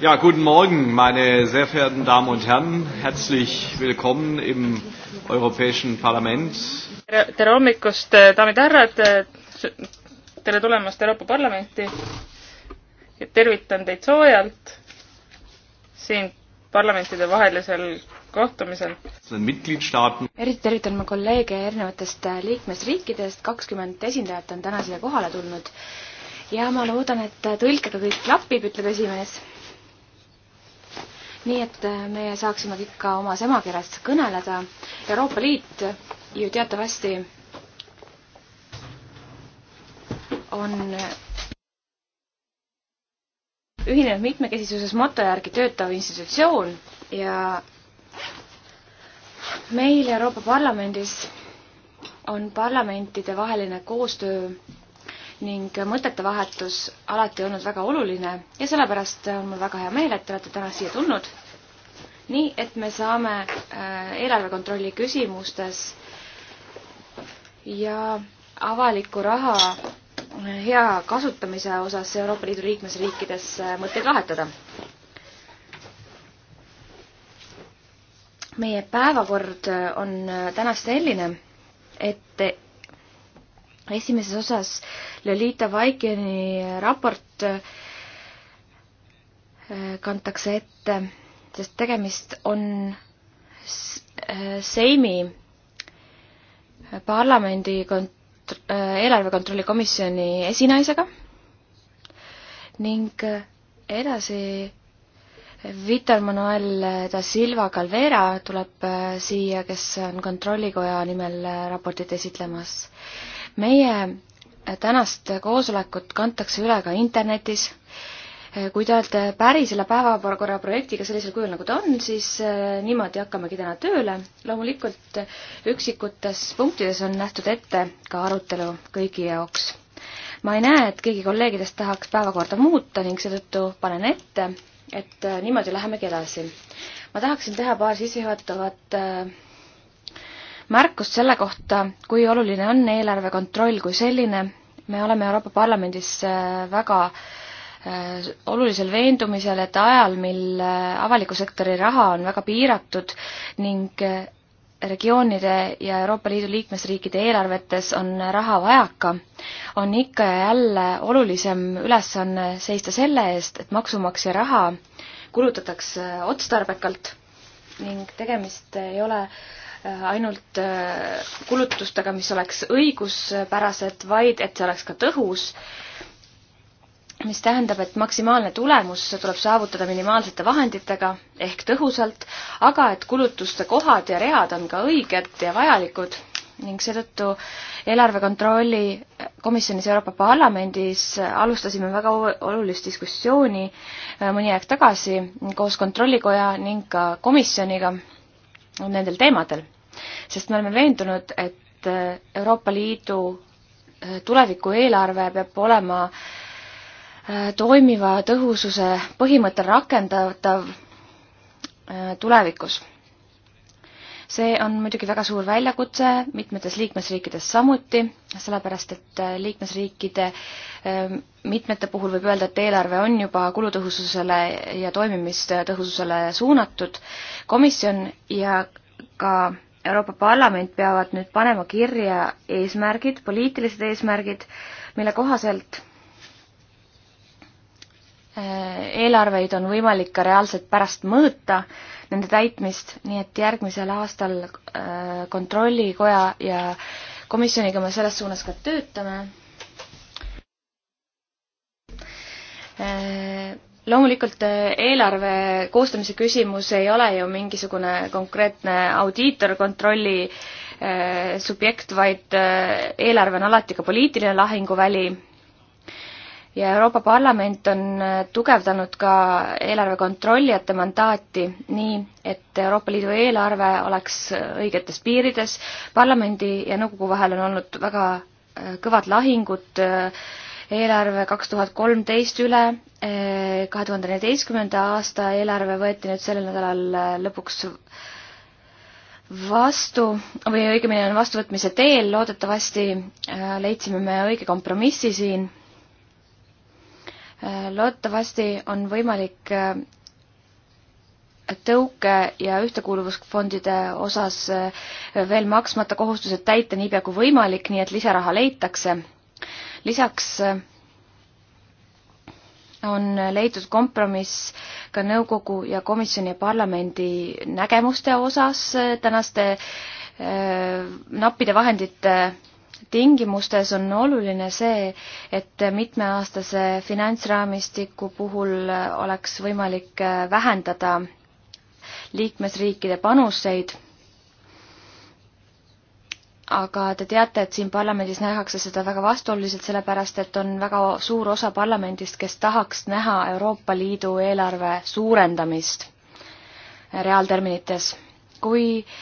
Ja, guten Morgen, meine sehr verehrten Damen und Herren. Herzlich willkommen im Europäischen Parlament. Tere, tere hommikust, eh, daamid ja härrad. Eh, tere tulemast Euroopa Parlamenti. Ja tervitan teid soojalt siin parlamentide vahelisel kohtumisel. eriti tervitan ma kolleege erinevatest eh, liikmesriikidest, kakskümmend esindajat on täna siia kohale tulnud ja ma loodan, et tõlkega kõik klapib, ütleb esimees nii et äh, meie saaksime ikka omas emakeeles kõneleda. Euroopa Liit ju teatavasti on ühinenud mitmekesisuses moto järgi töötav institutsioon ja meil Euroopa Parlamendis on parlamentidevaheline koostöö ning mõtete vahetus alati olnud väga oluline ja sellepärast on mul väga hea meel, et te olete täna siia tulnud. nii et me saame äh, eelarve kontrolli küsimustes ja avaliku raha äh, hea kasutamise osas Euroopa Liidu liikmesriikides äh, mõtteid vahetada. meie päevakord on täna selline, et esimeses osas Lolita Vaikeni raport äh, kantakse ette, sest tegemist on äh, Seimi parlamendi kont-, äh, eelarvekontrolli komisjoni esinaisega ning edasi Vitor Manuel da Silva Calvera tuleb siia, kes on Kontrollikoja nimel raportit esitlemas meie tänast koosolekut kantakse üle ka internetis. kui te olete päri selle päevakorra projektiga sellisel kujul, nagu ta on, siis eh, niimoodi hakkamegi täna tööle. loomulikult üksikutes punktides on nähtud ette ka arutelu kõigi jaoks. ma ei näe, et keegi kolleegidest tahaks päevakorda muuta ning seetõttu panen ette, et eh, niimoodi lähemegi edasi. ma tahaksin teha paar sissejuhatavat äh, märkust selle kohta, kui oluline on eelarve kontroll kui selline. me oleme Euroopa Parlamendis äh, väga äh, olulisel veendumisel, et ajal, mil äh, avaliku sektori raha on väga piiratud ning regioonide ja Euroopa Liidu liikmesriikide eelarvetes on raha vajaka, on ikka ja jälle olulisem ülesanne seista selle eest, et maksumaksja raha kulutatakse otstarbekalt ning tegemist ei ole Äh, ainult äh, kulutustega, mis oleks õiguspärased, vaid et see oleks ka tõhus, mis tähendab, et maksimaalne tulemus tuleb saavutada minimaalsete vahenditega ehk tõhusalt, aga et kulutuste kohad ja read on ka õiged ja vajalikud ning seetõttu eelarve kontrolli komisjonis Euroopa Parlamendis alustasime väga olulist diskussiooni äh, mõni aeg tagasi koos Kontrollikoja ning ka komisjoniga nendel teemadel, sest me oleme veendunud, et äh, Euroopa Liidu äh, tuleviku eelarve peab olema äh, toimiva tõhususe põhimõttel rakendatav tulevikus see on muidugi väga suur väljakutse, mitmetes liikmesriikides samuti, sellepärast et äh, liikmesriikide ähm, mitmete puhul võib öelda, et eelarve on juba kulutõhususele ja toimimistõhususele suunatud. komisjon ja ka Euroopa Parlament peavad nüüd panema kirja eesmärgid, poliitilised eesmärgid, mille kohaselt äh, eelarveid on võimalik ka reaalselt pärast mõõta nende täitmist, nii et järgmisel aastal äh, Kontrollikoja ja komisjoniga me selles suunas ka töötame. Äh, loomulikult äh, eelarve koostamise küsimus ei ole ju mingisugune konkreetne audiitorkontrolli subjekt, vaid eelarve on alati ka poliitiline lahinguväli ja Euroopa Parlament on äh, tugevdanud ka eelarve kontrollijate mandaati nii, et Euroopa Liidu eelarve oleks äh, õigetes piirides. parlamendi ja nõukogu vahel on olnud väga äh, kõvad lahingud eelarve kaks tuhat kolmteist üle, kahe tuhande neljateistkümnenda aasta eelarve võeti nüüd sellel nädalal lõpuks vastu või õigemini on vastuvõtmise teel, loodetavasti leidsime me õige kompromissi siin Äh, loodetavasti on võimalik äh, tõuke- ja ühtekuuluvusfondide osas äh, veel maksmata kohustused täita niipea kui võimalik, nii et lisaraha leitakse. lisaks on leitud kompromiss ka nõukogu ja komisjoni ja parlamendi nägemuste osas tänaste nappide vahendite tingimustes on oluline see, et mitmeaastase finantsraamistiku puhul oleks võimalik äh, vähendada liikmesriikide panuseid. aga te teate, et siin parlamendis nähakse seda väga vastuoluliselt, sellepärast et on väga suur osa parlamendist, kes tahaks näha Euroopa Liidu eelarve suurendamist reaalterminites. kui äh,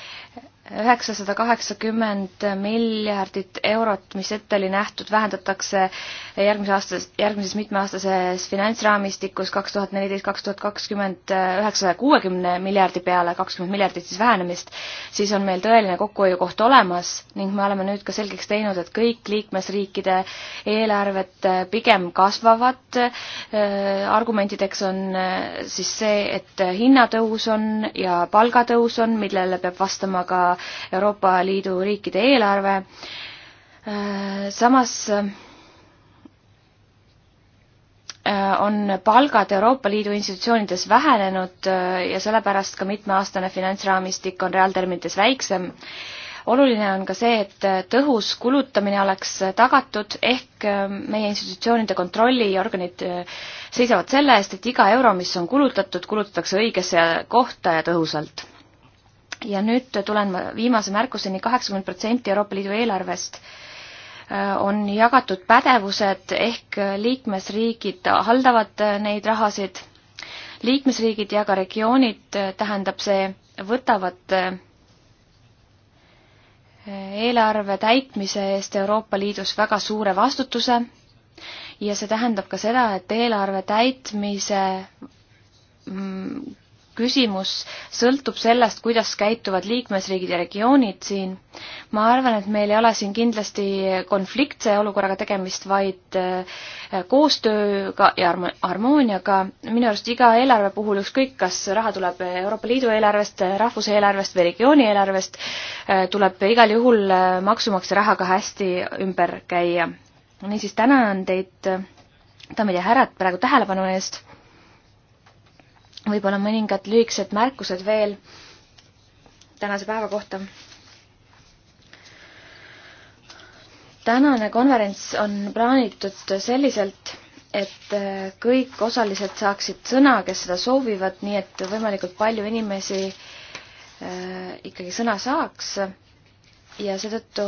üheksasada kaheksakümmend miljardit eurot, mis ette oli nähtud, vähendatakse järgmise aasta, järgmises mitmeaastases finantsraamistikus kaks tuhat neliteist, kaks tuhat kakskümmend üheksasaja kuuekümne miljardi peale, kakskümmend miljardit siis vähenemist, siis on meil tõeline kokkuhoiukoht olemas ning me oleme nüüd ka selgeks teinud, et kõik liikmesriikide eelarved pigem kasvavad. Äh, argumentideks on äh, siis see, et hinnatõus on ja palgatõus on, millele peab vastama ka Euroopa Liidu riikide eelarve. Äh, samas äh, on palgad Euroopa Liidu institutsioonides vähenenud äh, ja sellepärast ka mitmeaastane finantsraamistik on reaalterminites väiksem. oluline on ka see, et tõhus kulutamine oleks tagatud, ehk meie institutsioonide kontrolliorganid seisavad selle eest, et iga euro, mis on kulutatud, kulutatakse õigesse kohta ja tõhusalt ja nüüd tulen ma viimase märkuseni, kaheksakümmend protsenti Euroopa Liidu eelarvest äh, on jagatud pädevused ehk liikmesriigid haldavad äh, neid rahasid. liikmesriigid ja ka regioonid, äh, tähendab see, võtavad eelarve täitmise eest Euroopa Liidus väga suure vastutuse ja see tähendab ka seda, et eelarve täitmise mm, küsimus sõltub sellest, kuidas käituvad liikmesriigid ja regioonid siin. ma arvan, et meil ei ole siin kindlasti konfliktse olukorraga tegemist, vaid äh, koostööga ja harmooniaga. minu arust iga eelarve puhul, ükskõik kas raha tuleb Euroopa Liidu eelarvest, rahvuse eelarvest või regiooni eelarvest, äh, tuleb igal juhul äh, maksumaksja rahaga hästi ümber käia. niisiis tänan teid, daamid ja härrad, praegu tähelepanu eest võib-olla mõningad lühikesed märkused veel tänase päeva kohta. tänane konverents on plaanitud selliselt, et kõik osalised saaksid sõna, kes seda soovivad, nii et võimalikult palju inimesi äh, ikkagi sõna saaks ja seetõttu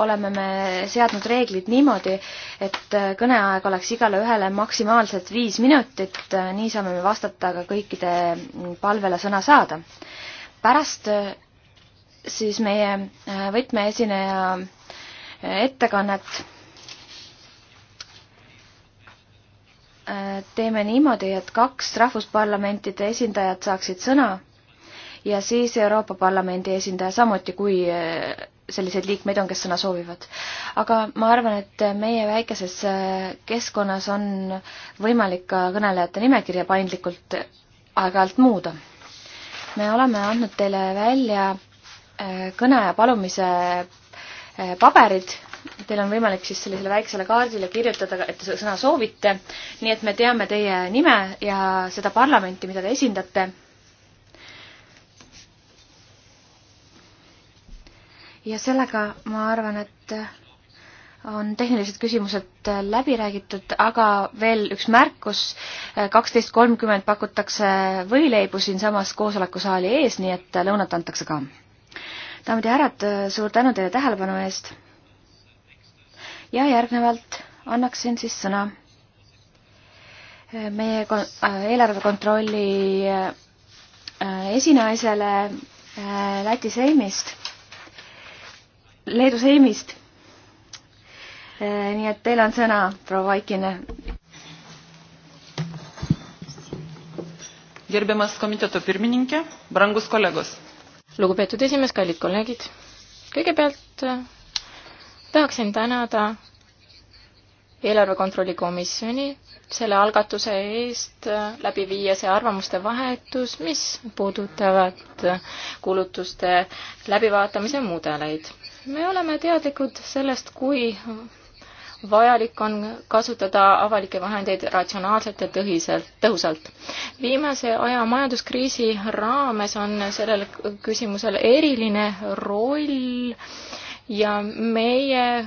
oleme me seadnud reeglid niimoodi, et kõneaeg oleks igale ühele maksimaalselt viis minutit, nii saame me vastata ka kõikide palvele sõna saada. pärast siis meie võtmeesineja ettekannet teeme niimoodi, et kaks rahvusparlamentide esindajat saaksid sõna ja siis Euroopa Parlamendi esindaja samuti, kui selliseid liikmeid on, kes sõna soovivad. aga ma arvan, et meie väikeses äh, keskkonnas on võimalik ka kõnelejate nimekirja paindlikult aeg-ajalt muuda. me oleme andnud teile välja äh, kõne ja palumise äh, paberid, teil on võimalik siis sellisele väiksele kaardile kirjutada, et te sõna soovite, nii et me teame teie nime ja seda parlamenti, mida te esindate ja sellega ma arvan, et on tehnilised küsimused läbi räägitud, aga veel üks märkus. kaksteist kolmkümmend pakutakse võileibu siinsamas koosolekusaali ees, nii et lõunat antakse ka. daamid ja härrad, suur tänu teile tähelepanu eest. ja järgnevalt annaksin siis sõna meie kon-, äh, eelarve kontrolli äh, esinaisele äh, Läti Seimist Leedu Seimist. Eh, nii et teil on sõna, proua Vaikine. gerbiamas komiteto pirmininke, brangus kollegos. lugupeetud esimees, kallid kolleegid. kõigepealt eh, tahaksin tänada eelarve kontrolli komisjoni selle algatuse eest eh, läbi viia see arvamuste vahetus, mis puudutavad kulutuste läbivaatamise mudeleid me oleme teadlikud sellest, kui vajalik on kasutada avalikke vahendeid ratsionaalselt ja tõhiselt, tõhusalt. viimase aja majanduskriisi raames on sellel küsimusel eriline roll ja meie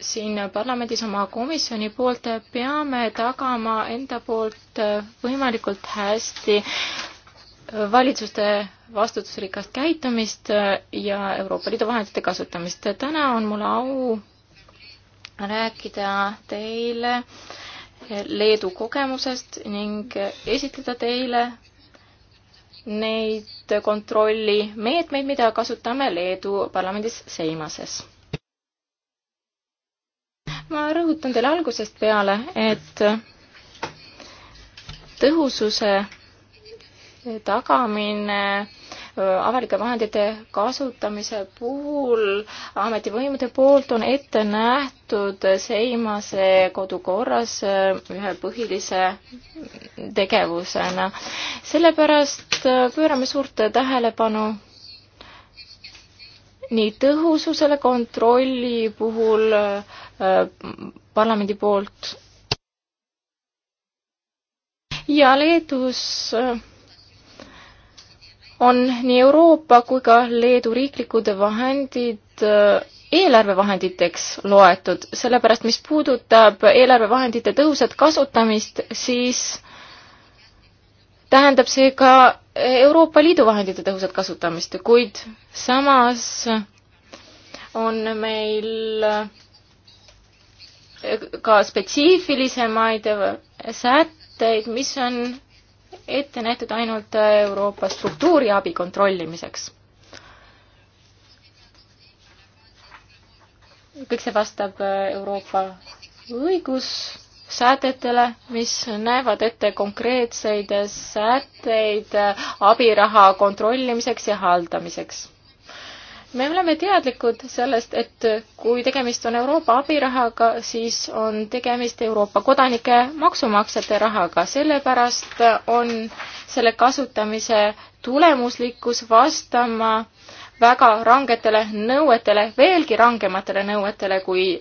siin parlamendis oma komisjoni poolt peame tagama enda poolt võimalikult hästi valitsuste vastutusrikast käitumist äh, ja Euroopa Liidu vahendite kasutamist. täna on mul au rääkida teile Leedu kogemusest ning esitleda teile neid kontrollimeetmeid, mida kasutame Leedu parlamendis Seimases. ma rõhutan teile algusest peale, et tõhususe tagamine avalike vahendite kasutamise puhul ametivõimude poolt on ette nähtud Seimase kodukorras äh, ühe põhilise tegevusena. sellepärast äh, pöörame suurt tähelepanu nii tõhususele kontrolli puhul äh, parlamendi poolt ja Leedus äh, on nii Euroopa kui ka Leedu riiklikud vahendid äh, eelarvevahenditeks loetud, sellepärast mis puudutab eelarvevahendite tõhusat kasutamist, siis tähendab see ka Euroopa Liidu vahendite tõhusat kasutamist, kuid samas on meil äh, ka spetsiifilisemaid sätteid, mis on ette nähtud ainult Euroopa struktuuriabi kontrollimiseks. kõik see vastab Euroopa õigussäätetele, mis näevad ette konkreetseid sätteid abiraha kontrollimiseks ja haldamiseks me oleme teadlikud sellest, et kui tegemist on Euroopa abirahaga, siis on tegemist Euroopa kodanike maksumaksjate rahaga, sellepärast on selle kasutamise tulemuslikkus vastama väga rangetele nõuetele, veelgi rangematele nõuetele kui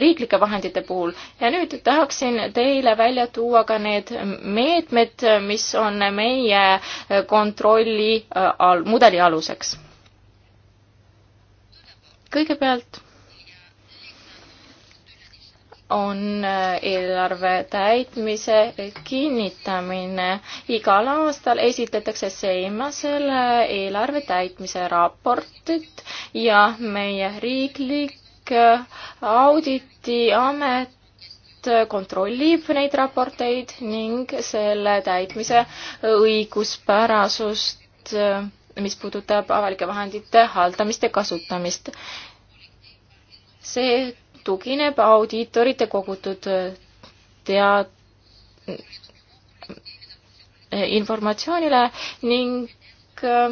riiklike vahendite puhul. ja nüüd tahaksin teile välja tuua ka need meetmed, mis on meie kontrolli äh, al-, mudeli aluseks kõigepealt on äh, eelarve täitmise kinnitamine. igal aastal esitletakse Seimasele äh, eelarve täitmise raportit ja meie riiklik äh, auditiamet kontrollib neid raporteid ning selle täitmise õiguspärasust mis puudutab avalike vahendite haldamist ja kasutamist see tugineb audiitorite kogutud äh, tead-, äh, informatsioonile ning äh,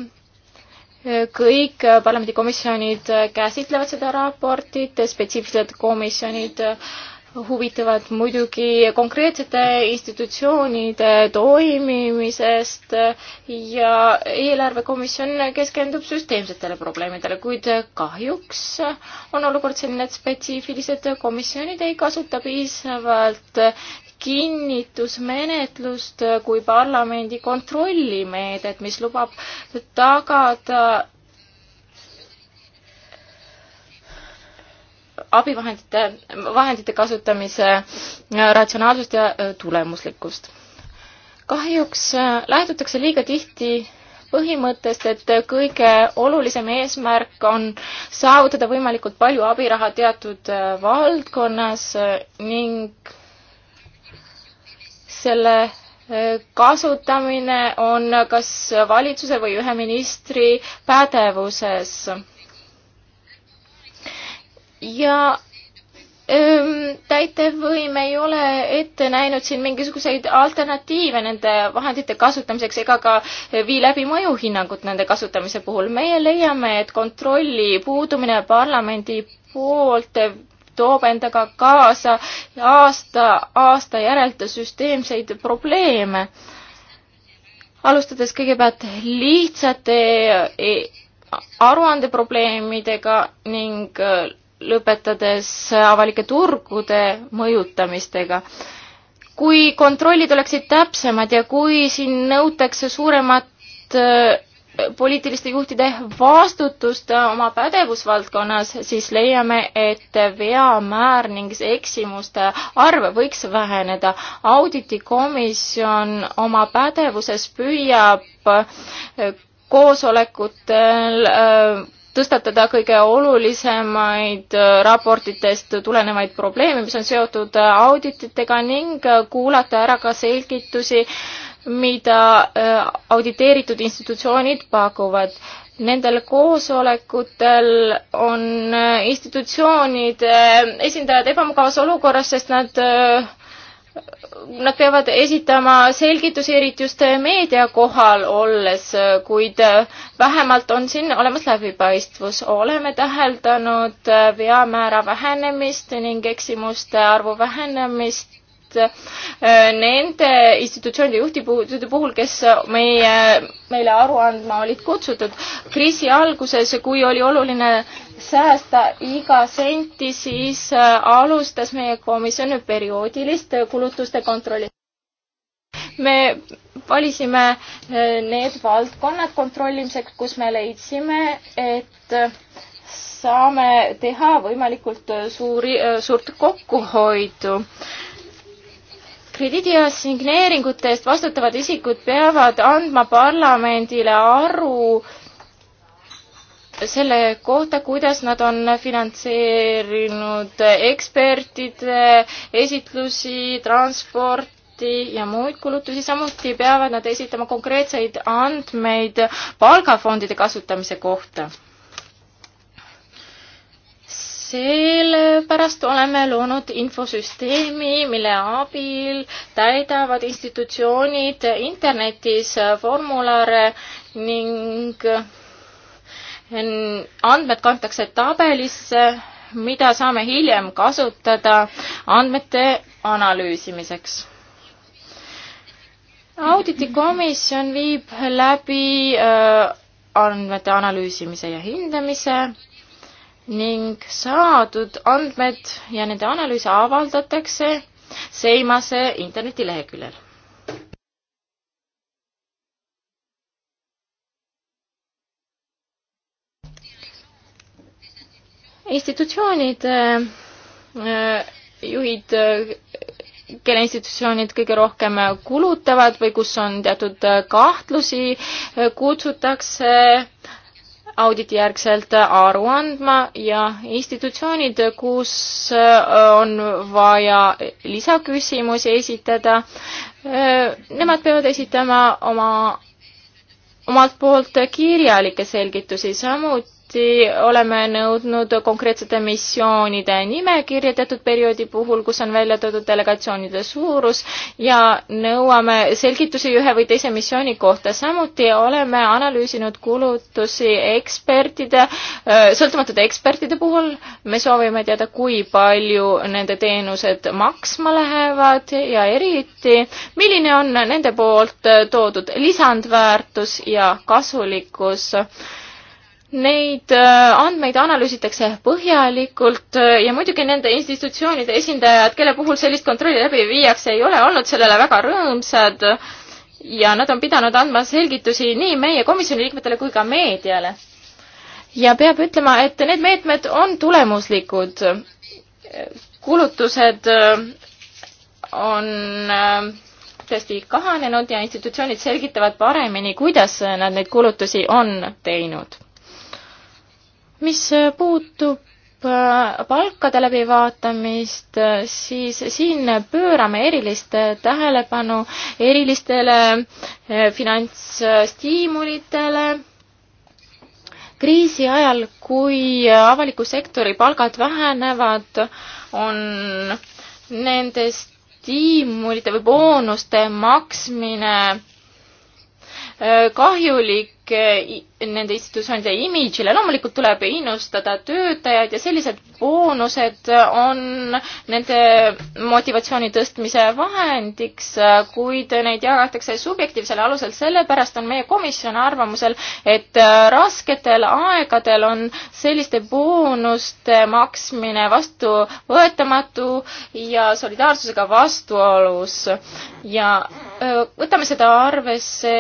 kõik parlamendikomisjonid käsitlevad seda raportit, spetsiifilised komisjonid äh, huvitavad muidugi konkreetsete institutsioonide toimimisest ja eelarvekomisjon keskendub süsteemsetele probleemidele, kuid kahjuks on olukord selline, et spetsiifilised komisjonid ei kasuta piisavalt kinnitusmenetlust kui parlamendi kontrollimeedet, mis lubab tagada abivahendite, vahendite kasutamise äh, ratsionaalsust ja äh, tulemuslikkust. kahjuks äh, lähtutakse liiga tihti põhimõttest, et kõige olulisem eesmärk on saavutada võimalikult palju abiraha teatud valdkonnas ning selle kasutamine on kas valitsuse või ühe ministri pädevuses ja ähm, täitevvõim ei ole ette näinud siin mingisuguseid alternatiive nende vahendite kasutamiseks ega ka vii läbi mõjuhinnangut nende kasutamise puhul. meie leiame, et kontrolli puudumine parlamendi poolt toob endaga kaasa aasta, aasta järelt süsteemseid probleeme. alustades kõigepealt lihtsate e-, aruandeprobleemidega ning lõpetades avalike turgude mõjutamistega. kui kontrollid oleksid täpsemad ja kui siin nõutakse suuremat äh, poliitiliste juhtide vastutust oma pädevusvaldkonnas, siis leiame, et veamäär ning eksimuste arv võiks väheneda. auditikomisjon oma pädevuses püüab äh, koosolekutel äh, tõstatada kõige olulisemaid äh, raportitest tulenevaid probleeme, mis on seotud äh, audititega ning äh, kuulata ära ka selgitusi, mida auditeeritud institutsioonid pakuvad. Nendel koosolekutel on institutsioonide esindajad ebamugavas olukorras, sest nad äh, Nad peavad esitama selgitusi, eriti just meedia kohal olles, kuid vähemalt on siin olemas läbipaistvus. oleme täheldanud veamäära vähenemist ning eksimuste arvu vähenemist just äh, nende institutsioonide juhtide puhul, kes meie, meile aru andma olid kutsutud. kriisi alguses, kui oli oluline säästa iga senti, siis äh, alustas meie komisjon perioodilist kulutuste kontrolli. me valisime äh, need valdkonnad kontrollimiseks, kus me leidsime, et saame teha võimalikult suuri, suurt kokkuhoidu krediidiassigneeringute eest vastutavad isikud peavad andma parlamendile aru selle kohta, kuidas nad on finantseerinud ekspertide esitlusi, transporti ja muid kulutusi, samuti peavad nad esitama konkreetseid andmeid palgafondide kasutamise kohta sellepärast oleme loonud infosüsteemi, mille abil täidavad institutsioonid internetis formulare ning andmed kantakse tabelisse, mida saame hiljem kasutada andmete analüüsimiseks. auditikomisjon viib läbi äh, andmete analüüsimise ja hindamise ning saadud andmed ja nende analüüs avaldatakse Seimase internetileheküljel. institutsioonid, äh, äh, juhid, äh, kelle institutsioonid kõige rohkem kulutavad või kus on teatud kahtlusi, kutsutakse auditi järgselt aru andma ja institutsioonid, kus äh, on vaja lisaküsimusi esitada, äh, nemad peavad esitama oma omalt poolt kirjalikke selgitusi, samuti samuti oleme nõudnud konkreetsete missioonide nimekirja teatud perioodi puhul, kus on välja toodud delegatsioonide suurus ja nõuame selgitusi ühe või teise missiooni kohta. samuti oleme analüüsinud kulutusi ekspertide, äh, sõltumatute ekspertide puhul. me soovime teada, kui palju nende teenused maksma lähevad ja eriti, milline on nende poolt toodud lisandväärtus ja kasulikkus Neid äh, andmeid analüüsitakse põhjalikult äh, ja muidugi nende institutsioonide esindajad, kelle puhul sellist kontrolli läbi viiakse, ei ole olnud sellele väga rõõmsad ja nad on pidanud andma selgitusi nii meie komisjoni liikmetele kui ka meediale. ja peab ütlema, et need meetmed on tulemuslikud. kulutused äh, on tõesti kahanenud ja institutsioonid selgitavad paremini, kuidas nad neid kulutusi on teinud mis puutub äh, palkade läbivaatamist, äh, siis siin pöörame erilist tähelepanu erilistele äh, finantsstiimulitele kriisi ajal, kui avaliku sektori palgad vähenevad, on nende stiimulite või boonuste maksmine kahjulik Eh, nende institutsioonide imidžile, loomulikult tuleb innustada töötajaid ja sellised boonused on nende motivatsiooni tõstmise vahendiks, kuid neid jagatakse subjektiivsel alusel, sellepärast on meie komisjon arvamusel, et eh, rasketel aegadel on selliste boonuste maksmine vastuvõetamatu ja solidaarsusega vastuolus ja eh, võtame seda arvesse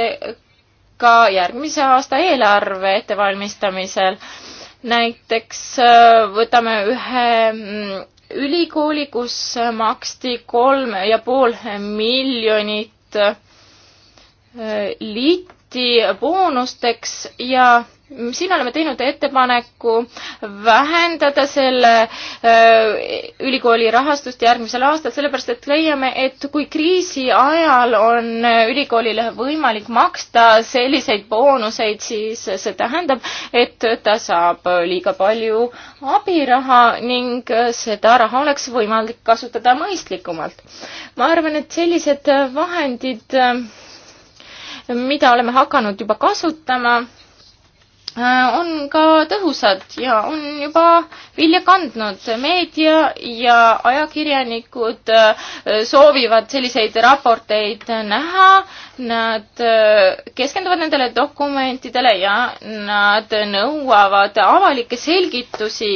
ka järgmise aasta eelarve ettevalmistamisel. näiteks äh, võtame ühe mm, ülikooli, kus maksti kolm ja pool miljonit äh, liiti boonusteks ja siin oleme teinud ettepaneku vähendada selle äh, ülikooli rahastust järgmisel aastal, sellepärast et leiame, et kui kriisi ajal on äh, ülikoolile võimalik maksta selliseid boonuseid, siis see tähendab, et ta saab liiga palju abiraha ning seda raha oleks võimalik kasutada mõistlikumalt. ma arvan, et sellised vahendid, äh, mida oleme hakanud juba kasutama, Äh, on ka tõhusad ja on juba vilja kandnud. meedia ja ajakirjanikud äh, soovivad selliseid raporteid näha, nad äh, keskenduvad nendele dokumentidele ja nad nõuavad avalikke selgitusi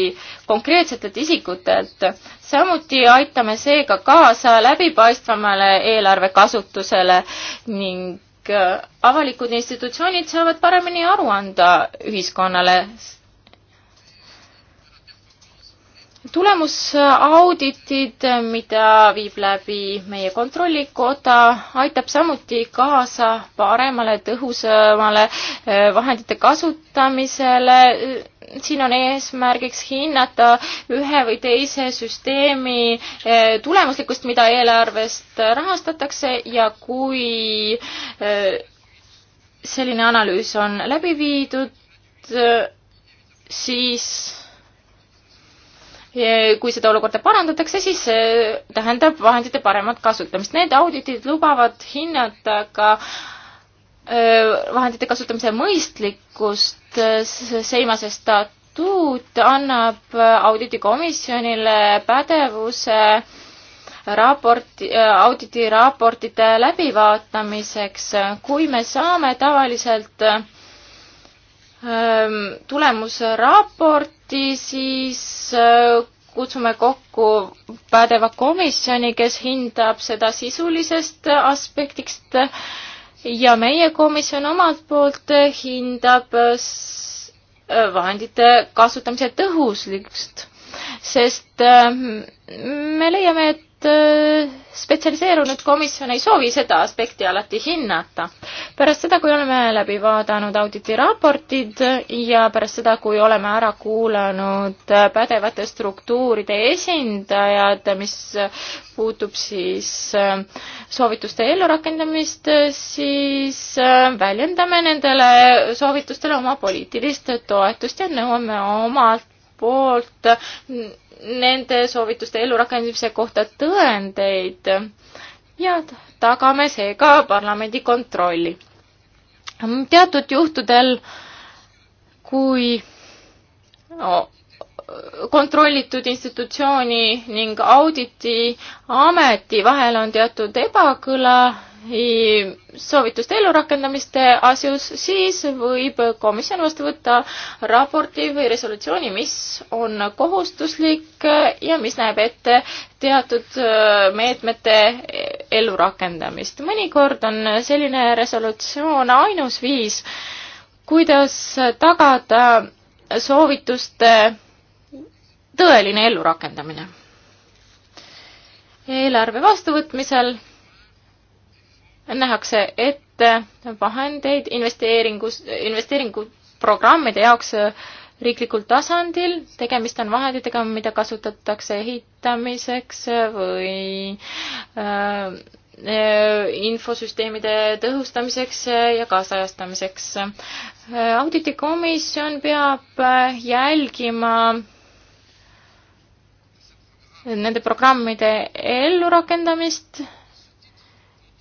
konkreetsetelt isikutelt. samuti aitame seega kaasa läbipaistvamale eelarve kasutusele ning kõik äh, avalikud institutsioonid saavad paremini aru anda ühiskonnale. tulemusauditid, äh, mida viib läbi meie kontrollikoda, aitab samuti kaasa paremale, tõhusamale äh, vahendite kasutamisele siin on eesmärgiks hinnata ühe või teise süsteemi eh, tulemuslikkust, mida eelarvest rahastatakse ja kui eh, selline analüüs on läbi viidud, eh, siis kui seda olukorda parandatakse, siis see tähendab vahendite paremat kasutamist. Need auditid lubavad hinnata ka äh, vahendite kasutamise mõistlikkust, Seimase statuut annab äh, auditikomisjonile pädevuse raporti, äh, auditiraportite läbivaatamiseks, kui me saame tavaliselt ähm, tulemusraporti, siis äh, kutsume kokku pädeva komisjoni, kes hindab seda sisulisest aspektist ja meie komisjon omalt poolt hindab äh, vahendite kasutamise tõhuslikkust, sest äh, me leiame, et Äh, spetsialiseerunud komisjon ei soovi seda aspekti alati hinnata. pärast seda, kui oleme läbi vaadanud auditi raportid ja pärast seda, kui oleme ära kuulanud äh, pädevate struktuuride esindajad, mis puutub siis äh, soovituste ellurakendamist, siis väljendame nendele soovitustele oma poliitilist toetust ja nõuame omalt poolt nende soovituste ellurakendamise kohta tõendeid ja tagame seega parlamendi kontrolli. teatud juhtudel, kui no, kontrollitud institutsiooni ning auditi ameti vahel on teatud ebakõla, soovituste ellurakendamiste asjus, siis võib komisjon vastu võtta raporti või resolutsiooni, mis on kohustuslik ja mis näeb ette teatud äh, meetmete ellurakendamist. mõnikord on selline resolutsioon ainus viis, kuidas tagada soovituste tõeline ellurakendamine. eelarve vastuvõtmisel nähakse ette vahendeid investeeringus, investeeringuprogrammide jaoks riiklikul tasandil, tegemist on vahenditega, mida kasutatakse ehitamiseks või äh, infosüsteemide tõhustamiseks ja kaasajastamiseks. Äh, auditikomisjon peab jälgima nende programmide ellurakendamist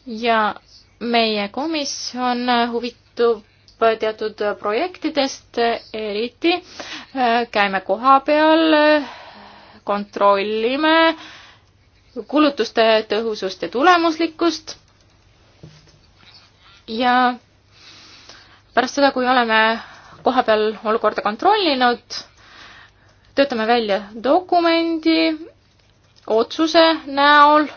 ja meie komisjon huvitub teatud projektidest, eriti äh, käime koha peal, kontrollime kulutuste tõhusust ja tulemuslikkust ja pärast seda, kui oleme kohapeal olukorda kontrollinud, töötame välja dokumendi otsuse näol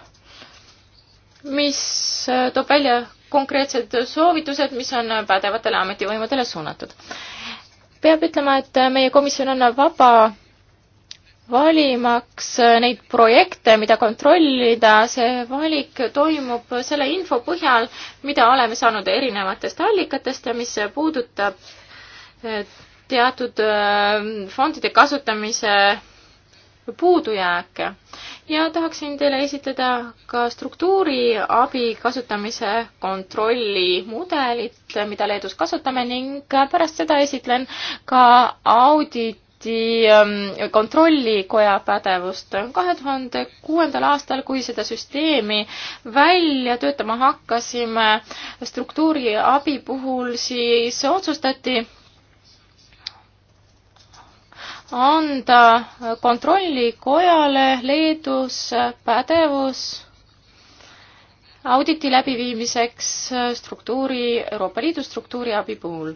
mis äh, toob välja konkreetsed soovitused, mis on pädevatele ametivõimudele suunatud. peab ütlema, et äh, meie komisjon on vaba valimaks äh, neid projekte, mida kontrollida, see valik toimub selle info põhjal, mida oleme saanud erinevatest allikatest ja mis puudutab teatud fondide kasutamise puudujääke ja tahaksin teile esitada ka struktuuriabi kasutamise kontrolli mudelit, mida Leedus kasutame ning pärast seda esitlen ka audit samuti ähm, kontrollikoja pädevust. kahe tuhande kuuendal aastal, kui seda süsteemi välja töötama hakkasime struktuuriabi puhul, siis otsustati, anda kontrollikojale Leedus pädevus auditi läbiviimiseks struktuuri, Euroopa Liidu struktuuriabi puhul.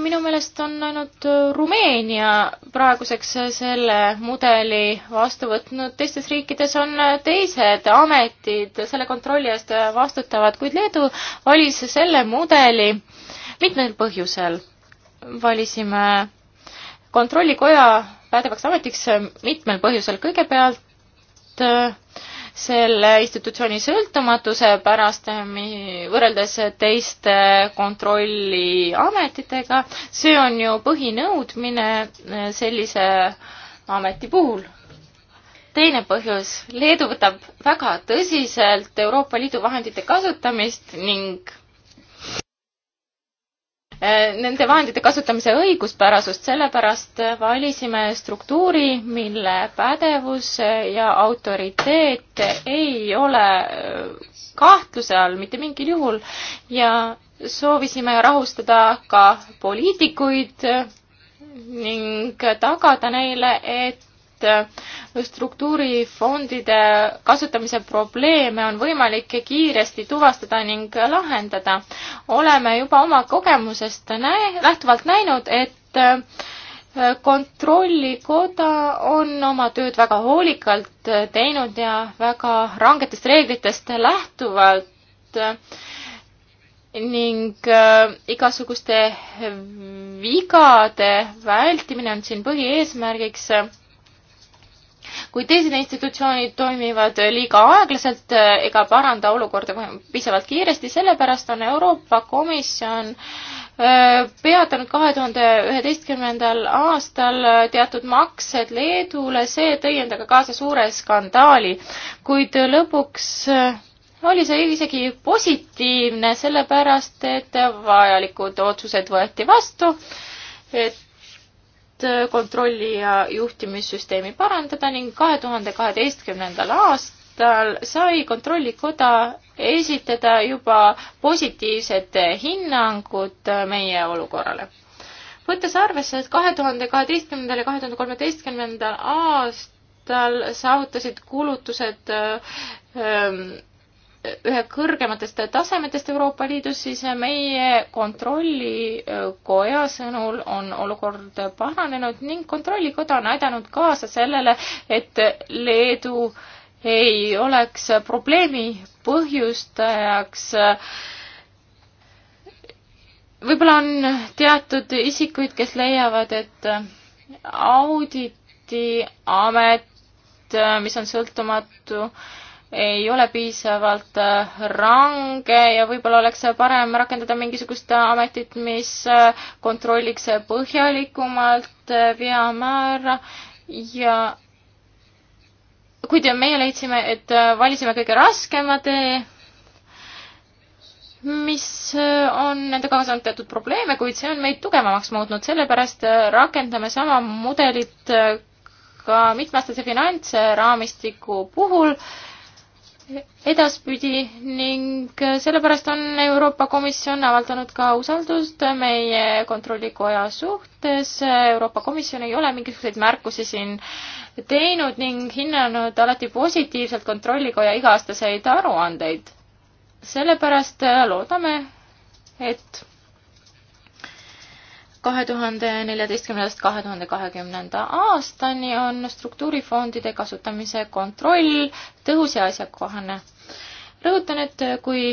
minu meelest on ainult Rumeenia praeguseks selle mudeli vastu võtnud, teistes riikides on teised ametid selle kontrolli eest vastutavad, kuid Leedu valis selle mudeli mitmel põhjusel. valisime kontrollikoja pädevaks ametiks äh, mitmel põhjusel, kõigepealt äh, selle institutsiooni sõltumatuse pärast äh, võrreldes teiste kontrolliametitega, see on ju põhinõudmine sellise ameti puhul. teine põhjus, Leedu võtab väga tõsiselt Euroopa Liidu vahendite kasutamist ning Eh, nende vahendite kasutamise õiguspärasust, sellepärast eh, valisime struktuuri, mille pädevus eh, ja autoriteet ei ole kahtluse all mitte mingil juhul ja soovisime rahustada ka poliitikuid ning tagada neile, et Äh, struktuurifondide kasutamise probleeme on võimalik kiiresti tuvastada ning lahendada. oleme juba oma kogemusest näe-, lähtuvalt näinud, et äh, kontrollikoda on oma tööd väga hoolikalt äh, teinud ja väga rangetest reeglitest lähtuvalt ning äh, igasuguste vigade vältimine on siin põhieesmärgiks äh, kui teised institutsioonid toimivad liiga aeglaselt eh, ega paranda olukorda piisavalt kiiresti, sellepärast on Euroopa Komisjon eh, peatanud kahe tuhande üheteistkümnendal aastal eh, teatud maksed Leedule, see tõi endaga kaasa suure skandaali, kuid lõpuks oli see isegi positiivne, sellepärast et vajalikud otsused võeti vastu, et Äh, kontrolli ja juhtimissüsteemi parandada ning kahe tuhande kaheteistkümnendal aastal sai Kontrollikoda esitada juba positiivsed hinnangud äh, meie olukorrale võttes arvesse, et kahe tuhande kaheteistkümnendal ja kahe tuhande kolmeteistkümnendal aastal saavutasid kulutused äh, ähm, ühe kõrgematest tasemetest Euroopa Liidus, siis meie kontrollikoja sõnul on olukord paranenud ning kontrollikoda on aidanud kaasa sellele, et Leedu ei oleks probleemi põhjustajaks võib-olla on teatud isikuid, kes leiavad, et auditiamet, mis on sõltumatu, ei ole piisavalt äh, range ja võib-olla oleks parem rakendada mingisugust ametit, mis äh, kontrolliks põhjalikumalt äh, veamäära ja kuid meie leidsime, et valisime kõige raskema tee, mis on nende kaasa olnud teatud probleeme, kuid see on meid tugevamaks muutnud, sellepärast rakendame sama mudelit ka mitmeaastase finantsraamistiku puhul edaspidi ning sellepärast on Euroopa Komisjon avaldanud ka usaldust meie kontrollikoja suhtes. Euroopa Komisjon ei ole mingisuguseid märkusi siin teinud ning hinnanud alati positiivselt kontrollikoja iga-aastaseid aruandeid. sellepärast loodame, et kahe tuhande neljateistkümnendast kahe tuhande kahekümnenda aastani on struktuurifondide kasutamise kontroll tõhus ja asjakohane. rõhutan, et kui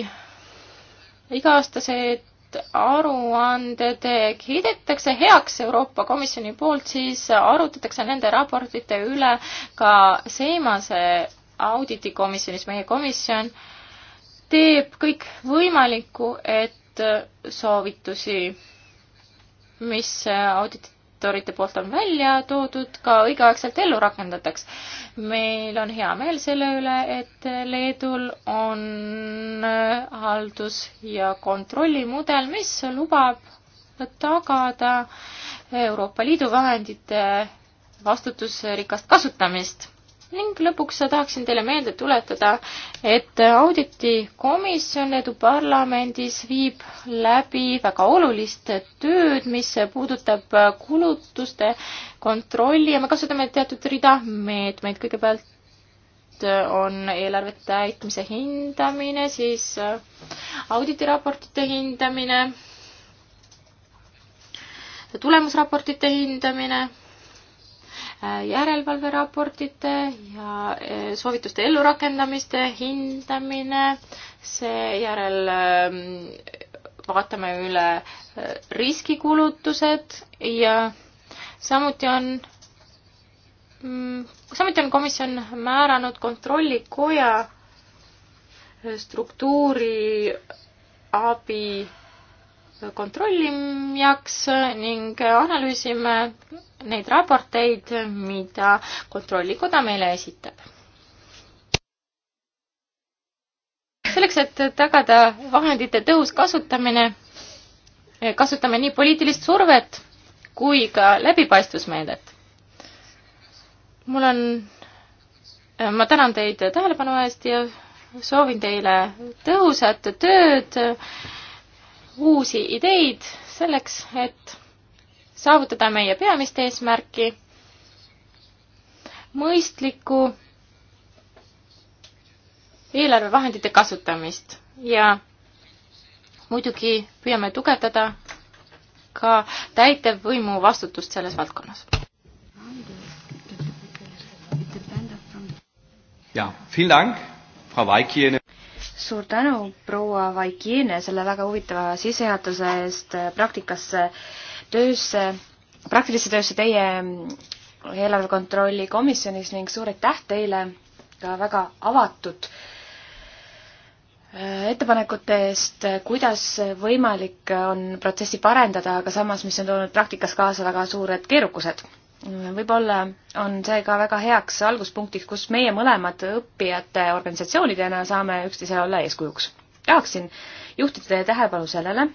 iga-aastased aruanded kiidetakse heaks Euroopa Komisjoni poolt, siis arutatakse nende raportite üle ka Seimase auditikomisjonis, meie komisjon teeb kõik võimalikku, et soovitusi mis äh, auditorite poolt on välja toodud, ka õigeaegselt ellu rakendataks. meil on hea meel selle üle, et Leedul on äh, haldus- ja kontrollimudel, mis lubab tagada Euroopa Liidu vahendite vastutusrikast kasutamist ning lõpuks tahaksin teile meelde tuletada, et auditikomisjon Leedu parlamendis viib läbi väga olulist tööd, mis puudutab kulutuste kontrolli ja me kasutame teatud rida meetmeid, kõigepealt on eelarve täitmise hindamine, siis auditiraportite hindamine, tulemusraportite hindamine järelevalveraportite ja eh, soovituste ellurakendamiste hindamine, seejärel ehm, vaatame üle eh, riskikulutused ja samuti on mm, samuti on komisjon määranud kontrollikoja struktuuri abi kontrollijaks ning analüüsime neid raporteid, mida Kontrollikoda meile esitab. selleks, et tagada vahendite tõhus kasutamine, kasutame nii poliitilist survet kui ka läbipaistvusmeedet. mul on, ma tänan teid tähelepanu eest ja soovin teile tõhusat tööd uusi ideid selleks, et saavutada meie peamist eesmärki, mõistlikku eelarvevahendite kasutamist ja muidugi püüame tugevdada ka täitevvõimu vastutust selles valdkonnas. jaa, vielen Dank, Frau Vaikinen suur tänu, proua Vaikine, selle väga huvitava sissejuhatuse eest praktikasse, töösse, praktilisse töösse teie eelarve kontrolli komisjonis ning suur aitäh teile ka väga avatud äh, ettepanekute eest, kuidas võimalik on protsessi parendada, aga samas, mis on toonud praktikas kaasa väga suured keerukused võib-olla on see ka väga heaks alguspunktiks, kus meie mõlemad õppijate organisatsioonidena saame üksteisele olla eeskujuks. tahaksin juhtida teie tähelepanu sellele,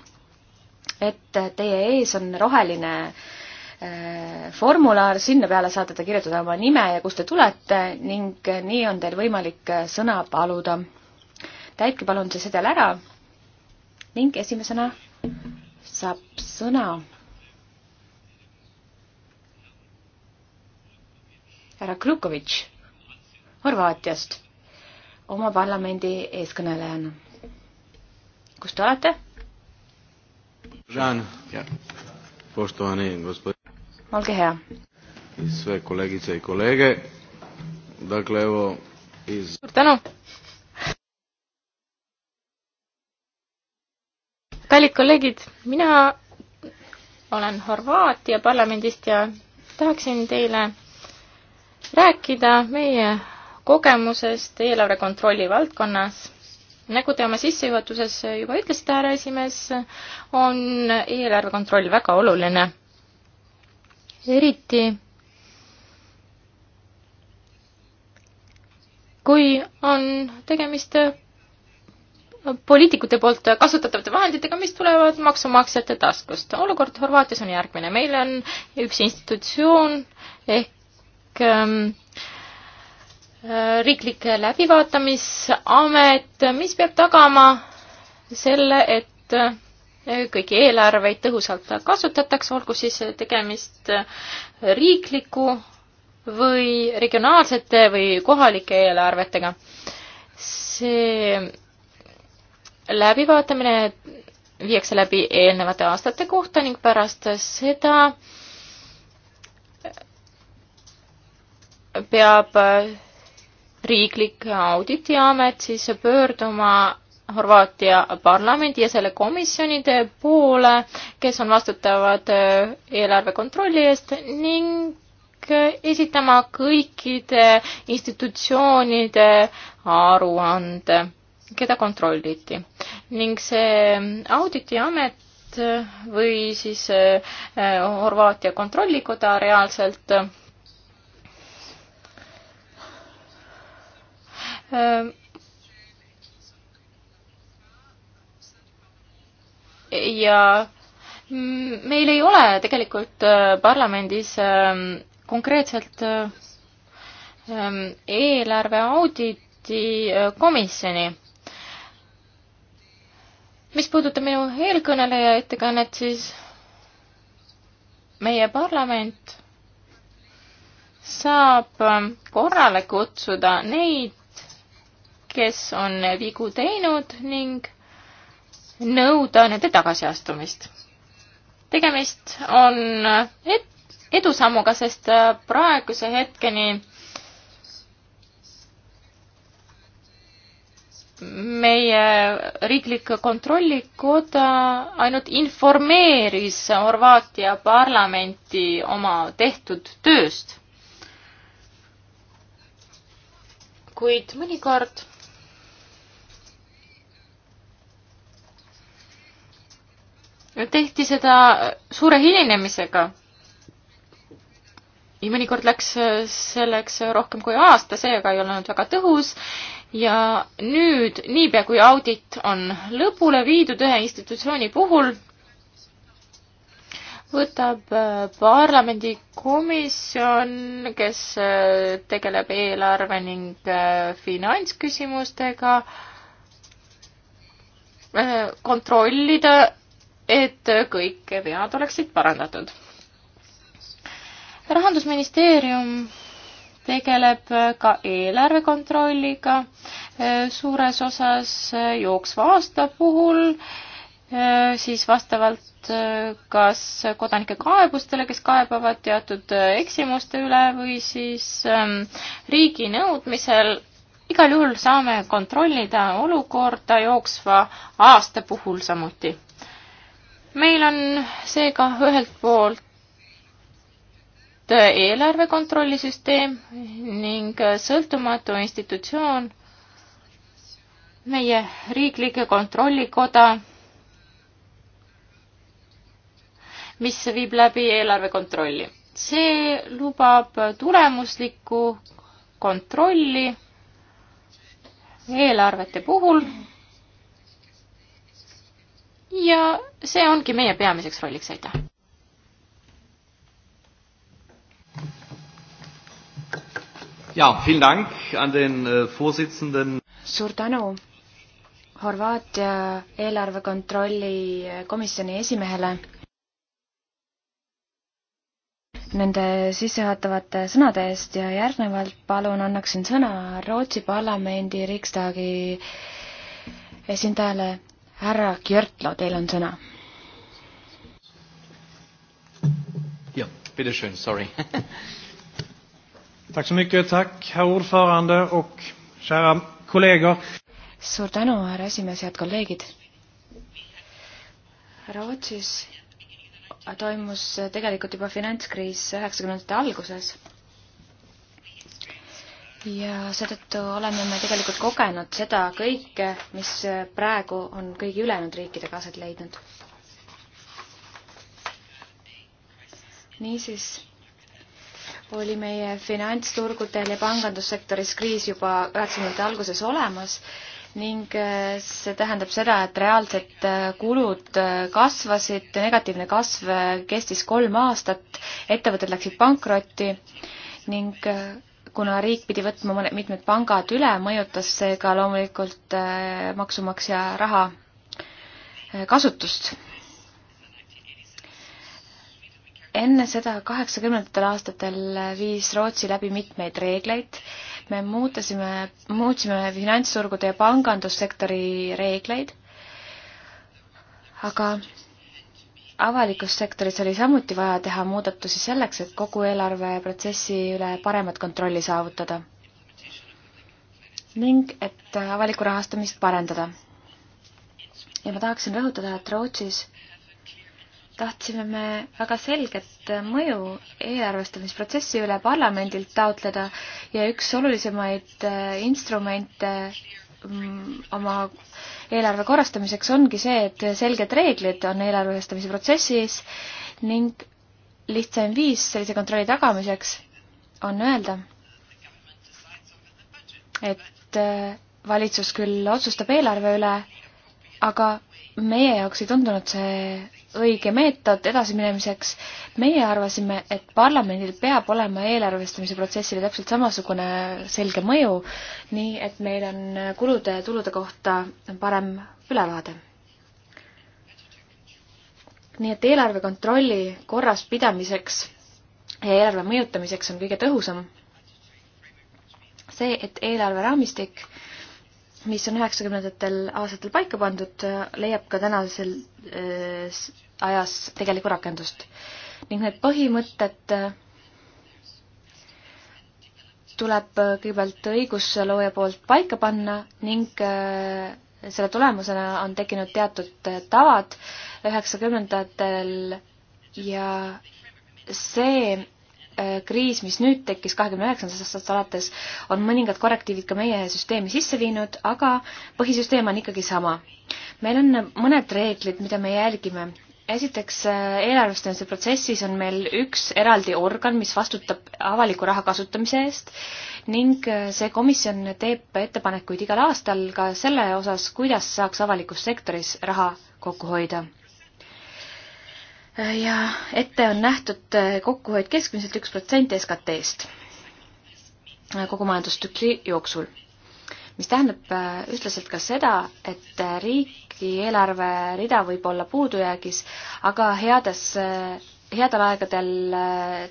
et teie ees on roheline äh, formulaar, sinna peale saate te kirjutada oma nime ja kust te tulete ning nii on teil võimalik sõna paluda. täitke palun see sedel ära ning esimesena saab sõna härra Krukovitš Horvaatiast oma parlamendi eeskõnelejana. kus te olete? olge hea. suur tänu. kallid kolleegid, mina olen Horvaatia parlamendist ja tahaksin teile rääkida meie kogemusest eelarve kontrolli valdkonnas. nagu te oma sissejuhatuses juba ütlesite, härra esimees, on eelarve kontroll väga oluline. eriti kui on tegemist poliitikute poolt kasutatavate vahenditega, mis tulevad maksumaksjate taskust. olukord Horvaatias on järgmine. meil on üks institutsioon ehk riiklik ähm, äh, riiklik läbivaatamisamet, mis peab tagama selle, et äh, kõiki eelarveid tõhusalt kasutatakse, olgu siis tegemist äh, riikliku või regionaalsete või kohalike eelarvetega. see läbivaatamine viiakse läbi eelnevate aastate kohta ning pärast seda äh, peab äh, riiklik auditiamet siis pöörduma Horvaatia parlamendi ja selle komisjonide poole, kes on vastutavad äh, eelarve kontrolli eest ning äh, esitama kõikide institutsioonide aruande, keda kontrolliti. ning see auditiamet või siis Horvaatia kontrollikoda reaalselt Äh, ja meil ei ole tegelikult äh, parlamendis ähm, konkreetselt äh, ähm, eelarve auditi komisjoni. mis puudutab minu eelkõneleja ettekannet, siis meie parlament saab ähm, korrale kutsuda neid kes on vigu teinud ning nõuda nende tagasiastumist. tegemist on et-, edusammuga, sest praeguse hetkeni meie riiklik kontrollikoda ainult informeeris Horvaatia parlamenti oma tehtud tööst. kuid mõnikord tehti seda suure hilinemisega. ja mõnikord läks äh, selleks rohkem kui aasta, seega ei olnud väga tõhus ja nüüd, niipea kui audit on lõpule viidud ühe institutsiooni puhul, võtab äh, parlamendi komisjon, kes äh, tegeleb eelarve ning finantsküsimustega, kontrollida et kõik vead oleksid parandatud. rahandusministeerium tegeleb ka eelarve kontrolliga suures osas jooksva aasta puhul, siis vastavalt kas kodanike kaebustele, kes kaebavad teatud eksimuste üle või siis ähm, riigi nõudmisel igal juhul saame kontrollida olukorda jooksva aasta puhul samuti meil on seega ühelt poolt eelarve kontrollisüsteem ning sõltumatu institutsioon, meie riiklike kontrollikoda, mis viib läbi eelarve kontrolli. see lubab tulemuslikku kontrolli eelarvete puhul ja see ongi meie peamiseks rolliks, aitäh. ja, äh, suur tänu Horvaatia eelarvekontrolli äh, komisjoni esimehele nende sissejuhatavate sõnade eest ja järgnevalt palun annaksin sõna Rootsi parlamendi Riksdagi esindajale härra Kjörtlo, teil on sõna. jah, pidešön, sorry Tack så mycket, tack herr ordförande och kära kollegor. Suur tänu, härra esimees, head kolleegid. Rootsis toimus tegelikult juba finantskriis üheksakümnendate alguses ja seetõttu oleme me tegelikult kogenud seda kõike, mis praegu on kõigi ülejäänud riikidega aset leidnud. niisiis oli meie finantsturgudel ja pangandussektoris kriis juba üheksakümnendate alguses olemas ning äh, see tähendab seda, et reaalsed äh, kulud äh, kasvasid, negatiivne kasv kestis kolm aastat, ettevõtted läksid pankrotti ning kuna riik pidi võtma mõned, mitmed pangad üle, mõjutas see ka loomulikult äh, maksumaksja raha äh, kasutust. enne seda kaheksakümnendatel aastatel viis Rootsi läbi mitmeid reegleid. me muutasime, muutsime finantsturgude ja pangandussektori reegleid, aga avalikus sektoris oli samuti vaja teha muudatusi selleks, et kogu eelarveprotsessi üle paremat kontrolli saavutada ning et avalikku rahastamist parendada. ja ma tahaksin rõhutada, et Rootsis tahtsime me väga selget mõju eelarvestamisprotsessi üle parlamendilt taotleda ja üks olulisemaid instrumente Mm, oma eelarve korrastamiseks ongi see, et selged reeglid on eelarve ühestamise protsessis ning lihtsaim viis sellise kontrolli tagamiseks on öelda, et äh, valitsus küll otsustab eelarve üle, aga meie jaoks ei tundunud see õige meetod edasiminemiseks. meie arvasime, et parlamendil peab olema eelarvestamise protsessile täpselt samasugune selge mõju, nii et meil on kulude ja tulude kohta parem ülevaade. nii et eelarve kontrolli korras pidamiseks ja eelarve mõjutamiseks on kõige tõhusam see, et eelarveraamistik mis on üheksakümnendatel aastatel paika pandud, leiab ka tänasel äh, ajas tegelikku rakendust. ning need põhimõtted äh, tuleb kõigepealt õiguslooja poolt paika panna ning äh, selle tulemusena on tekkinud teatud tavad üheksakümnendatel ja see Äh, kriis, mis nüüd tekkis kahekümne üheksandast aastast alates, on mõningad korrektiivid ka meie süsteemi sisse viinud, aga põhisüsteem on ikkagi sama. meil on mõned reeglid, mida me jälgime. esiteks, äh, eelarvestamise protsessis on meil üks eraldi organ, mis vastutab avaliku raha kasutamise eest ning äh, see komisjon teeb ettepanekuid igal aastal ka selle osas, kuidas saaks avalikus sektoris raha kokku hoida ja ette on nähtud äh, kokkuhoid keskmiselt üks protsent SKT-st äh, kogu majandustsükli jooksul. mis tähendab äh, ühtlaselt ka seda, et riigieelarve rida võib olla puudujäägis, aga heades, headel aegadel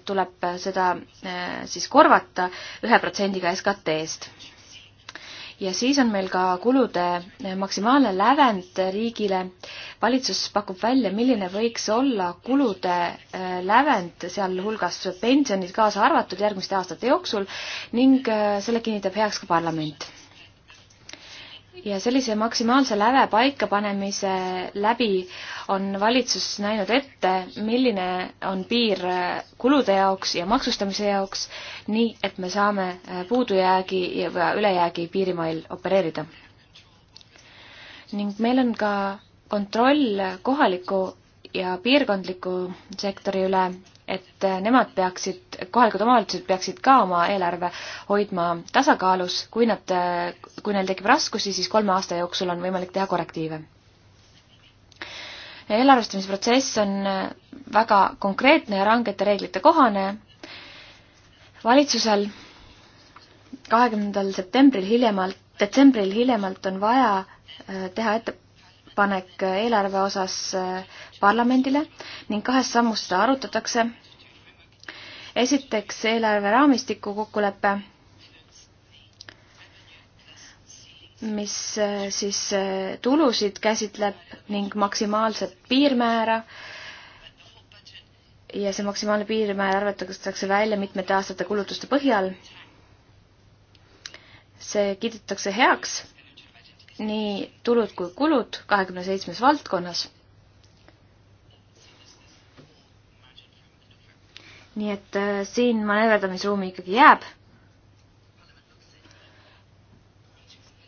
tuleb seda siis korvata ühe protsendiga SKT-st ja siis on meil ka kulude maksimaalne lävend riigile. valitsus pakub välja, milline võiks olla kulude äh, lävend, sealhulgas pensionid kaasa arvatud järgmiste aastate jooksul ning äh, selle kinnitab heaks ka parlament ja sellise maksimaalse läve paikapanemise läbi on valitsus näinud ette, milline on piir äh, kulude jaoks ja maksustamise jaoks, nii et me saame äh, puudujäägi ja äh, ülejäägi piirimail opereerida. ning meil on ka kontroll kohaliku ja piirkondliku sektori üle et nemad peaksid, kohalikud omavalitsused peaksid ka oma eelarve hoidma tasakaalus, kui nad, kui neil tekib raskusi, siis kolme aasta jooksul on võimalik teha korrektiive. eelarvestamisprotsess on väga konkreetne ja rangete reeglite kohane. valitsusel kahekümnendal septembril hiljemalt, detsembril hiljemalt on vaja äh, teha ette, ettepanek eelarve osas eh, parlamendile ning kahes sammus seda arutatakse. esiteks eelarve raamistiku kokkulepe, mis eh, siis eh, tulusid käsitleb ning maksimaalset piirmäära ja see maksimaalne piirmäär arvestatakse välja mitmete aastate kulutuste põhjal. see kiidetakse heaks nii tulud kui kulud kahekümne seitsmes valdkonnas. nii et äh, siin manööverdamisruumi ikkagi jääb.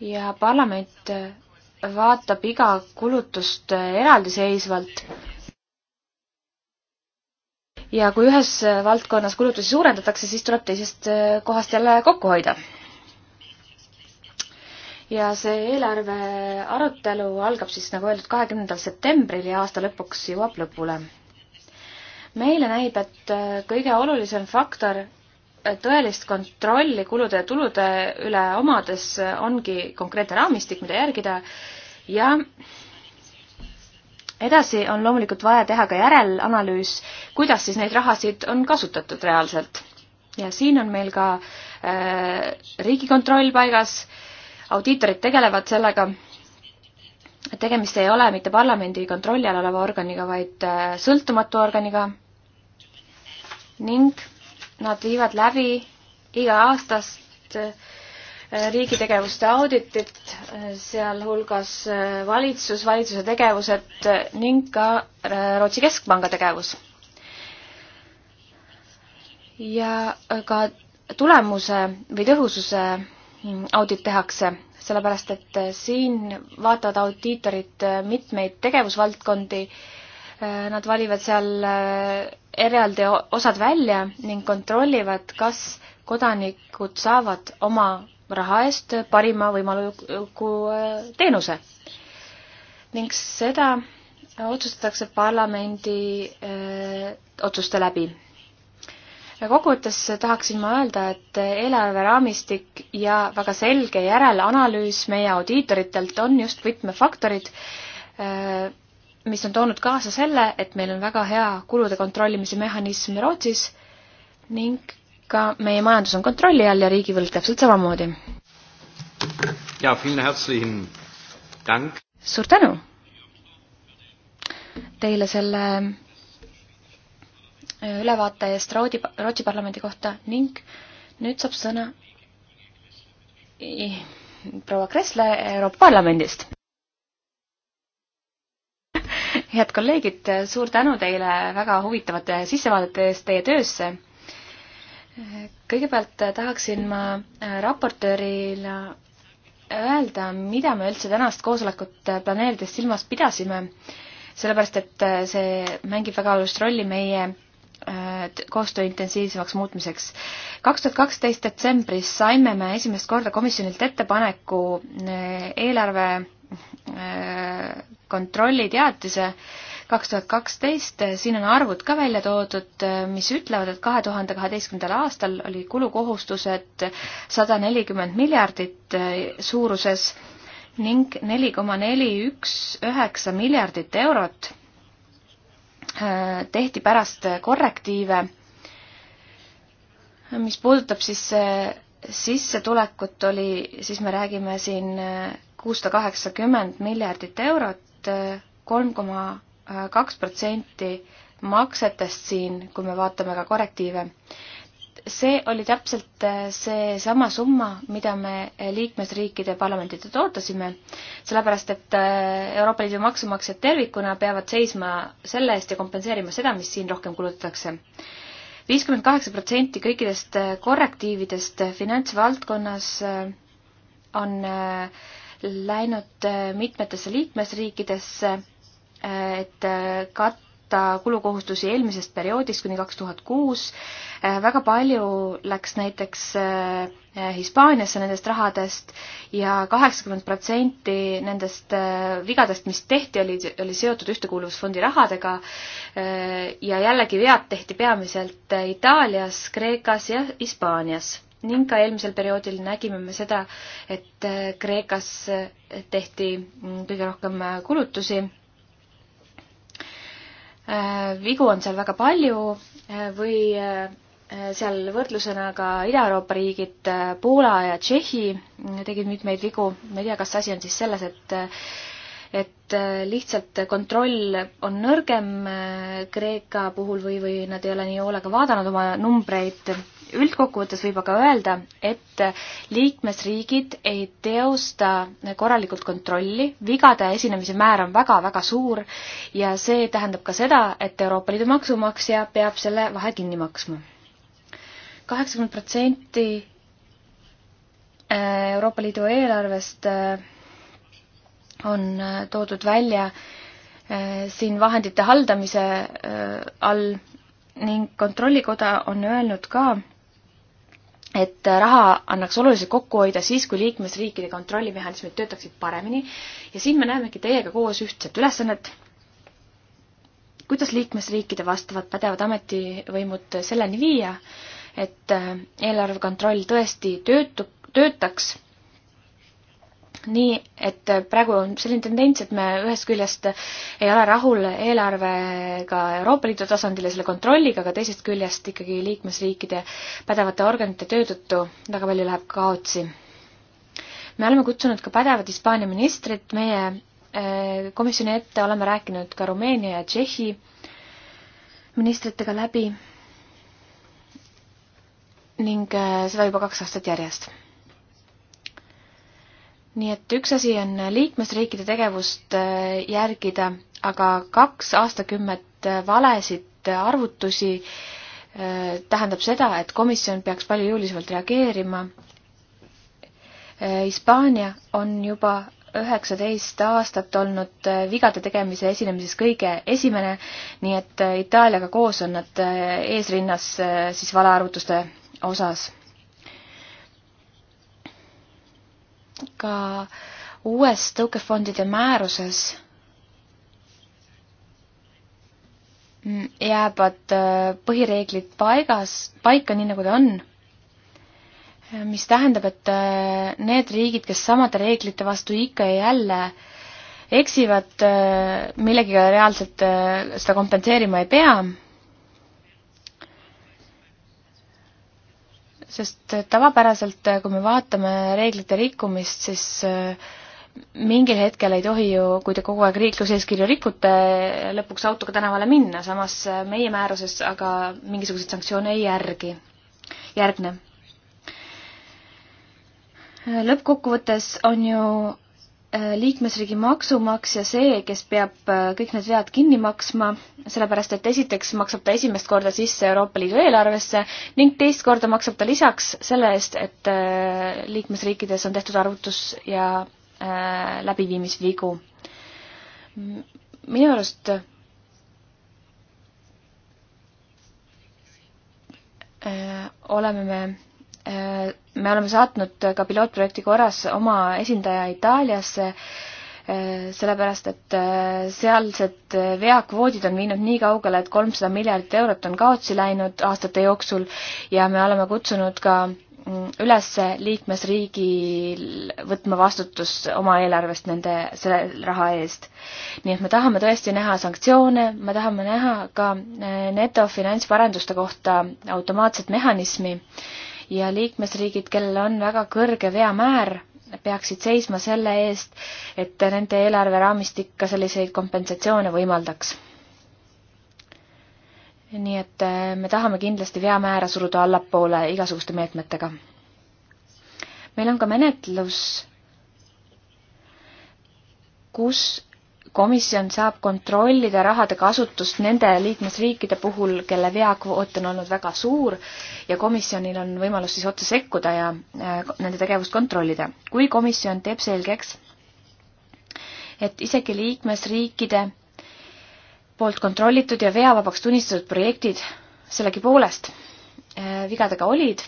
ja parlament äh, vaatab iga kulutust äh, eraldiseisvalt ja kui ühes äh, valdkonnas kulutusi suurendatakse, siis tuleb teisest kohast jälle kokku hoida ja see eelarve arutelu algab siis, nagu öeldud, kahekümnendal septembril ja aasta lõpuks jõuab lõpule. meile näib, et äh, kõige olulisem faktor äh, tõelist kontrolli kulude ja tulude üle omades äh, ongi konkreetne raamistik, mida järgida ja edasi on loomulikult vaja teha ka järelanalüüs, kuidas siis neid rahasid on kasutatud reaalselt. ja siin on meil ka äh, Riigikontroll paigas äh,, audiitorid tegelevad sellega, tegemist ei ole mitte parlamendi kontrolli all oleva organiga, vaid äh, sõltumatu organiga ning nad viivad läbi iga-aastast äh, riigi tegevuste auditit, äh, sealhulgas valitsus, valitsuse tegevused ning ka Rootsi Keskpanga tegevus. ja ka tulemuse või tõhususe Mm, audit tehakse, sellepärast et äh, siin vaatavad audiitorid äh, mitmeid tegevusvaldkondi, äh, nad valivad seal eraldi osad välja ning kontrollivad, kas kodanikud saavad oma raha eest parima võimaliku teenuse. ning seda otsustatakse parlamendi öö, otsuste läbi kokkuvõttes tahaksin ma öelda, et eelarveraamistik ja väga selge järelanalüüs meie audiitoritelt on just võtmefaktorid, äh, mis on toonud kaasa selle, et meil on väga hea kulude kontrollimise mehhanism Rootsis ning ka meie majandus on kontrolli all ja riigivõlg täpselt samamoodi. jaa, vielen herzlichen Dank! suur tänu teile selle ülevaate eest Roodi, Rootsi parlamendi kohta ning nüüd saab sõna proua Kressle Euroopa Parlamendist. head kolleegid, suur tänu teile väga huvitavate sissevaadete eest teie töösse. kõigepealt tahaksin ma raportöörile öelda, mida me üldse tänast koosolekut planeerides silmas pidasime, sellepärast et see mängib väga olulist rolli meie Äh, koostöö intensiivsemaks muutmiseks. kaks tuhat kaksteist detsembris saime me esimest korda komisjonilt ettepaneku äh, eelarve äh, kontrolliteatise kaks tuhat kaksteist, siin on arvud ka välja toodud, mis ütlevad, et kahe tuhande kaheteistkümnendal aastal oli kulukohustused sada nelikümmend miljardit suuruses ning neli koma neli üks üheksa miljardit eurot tehti pärast korrektiive. mis puudutab siis eh, sissetulekut, oli, siis me räägime siin eh, kuussada kaheksakümmend miljardit eurot, eh, kolm koma kaks protsenti maksetest siin, kui me vaatame ka korrektiive see oli täpselt äh, seesama summa, mida me liikmesriikide parlamentidelt ootasime, sellepärast et äh, Euroopa Liidu maksumaksjad tervikuna peavad seisma selle eest ja kompenseerima seda, mis siin rohkem kulutatakse. viiskümmend kaheksa protsenti kõikidest äh, korrektiividest finantsvaldkonnas on läinud mitmetesse liikmesriikidesse, et kat-, katta kulukohustusi eelmisest perioodist kuni kaks tuhat kuus. Äh, väga palju läks näiteks äh, Hispaaniasse nendest rahadest ja kaheksakümmend protsenti nendest äh, vigadest, mis tehti, oli, oli seotud Ühtekuuluvusfondi rahadega. ja jällegi vead tehti peamiselt Itaalias, Kreekas ja Hispaanias ning ka eelmisel perioodil nägime me seda, et Kreekas tehti mm, kõige rohkem kulutusi Äh, vigu on seal väga palju äh, või äh, seal võrdlusena ka Ida-Euroopa riigid, Poola ja Tšehhi tegid mitmeid vigu, ma ei tea, kas asi on siis selles, et et äh, lihtsalt kontroll on nõrgem äh, Kreeka puhul või, või nad ei ole nii hoolega vaadanud oma numbreid. üldkokkuvõttes võib aga öelda, et liikmesriigid ei teosta korralikult kontrolli, vigade esinemise määr on väga-väga suur ja see tähendab ka seda, et Euroopa Liidu maksumaksja peab selle vahe kinni maksma. kaheksakümmend protsenti äh, Euroopa Liidu eelarvest on äh, toodud välja äh, siin vahendite haldamise äh, all ning Kontrollikoda on öelnud ka, et raha annaks oluliselt kokku hoida siis, kui liikmesriikide kontrollimehhanismid töötaksid paremini ja siin me näemegi teiega koos ühtset ülesannet, kuidas liikmesriikide vastavad pädevad ametivõimud selleni viia, et eelarvekontroll tõesti töötu-, töötaks nii et äh, praegu on selline tendents, et me ühest küljest ei ole rahul eelarvega Euroopa Liidu tasandil ja selle kontrolliga, aga teisest küljest ikkagi liikmesriikide pädevate organite töö tõttu väga palju läheb kaotsi. me oleme kutsunud ka pädevad Hispaania ministrid meie äh, komisjoni ette, oleme rääkinud ka Rumeenia ja Tšehhi ministritega läbi ning äh, seda juba kaks aastat järjest nii et üks asi on liikmesriikide tegevust äh, järgida, aga kaks aastakümmet äh, valesid äh, arvutusi tähendab seda, et komisjon peaks palju jõulisemalt reageerima. Hispaania on juba üheksateist aastat olnud vigade tegemise esinemises kõige esimene, nii et Itaaliaga koos on nad eesrinnas siis valearvutuste osas ka uues tõukefondide määruses jäävad äh, põhireeglid paigas, paika nii, nagu ta on, mis tähendab, et äh, need riigid, kes samade reeglite vastu ikka ja jälle eksivad, äh, millegagi reaalselt seda kompenseerima ei pea sest äh, tavapäraselt, äh, kui me vaatame reeglite rikkumist, siis äh, mingil hetkel ei tohi ju, kui te kogu aeg liikluseeskirju rikute, lõpuks autoga tänavale minna, samas meie määruses aga mingisuguseid sanktsioone ei järgi, järgne. lõppkokkuvõttes on ju Äh, liikmesriigi maksumaksja see, kes peab äh, kõik need vead kinni maksma, sellepärast et esiteks maksab ta esimest korda sisse Euroopa Liidu eelarvesse ning teist korda maksab ta lisaks selle eest, et äh, liikmesriikides on tehtud arvutus- ja läbiviimisvigu. minu arust oleme me me oleme saatnud ka pilootprojekti korras oma esindaja Itaaliasse, eh, sellepärast et eh, sealsed eh, veakvoodid on viinud nii kaugele, et kolmsada miljardit eurot on kaotsi läinud aastate jooksul ja me oleme kutsunud ka mm, üles liikmesriigil võtma vastutust oma eelarvest nende, selle raha eest. nii et me tahame tõesti näha sanktsioone, me tahame näha ka neto finantsparanduste kohta automaatset mehhanismi ja liikmesriigid, kellel on väga kõrge veamäär, peaksid seisma selle eest, et nende eelarveraamistik ka selliseid kompensatsioone võimaldaks. nii et äh, me tahame kindlasti veamäära suruda allapoole igasuguste meetmetega. meil on ka menetlus, kus komisjon saab kontrollida rahade kasutust nende liikmesriikide puhul, kelle veakvoot on olnud väga suur ja komisjonil on võimalus siis otse sekkuda ja äh, nende tegevust kontrollida. kui komisjon teeb selgeks, et isegi liikmesriikide poolt kontrollitud ja veavabaks tunnistatud projektid sellegipoolest äh, vigadega olid,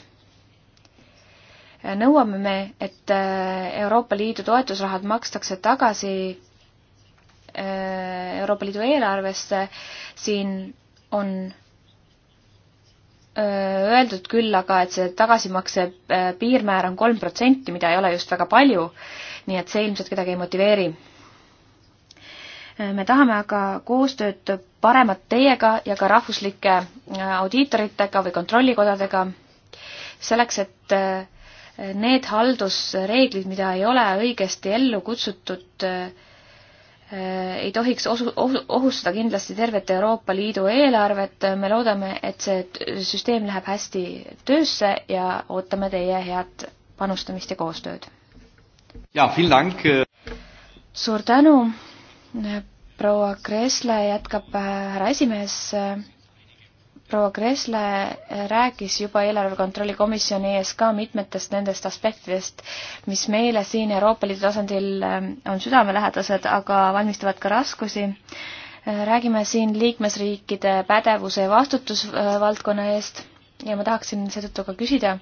äh, nõuame me, et Euroopa Liidu toetusrahad makstakse tagasi Äh, Euroopa Liidu eelarvesse, siin on äh, öeldud küll aga, et see tagasimakse äh, piirmäär on kolm protsenti, mida ei ole just väga palju, nii et see ilmselt kedagi ei motiveeri. me tahame aga koostööd paremat teiega ja ka rahvuslike audiitoritega või kontrollikodadega, selleks et need haldusreeglid, mida ei ole õigesti ellu kutsutud, Äh, ei tohiks osu-, ohustada kindlasti tervet Euroopa Liidu eelarvet, me loodame, et see süsteem läheb hästi töösse ja ootame teie head panustamist ja koostööd. jaa, Finland. Äh. suur tänu, proua Kresla jätkab äh, härra esimees proua Kresle rääkis juba eelarve kontrolli komisjoni ees ka mitmetest nendest aspektidest, mis meile siin Euroopa Liidu tasandil ähm, on südamelähedased, aga valmistavad ka raskusi. Äh, räägime siin liikmesriikide pädevuse ja vastutusvaldkonna äh, eest ja ma tahaksin seetõttu ka küsida,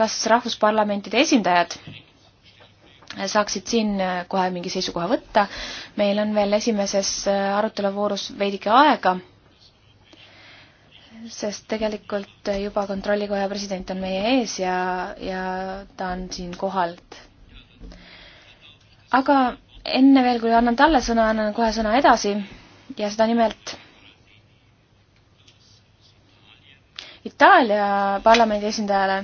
kas rahvusparlamentide esindajad saaksid siin äh, kohe mingi seisukoha võtta, meil on veel esimeses aruteluvoorus veidike aega sest tegelikult juba Kontrollikoja president on meie ees ja, ja ta on siin kohalt. aga enne veel, kui annan talle sõna, annan kohe sõna edasi ja seda nimelt Itaalia parlamendi esindajale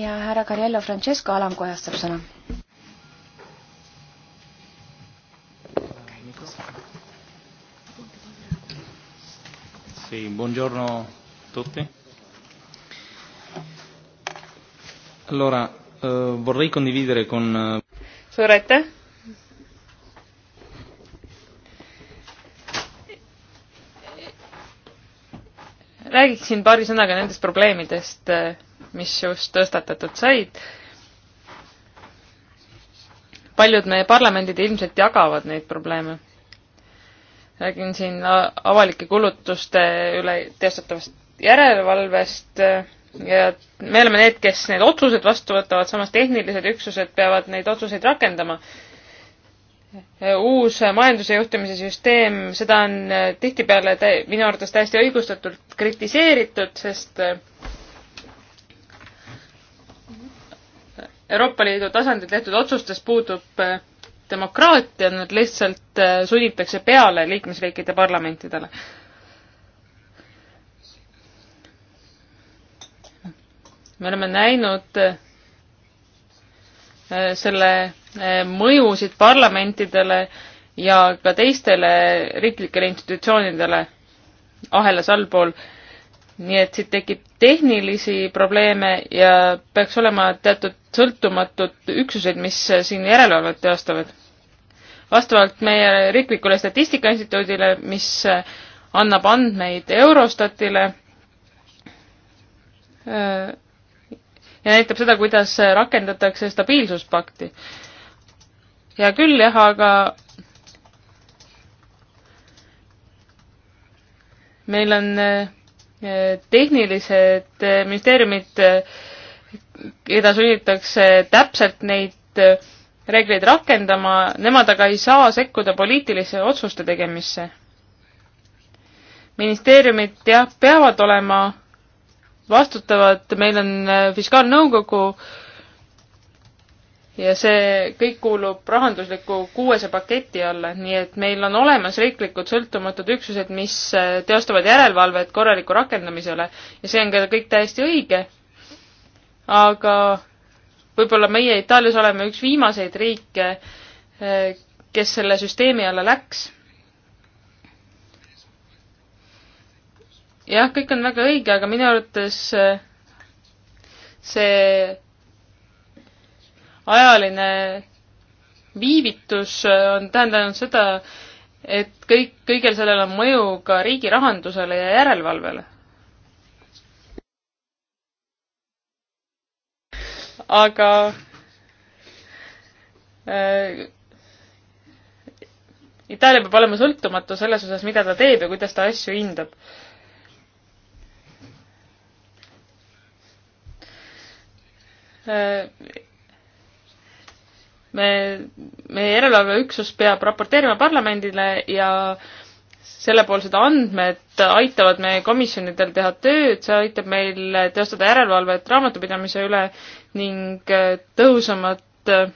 ja härra Cariello Francesco alamkojast saab sõna Sì, buongiorno a tutti. Allora, eh, vorrei condividere con... Eh, Suur aitäh! räägiksin paari sõnaga nendest probleemidest, eh, mis just tõstatatud said. paljud meie parlamendid ilmselt jagavad neid probleeme räägin siin avalike kulutuste üle teostatavast järelevalvest äh, ja me oleme need, kes need otsused vastu võtavad, samas tehnilised üksused peavad neid otsuseid rakendama. uus majanduse juhtimise süsteem, seda on äh, tihtipeale minu arvates täiesti õigustatult kritiseeritud, sest äh, Euroopa Liidu tasandil tehtud otsustes puudub demokraatia nüüd lihtsalt äh, sunnitakse peale liikmesriikide parlamentidele. me oleme näinud äh, selle äh, mõjusid parlamentidele ja ka teistele riiklikele institutsioonidele ahelas allpool nii et siit tekib tehnilisi probleeme ja peaks olema teatud sõltumatud üksused, mis siin järelevalvet teostavad. vastavalt meie riiklikule statistika instituudile, mis annab andmeid Eurostatile äh, ja näitab seda, kuidas rakendatakse stabiilsuspakti. hea küll, jah, aga meil on äh, tehnilised ministeeriumid, keda sunnitakse täpselt neid reegleid rakendama, nemad aga ei saa sekkuda poliitilise otsuste tegemisse. ministeeriumid jah, peavad olema vastutavad, meil on äh, fiskaalnõukogu, ja see kõik kuulub rahandusliku kuuese paketi alla, nii et meil on olemas riiklikud sõltumatud üksused, mis äh, teostavad järelevalvet korraliku rakendamise üle ja see on ka kõik täiesti õige. aga võib-olla meie Itaalias oleme üks viimaseid riike, äh, kes selle süsteemi alla läks. jah, kõik on väga õige, aga minu arvates äh, see ajaline viivitus äh, on tähendanud seda, et kõik, kõigel sellel on mõju ka riigi rahandusele ja järelevalvele. aga äh, Itaalia peab olema sõltumatu selles osas, mida ta teeb ja kuidas ta asju hindab. Äh, me, meie järelevalveüksus peab raporteerima parlamendile ja sellepoolsed andmed aitavad meie komisjonidel teha tööd, see aitab meil teostada järelevalvet raamatupidamise üle ning tõhusamat eh,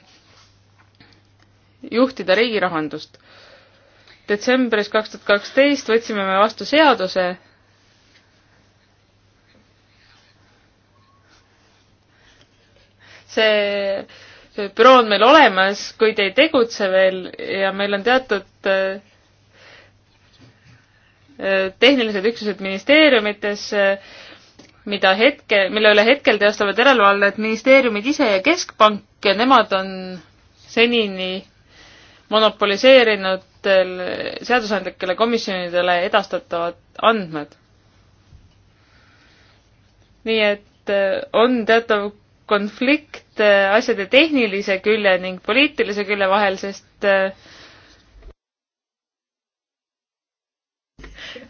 juhtida riigi rahandust. detsembris kaks tuhat kaksteist võtsime me vastu seaduse, see büroo on meil olemas, kuid ei tegutse veel ja meil on teatud äh, äh, tehnilised üksused ministeeriumites, äh, mida hetke, mille üle hetkel teostavad järelevalvet ministeeriumid ise ja Keskpank ja nemad on senini monopoliseerinud seadusandlikele komisjonidele edastatavad andmed. nii et on teatav konflikt äh, asjade tehnilise külje ning poliitilise külje vahel, sest äh,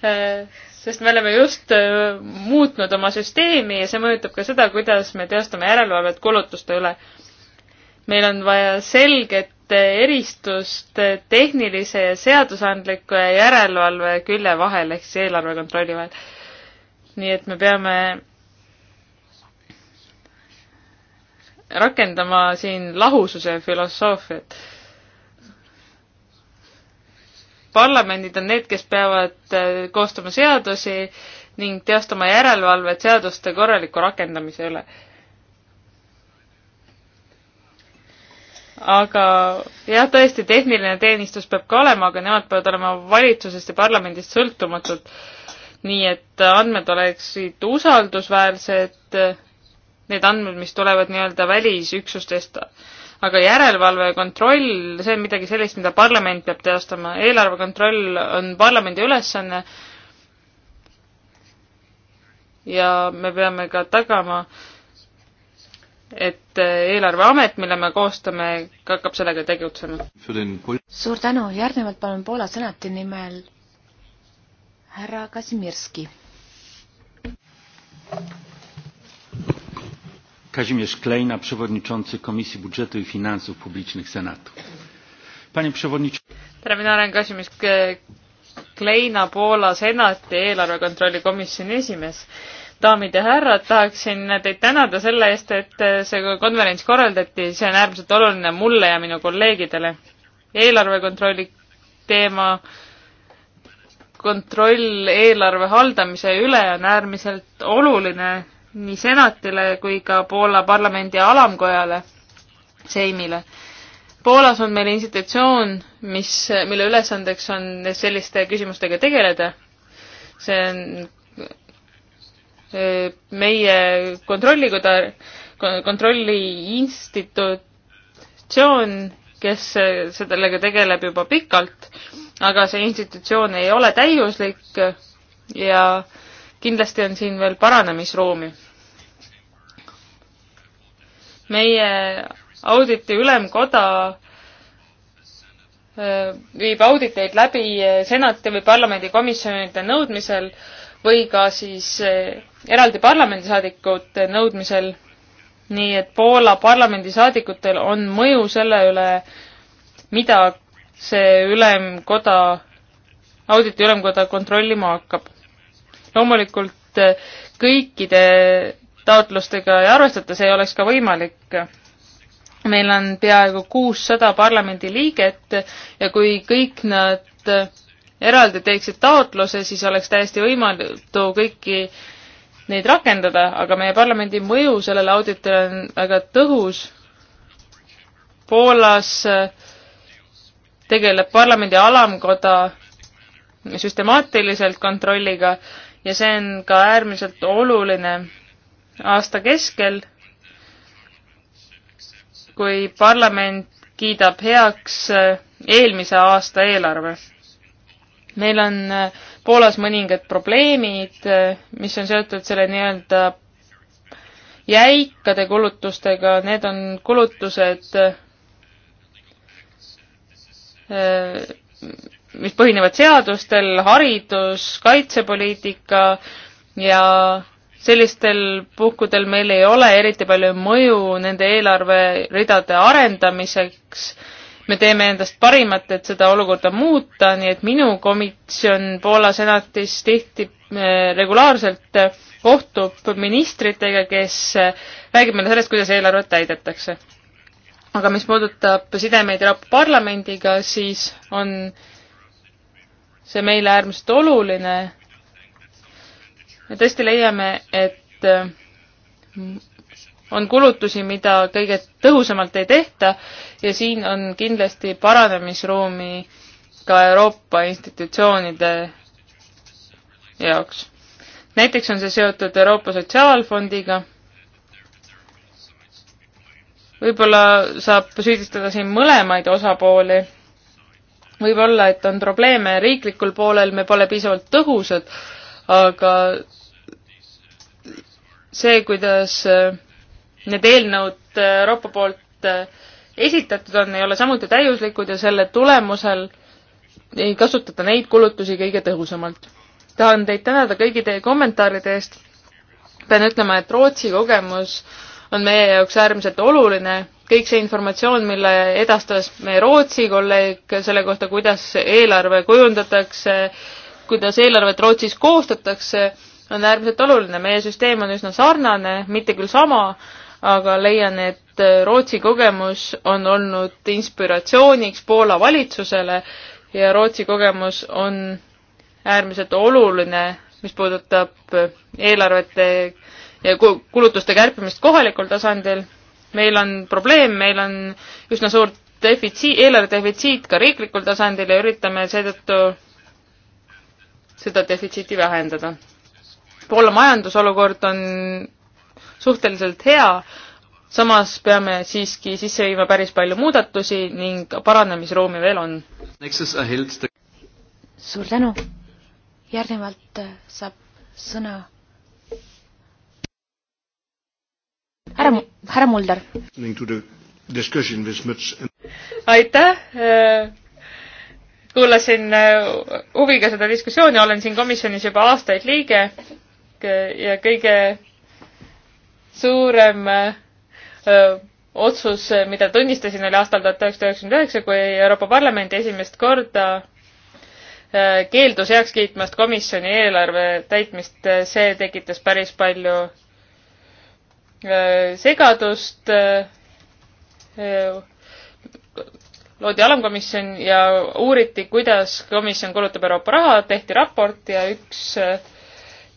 äh, sest me oleme just muutnud oma süsteemi ja see mõjutab ka seda, kuidas me teostame järelevalvet kulutuste üle. meil on vaja selget eristust tehnilise ja seadusandliku ja järelevalve külje vahel ehk siis eelarve kontrolli vahel. nii et me peame rakendama siin lahususe filosoofiat. parlamendid on need, kes peavad äh, koostama seadusi ning teostama järelevalvet seaduste korraliku rakendamise üle. aga jah, tõesti, tehniline teenistus peab ka olema, aga nemad peavad olema valitsusest ja parlamendist sõltumatud. nii et andmed oleksid usaldusväärsed need andmed, mis tulevad nii-öelda välisüksustest. aga järelevalve ja kontroll, see on midagi sellist, mida parlament peab teostama. eelarvekontroll on parlamendi ülesanne ja me peame ka tagama, et eelarveamet, mille me koostame, hakkab sellega tegutsema. suur tänu, järgnevalt palun Poola senati nimel härra Kasimirski Kazimierz Klejna, przewodniczący Komisji Budżetu i Finansów Publicznych Senatu. Panie przewodniczący. tere, mina olen Kazimierz Kleina, Poola senati eelarvekontrolli komisjoni esimees daamid ja härrad, tahaksin teid tänada selle eest, et see konverents korraldati, see on äärmiselt oluline mulle ja minu kolleegidele. eelarvekontrolli teema, kontroll eelarve haldamise üle on äärmiselt oluline nii senatile kui ka Poola parlamendi alamkojale, Seimile. Poolas on meil institutsioon, mis, mille ülesandeks on selliste küsimustega tegeleda. see on äh, meie kontrollikoda, kontrolli institutsioon, kes äh, sellega tegeleb juba pikalt, aga see institutsioon ei ole täiuslik ja äh, kindlasti on siin veel paranemisruumi. meie auditi ülemkoda äh, viib auditeid läbi äh, senati või parlamendikomisjonide nõudmisel või ka siis äh, eraldi parlamendisaadikute nõudmisel. nii et Poola parlamendisaadikutel on mõju selle üle, mida see ülemkoda, auditi ülemkoda kontrollima hakkab loomulikult eh, kõikide taotlustega ei arvestata, see ei oleks ka võimalik. meil on peaaegu kuussada parlamendiliiget ja kui kõik nad eraldi teeksid taotluse, siis oleks täiesti võimatu kõiki neid rakendada, aga meie parlamendi mõju sellele auditile on väga tõhus. Poolas eh, tegeleb parlamendi alamkoda süstemaatiliselt kontrolliga ja see on ka äärmiselt oluline aasta keskel, kui parlament kiidab heaks äh, eelmise aasta eelarve. meil on äh, Poolas mõningad probleemid, äh, mis on seotud selle nii-öelda jäikade kulutustega, need on kulutused, mis põhinevad seadustel, haridus, kaitsepoliitika ja sellistel puhkudel meil ei ole eriti palju mõju nende eelarveridade arendamiseks. me teeme endast parimat, et seda olukorda muuta, nii et minu komisjon Poola senatis tihti eh, regulaarselt kohtub ministritega, kes räägib meile sellest, kuidas eelarvet täidetakse. aga mis puudutab sidemeid Euroopa Parlamendiga, siis on see meile äärmiselt oluline. me tõesti leiame, et äh, on kulutusi, mida kõige tõhusamalt ei tehta ja siin on kindlasti paranemisruumi ka Euroopa institutsioonide jaoks. näiteks on see seotud Euroopa Sotsiaalfondiga. võib-olla saab süüdistada siin mõlemaid osapooli võib-olla, et on probleeme riiklikul poolel, me pole piisavalt tõhusad, aga see, kuidas äh, need eelnõud äh, Euroopa poolt äh, esitatud on, ei ole samuti täiuslikud ja selle tulemusel ei kasutata neid kulutusi kõige tõhusamalt. tahan teid tänada kõigi teie kommentaaride eest. pean ütlema, et Rootsi kogemus on meie jaoks äärmiselt oluline kõik see informatsioon, mille edastas meie Rootsi kolleeg selle kohta, kuidas eelarve kujundatakse, kuidas eelarvet Rootsis koostatakse, on äärmiselt oluline. meie süsteem on üsna sarnane, mitte küll sama, aga leian, et Rootsi kogemus on olnud inspiratsiooniks Poola valitsusele ja Rootsi kogemus on äärmiselt oluline, mis puudutab eelarvete ja kulutuste kärpimist kohalikul tasandil meil on probleem, meil on üsna suur defitsiit, eelarve defitsiit ka riiklikul tasandil ja üritame seetõttu seda defitsiiti vähendada. Poola majandusolukord on suhteliselt hea, samas peame siiski sisse viima päris palju muudatusi ning paranemisruumi veel on. suur tänu! järgnevalt saab sõna härra, härra Mulder. aitäh, äh, kuulasin äh, huviga seda diskussiooni, olen siin komisjonis juba aastaid liige ja kõige suurem öö, äh, otsus, mida tunnistasin, oli aastal tuhat üheksasada üheksakümmend üheksa, kui Euroopa Parlament esimest korda keeldus heaks kiitmast komisjoni eelarve täitmist, see tekitas päris palju Äh, segadust, äh, äh, loodi alamkomisjon ja uuriti, kuidas komisjon kulutab Euroopa raha, tehti raport ja üks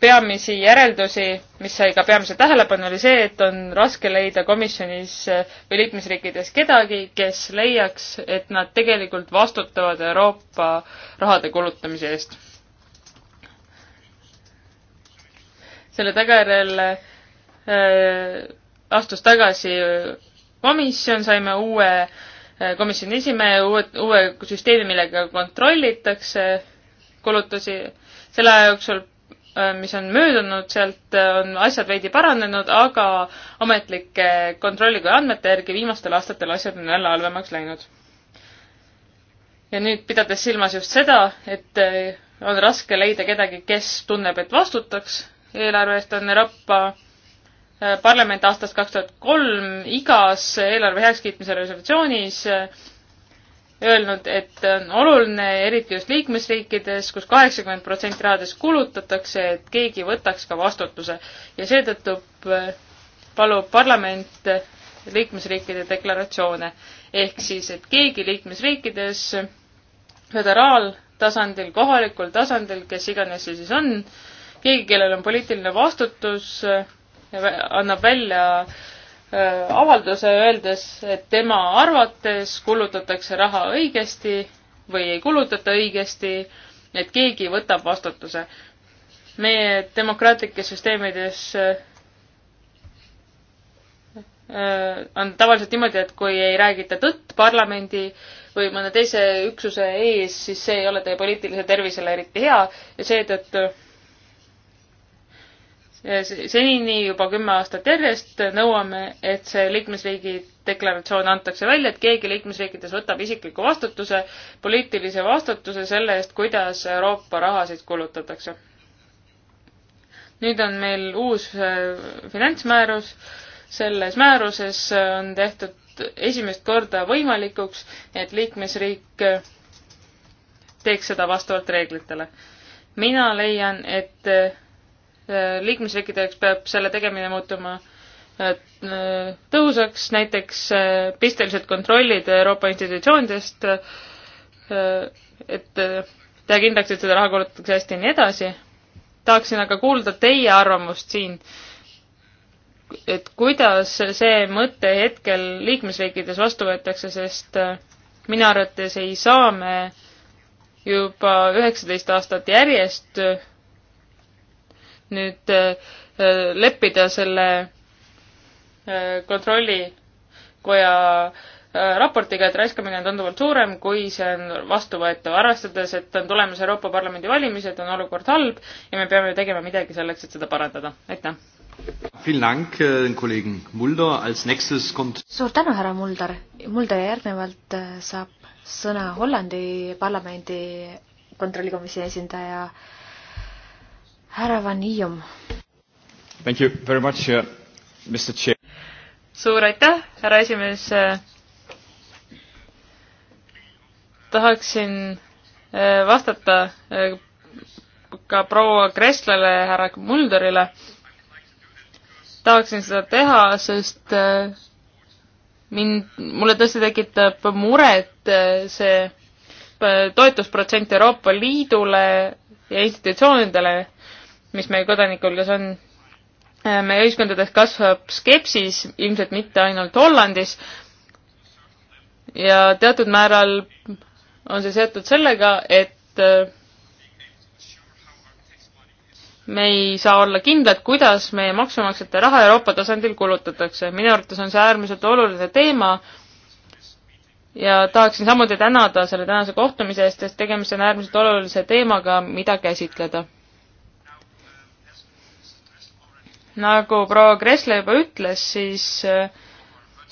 peamisi järeldusi, mis sai ka peamise tähelepanu, oli see, et on raske leida komisjonis või liikmesriikides kedagi, kes leiaks, et nad tegelikult vastutavad Euroopa rahade kulutamise eest. selle tagajärjel Äh, astus tagasi komisjon, saime uue äh, komisjoni esimehe, uue, uue süsteemi, millega kontrollitakse kulutusi. selle aja jooksul, äh, mis on möödunud, sealt on asjad veidi paranenud, aga ametlike kontrollikoja andmete järgi viimastel aastatel asjad on jälle halvemaks läinud. ja nüüd pidades silmas just seda, et on raske leida kedagi, kes tunneb, et vastutaks eelarve eest, on Euroopa Äh, parlament aastast kaks tuhat kolm igas eelarve heakskiitmise resolutsioonis äh, öelnud, et on oluline, eriti just liikmesriikides kus, kus kaheksakümmend protsenti rahadest kulutatakse, et keegi võtaks ka vastutuse ja seetõttu äh, palub parlament liikmesriikide deklaratsioone. ehk siis, et keegi liikmesriikides föderaaltasandil, kohalikul tasandil, kes iganes see siis on, keegi, kellel on poliitiline vastutus annab välja äh, avalduse, öeldes, et tema arvates kulutatakse raha õigesti või ei kulutata õigesti, et keegi võtab vastutuse. meie demokraatlikes süsteemides äh, on tavaliselt niimoodi, et kui ei räägita tõtt parlamendi või mõne teise üksuse ees, siis see ei ole teie poliitilisele tervisele eriti hea ja seetõttu et senini juba kümme aastat järjest nõuame, et see liikmesriigi deklaratsioon antakse välja, et keegi liikmesriikides võtab isikliku vastutuse, poliitilise vastutuse selle eest, kuidas Euroopa rahasid kulutatakse. nüüd on meil uus äh, finantsmäärus, selles määruses on tehtud esimest korda võimalikuks, et liikmesriik äh, teeks seda vastavalt reeglitele. mina leian, et äh, Äh, liikmesriikideks peab selle tegemine muutuma äh, tõhusaks, näiteks äh, pistelised kontrollid Euroopa institutsioonidest, et teha kindlaks, et seda raha kulutatakse hästi ja nii edasi. tahaksin aga kuulda teie arvamust siin, et kuidas see mõte hetkel liikmesriikides vastu võetakse, sest minu arvates ei saa me juba üheksateist aastat järjest nüüd äh, äh, leppida selle äh, kontrollikoja raportiga, et raiskamine on tunduvalt suurem, kui see on vastuvõetav, arvestades, et on tulemas Euroopa Parlamendi valimised, on olukord halb ja me peame ju tegema midagi selleks, et seda parandada. aitäh! suur tänu, härra Mulder! Mulder järgnevalt saab sõna Hollandi parlamendi kontrollikomisjoni esindaja äh, härra Van Ium. Thank you very much uh,, Mr Chair. suur aitäh, härra esimees uh,. tahaksin uh, vastata uh, ka proua Kresslale, härra Mulderile. tahaksin seda teha, sest uh, mind, mulle tõesti tekitab muret see toetusprotsent Euroopa Liidule ja institutsioonidele, mis meie kodanikkulgas on. Äh, meie ühiskondades kasvab skepsis, ilmselt mitte ainult Hollandis, ja teatud määral on see seotud sellega, et äh, me ei saa olla kindlad, kuidas meie maksumaksjate raha Euroopa tasandil kulutatakse. minu arvates on see äärmiselt oluline teema, ja tahaksin samuti tänada selle tänase kohtumise eest, sest tegemist on äärmiselt olulise teemaga, mida käsitleda. nagu proua Kressle juba ütles, siis äh,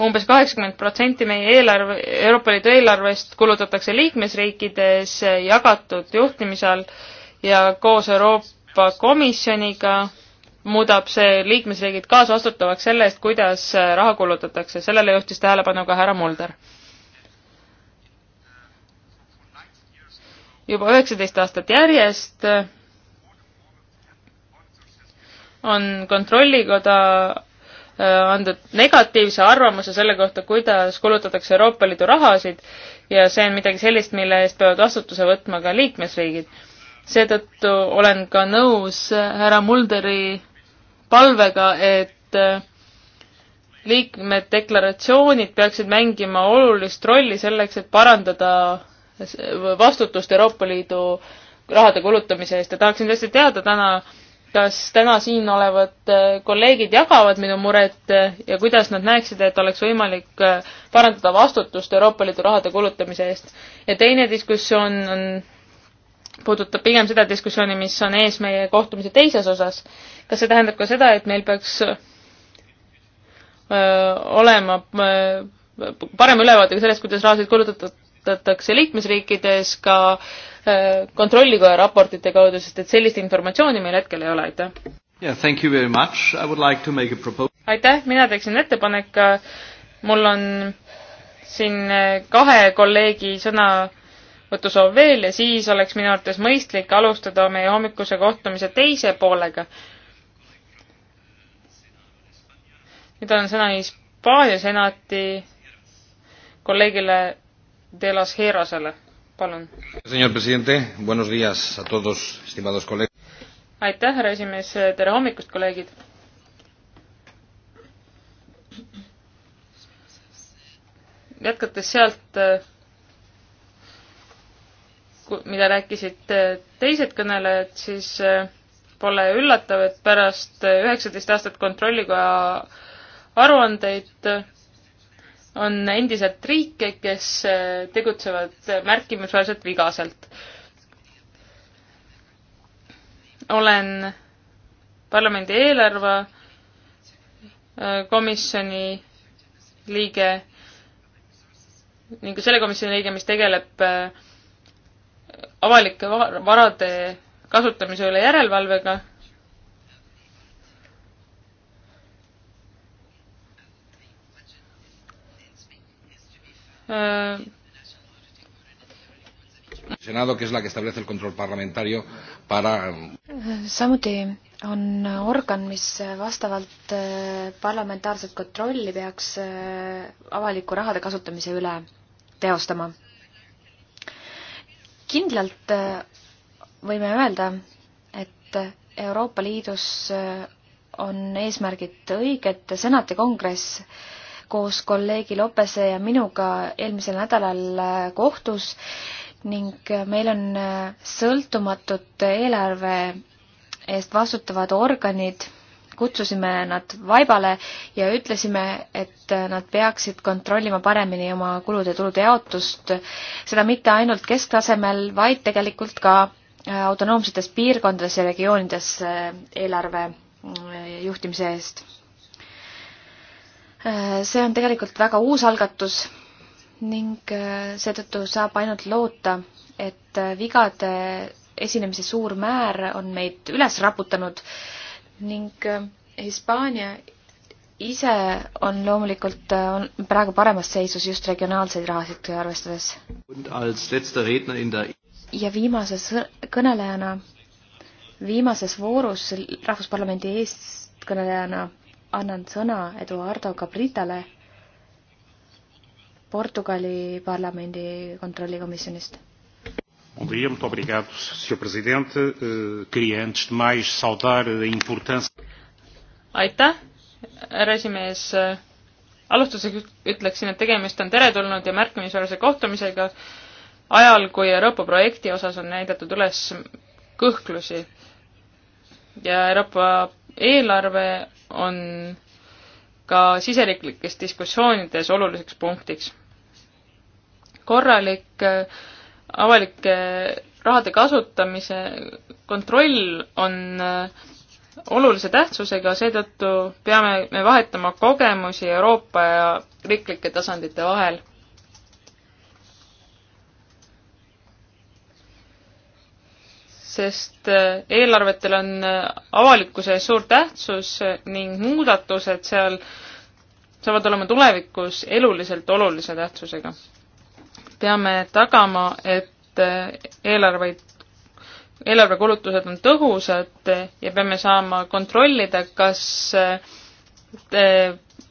umbes kaheksakümmend protsenti meie eelarve, Euroopa Liidu eelarvest kulutatakse liikmesriikides äh, jagatud juhtimise all ja koos Euroopa Komisjoniga muudab see liikmesriigid kaasvastutavaks selle eest, kuidas äh, raha kulutatakse, sellele juhtis tähelepanu ka härra Mulder. juba üheksateist aastat järjest on Kontrollikoda äh, andnud negatiivse arvamuse selle kohta, kuidas kulutatakse Euroopa Liidu rahasid ja see on midagi sellist, mille eest peavad vastutuse võtma ka liikmesriigid. seetõttu olen ka nõus äh, härra Mulderi palvega, et äh, liikmed deklaratsioonid peaksid mängima olulist rolli selleks, et parandada vastutust Euroopa Liidu rahade kulutamise eest ja tahaksin tõesti teada täna, kas täna siin olevad äh, kolleegid jagavad minu muret äh, ja kuidas nad näeksid, et oleks võimalik äh, parandada vastutust Euroopa Liidu rahade kulutamise eest. ja teine diskussioon on, puudutab pigem seda diskussiooni, mis on ees meie kohtumise teises osas. kas see tähendab ka seda, et meil peaks öö, olema öö, parem ülevaade ka sellest, kuidas rahasid kulutatakse liikmesriikides, ka öö, Äh, kontrollikoja raportite kaudu, sest et sellist informatsiooni meil hetkel ei ole, aitäh yeah,. Like aitäh, mina teeksin ettepaneku, mul on siin äh, kahe kolleegi sõnavõtusoov veel ja siis oleks minu arvates mõistlik alustada meie hommikuse kohtumise teise poolega. nüüd on sõna Hispaania senati kolleegile De Las Herosele palun. aitäh, härra esimees, tere hommikust, kolleegid. jätkates sealt, mida rääkisid teised kõnelejad, siis eh, pole üllatav, et pärast üheksateist aastat kontrollikoja aruandeid on endiselt riike, kes äh, tegutsevad äh, märkimisväärselt vigaselt. olen parlamendi eelarve äh, komisjoni liige ning selle komisjoni liige, mis tegeleb avalike varade kasutamise üle järelevalvega Eh, samuti on organ, mis vastavalt eh, parlamentaarset kontrolli peaks eh, avaliku rahade kasutamise üle teostama. kindlalt võime öelda, et Euroopa Liidus on eesmärgid õiged, senat ja kongress koos kolleegi Lopese ja minuga eelmisel nädalal äh, kohtus ning äh, meil on äh, sõltumatud eelarve eest vastutavad organid, kutsusime nad vaibale ja ütlesime, et nad peaksid kontrollima paremini oma kulude-tulude jaotust, seda mitte ainult kesktasemel, vaid tegelikult ka autonoomsetes piirkondades ja regioonides eelarve juhtimise eest Äh, see on tegelikult väga uus algatus ning äh, seetõttu saab ainult loota, et äh, vigade esinemise suur määr on meid üles raputanud ning Hispaania ise on loomulikult on praegu paremas seisus just regionaalseid rahasid arvestades. ja viimase kõnelejana, viimases voorus Rahvusparlamendi eestkõnelejana annan sõna Eduardo Cabritale Portugali parlamendi kontrollikomisjonist. Muito obrigado, Sr. Presidente. Eh, queria, antes de mais, saudar a importância. Aitäh, härra esimees. Eh, alustuseks ütleksin, et tegemist on teretulnud ja märkimisväärse kohtumisega ajal, kui Euroopa projekti osas on näidatud üles kõhklusi ja Euroopa eelarve on ka siseriiklikes diskussioonides oluliseks punktiks. korralik äh, avalike rahade kasutamise kontroll on äh, olulise tähtsusega, seetõttu peame me vahetama kogemusi Euroopa ja riiklike tasandite vahel. sest äh, eelarvetel on äh, avalikkuse ees suur tähtsus äh, ning muudatused seal saavad olema tulevikus eluliselt olulise tähtsusega. peame tagama, et eelarveid, eelarvekulutused on tõhusad ja peame saama kontrollida, kas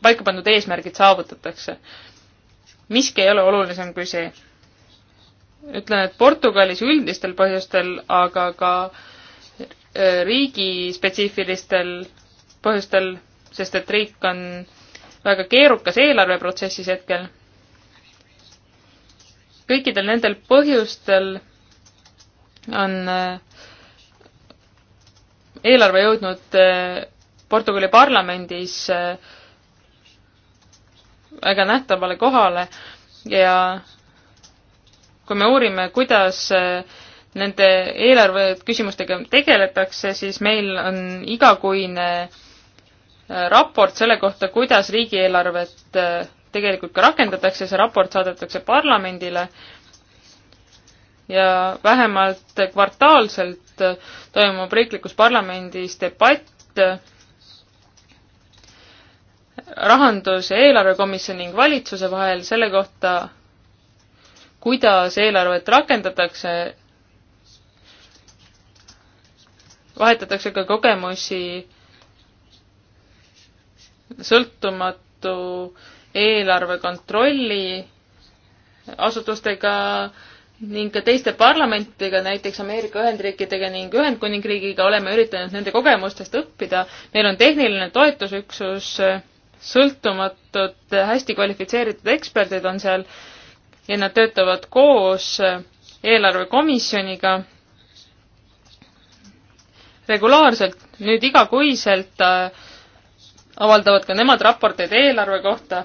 paika pandud eesmärgid saavutatakse. miski ei ole olulisem kui see ütlen, et Portugalis üldistel põhjustel, aga ka äh, riigispetsiifilistel põhjustel, sest et riik on väga keerukas eelarveprotsessis hetkel. kõikidel nendel põhjustel on äh, eelarve jõudnud äh, Portugali parlamendis väga nähtavale kohale ja kui me uurime, kuidas äh, nende eelarve küsimustega tegeletakse, siis meil on igakuine äh, raport selle kohta, kuidas riigieelarvet äh, tegelikult ka rakendatakse, see raport saadetakse parlamendile ja vähemalt kvartaalselt toimub riiklikus parlamendis debatt rahandus- ja eelarvekomisjoni ning valitsuse vahel selle kohta, kuidas eelarvet rakendatakse, vahetatakse ka kogemusi sõltumatu eelarve kontrolli asutustega ning ka teiste parlamentidega, näiteks Ameerika Ühendriikidega ning Ühendkuningriigiga oleme üritanud nende kogemustest õppida. meil on tehniline toetusüksus, sõltumatud hästi kvalifitseeritud eksperdid on seal äh, ja nad töötavad koos eelarvekomisjoniga regulaarselt, nüüd igakuiselt äh, avaldavad ka nemad raporteid eelarve kohta,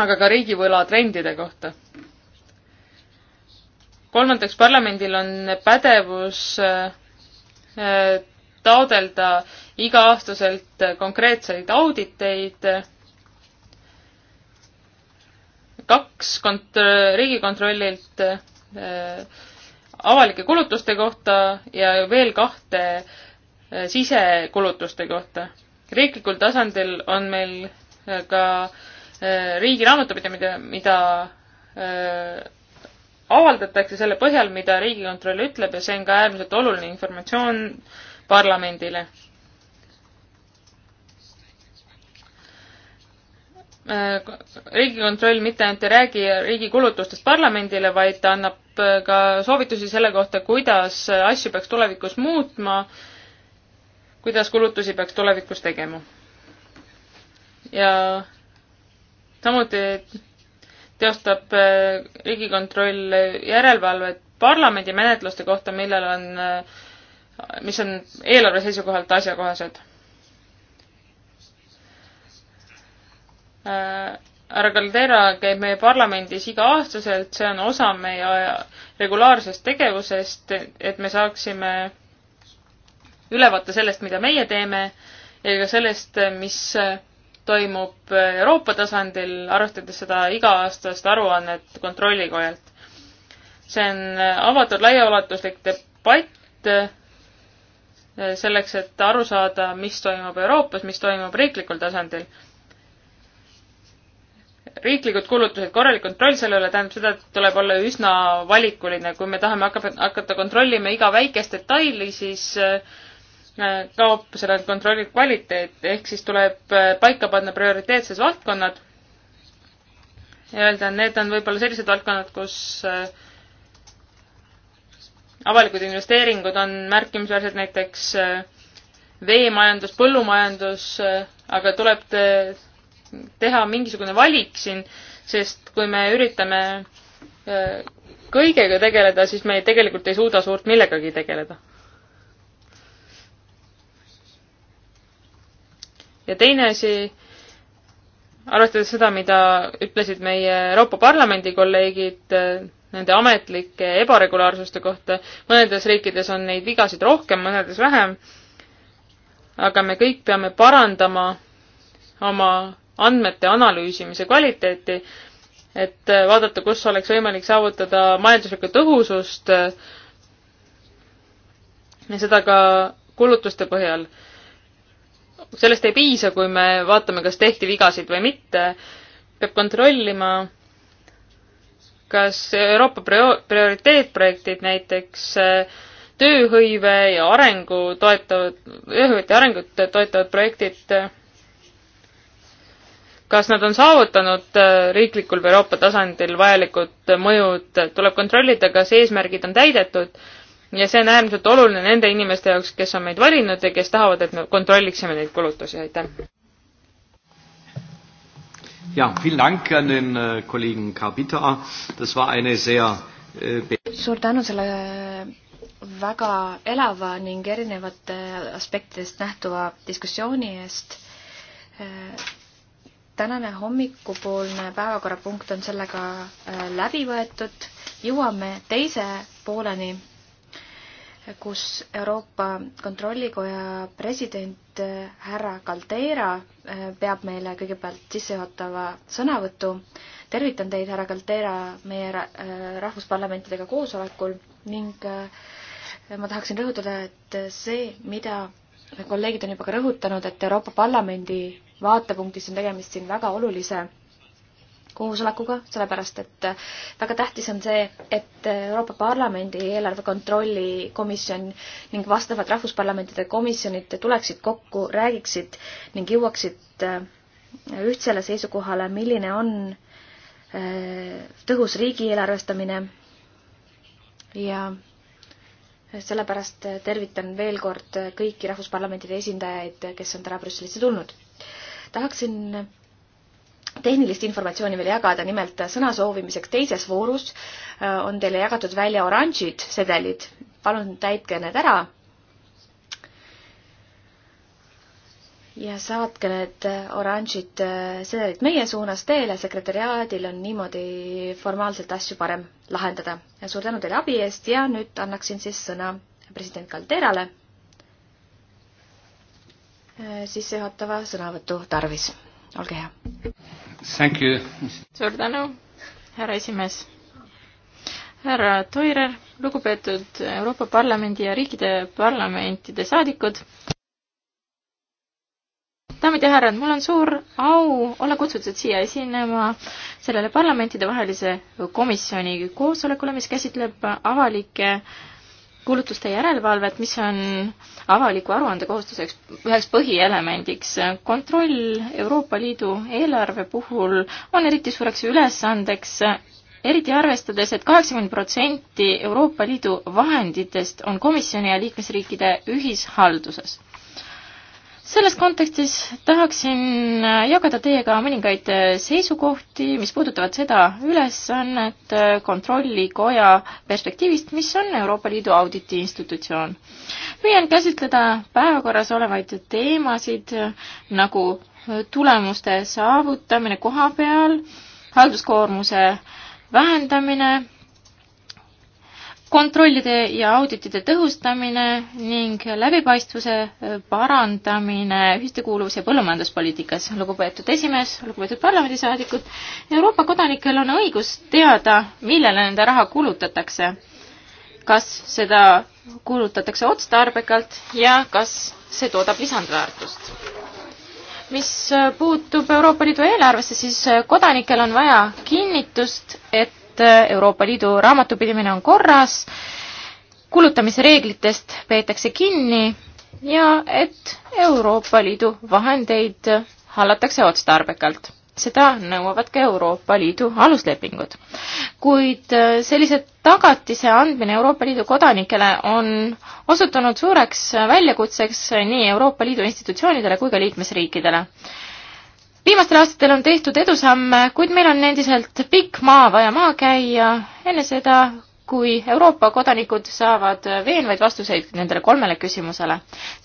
aga ka riigivõla trendide kohta. kolmandaks, parlamendil on pädevus äh, äh, taodelda iga-aastaselt konkreetseid auditeid kaks kont-, Riigikontrollilt äh, avalike kulutuste kohta ja veel kahte äh, sisekulutuste kohta. riiklikul tasandil on meil äh, ka äh, riigi raamatupidamine, mida, mida äh, avaldatakse selle põhjal, mida Riigikontroll ütleb ja see on ka äärmiselt oluline informatsioon parlamendile riigikontroll mitte ainult ei räägi riigi kulutustest parlamendile, vaid ta annab äh, ka soovitusi selle kohta, kuidas asju peaks tulevikus muutma, kuidas kulutusi peaks tulevikus tegema. ja samuti teostab äh, Riigikontroll järelevalvet parlamendi menetluste kohta, millel on, äh, mis on eelarve seisukohalt asjakohased härra Caldera käib meie parlamendis iga-aastaselt, see on osa meie regulaarsest tegevusest, et me saaksime ülevaate sellest, mida meie teeme ja ka sellest, mis toimub Euroopa tasandil, arvestades seda iga-aastast aruannet Kontrollikojalt. see on avatud laiaulatuslik debatt selleks, et aru saada, mis toimub Euroopas, mis toimub riiklikul tasandil riiklikud kulutused, korralik kontroll selle üle tähendab seda, et tuleb olla üsna valikuline, kui me tahame hakata, hakata kontrollima iga väikest detaili, siis äh, kaob sellelt kontrollilt kvaliteet, ehk siis tuleb äh, paika panna prioriteetsed valdkonnad ja öelda, need on võib-olla sellised valdkonnad, kus äh, avalikud investeeringud on märkimisväärsed, näiteks veemajandus, põllumajandus, aga tuleb teha mingisugune valik siin, sest kui me üritame kõigega tegeleda, siis me ei, tegelikult ei suuda suurt millegagi tegeleda. ja teine asi, arvestades seda, mida ütlesid meie Euroopa Parlamendi kolleegid nende ametlike ebaregulaarsuste kohta, mõnedes riikides on neid vigasid rohkem, mõnedes vähem, aga me kõik peame parandama oma andmete analüüsimise kvaliteeti, et äh, vaadata, kus oleks võimalik saavutada majanduslikku tõhusust äh, ja seda ka kulutuste põhjal. sellest ei piisa, kui me vaatame, kas tehti vigasid või mitte, peab kontrollima, kas Euroopa prioriteetprojektid näiteks äh, tööhõive ja arengu toetavad, tööhõivete arengut toetavad projektid kas nad on saavutanud äh, riiklikul või Euroopa tasandil vajalikud mõjud, tuleb kontrollida, kas eesmärgid on täidetud ja see on äärmiselt oluline nende inimeste jaoks, kes on meid valinud ja kes tahavad, et me kontrolliksime neid kulutusi, aitäh. ja, äh, äh, suur tänu selle väga elava ning erinevate aspektidest nähtuva diskussiooni eest tänane hommikupoolne päevakorrapunkt on sellega äh, läbi võetud. jõuame teise pooleni, kus Euroopa Kontrollikoja president äh, härra Caldeira äh, peab meile kõigepealt sissejuhatava sõnavõtu. tervitan teid, härra Caldeira, meie rahvusparlamentidega koosolekul ning ma tahaksin rõhutada, et see, mida kolleegid on juba ka rõhutanud, et Euroopa Parlamendi vaatepunktist on tegemist siin väga olulise koosolekuga, sellepärast et äh, väga tähtis on see, et Euroopa Parlamendi eelarve kontrolli komisjon ning vastavad rahvusparlamentide komisjonid tuleksid kokku, räägiksid ning jõuaksid äh, ühtsele seisukohale, milline on äh, tõhus riigi eelarvestamine ja sellepärast tervitan veel kord kõiki rahvusparlamentide esindajaid, kes on täna Brüsselisse tulnud tahaksin tehnilist informatsiooni veel jagada, nimelt sõna soovimiseks teises voorus äh, on teile jagatud välja oranžid sedelid. palun täitke need ära. ja saatke need äh, oranžid äh, sedelid meie suunas teele, sekretäriaadil on niimoodi formaalselt asju parem lahendada. suur tänu teile abi eest ja nüüd annaksin siis sõna president Calderale Äh, sissejuhatava sõnavõtu tarvis. olge hea. suur tänu, härra esimees. härra Toirer, lugupeetud Euroopa Parlamendi ja riikide parlamentide saadikud. daamid ja härrad, mul on suur au olla kutsutud siia esinema sellele parlamentidevahelise komisjoni koosolekule, mis käsitleb avalike äh, kulutuste järelevalvet, mis on avaliku aruandekohustuseks üheks põhielemendiks. kontroll Euroopa Liidu eelarve puhul on eriti suureks ülesandeks, eriti arvestades et, et kaheksakümmend protsenti Euroopa Liidu vahenditest on komisjoni ja liikmesriikide ühishalduses selles kontekstis tahaksin jagada teiega mõningaid seisukohti, mis puudutavad seda ülesannet kontrollikoja perspektiivist, mis on Euroopa Liidu auditi institutsioon. püüan käsitleda päevakorras olevaid teemasid nagu tulemuste saavutamine koha peal, halduskoormuse vähendamine kontrollide ja auditide tõhustamine ning läbipaistvuse parandamine ühtekuuluvus- ja põllumajanduspoliitikas. lugupeetud esimees, lugupeetud parlamendisaadikud, Euroopa kodanikel on õigus teada, millele nende raha kulutatakse. kas seda kulutatakse otstarbekalt ja kas see toodab lisandväärtust? mis puutub Euroopa Liidu eelarvesse, siis kodanikel on vaja kinnitust, et et äh, Euroopa Liidu raamatupidamine on korras, kulutamisreeglitest peetakse kinni ja et Euroopa Liidu vahendeid hallatakse otstarbekalt. seda nõuavad ka Euroopa Liidu aluslepingud. kuid äh, sellise tagatise andmine Euroopa Liidu kodanikele on osutunud suureks väljakutseks nii Euroopa Liidu institutsioonidele kui ka liikmesriikidele viimastel aastatel on tehtud edusamme, kuid meil on endiselt pikk maa vaja maha käia enne seda, kui Euroopa kodanikud saavad veenvaid vastuseid nendele kolmele küsimusele.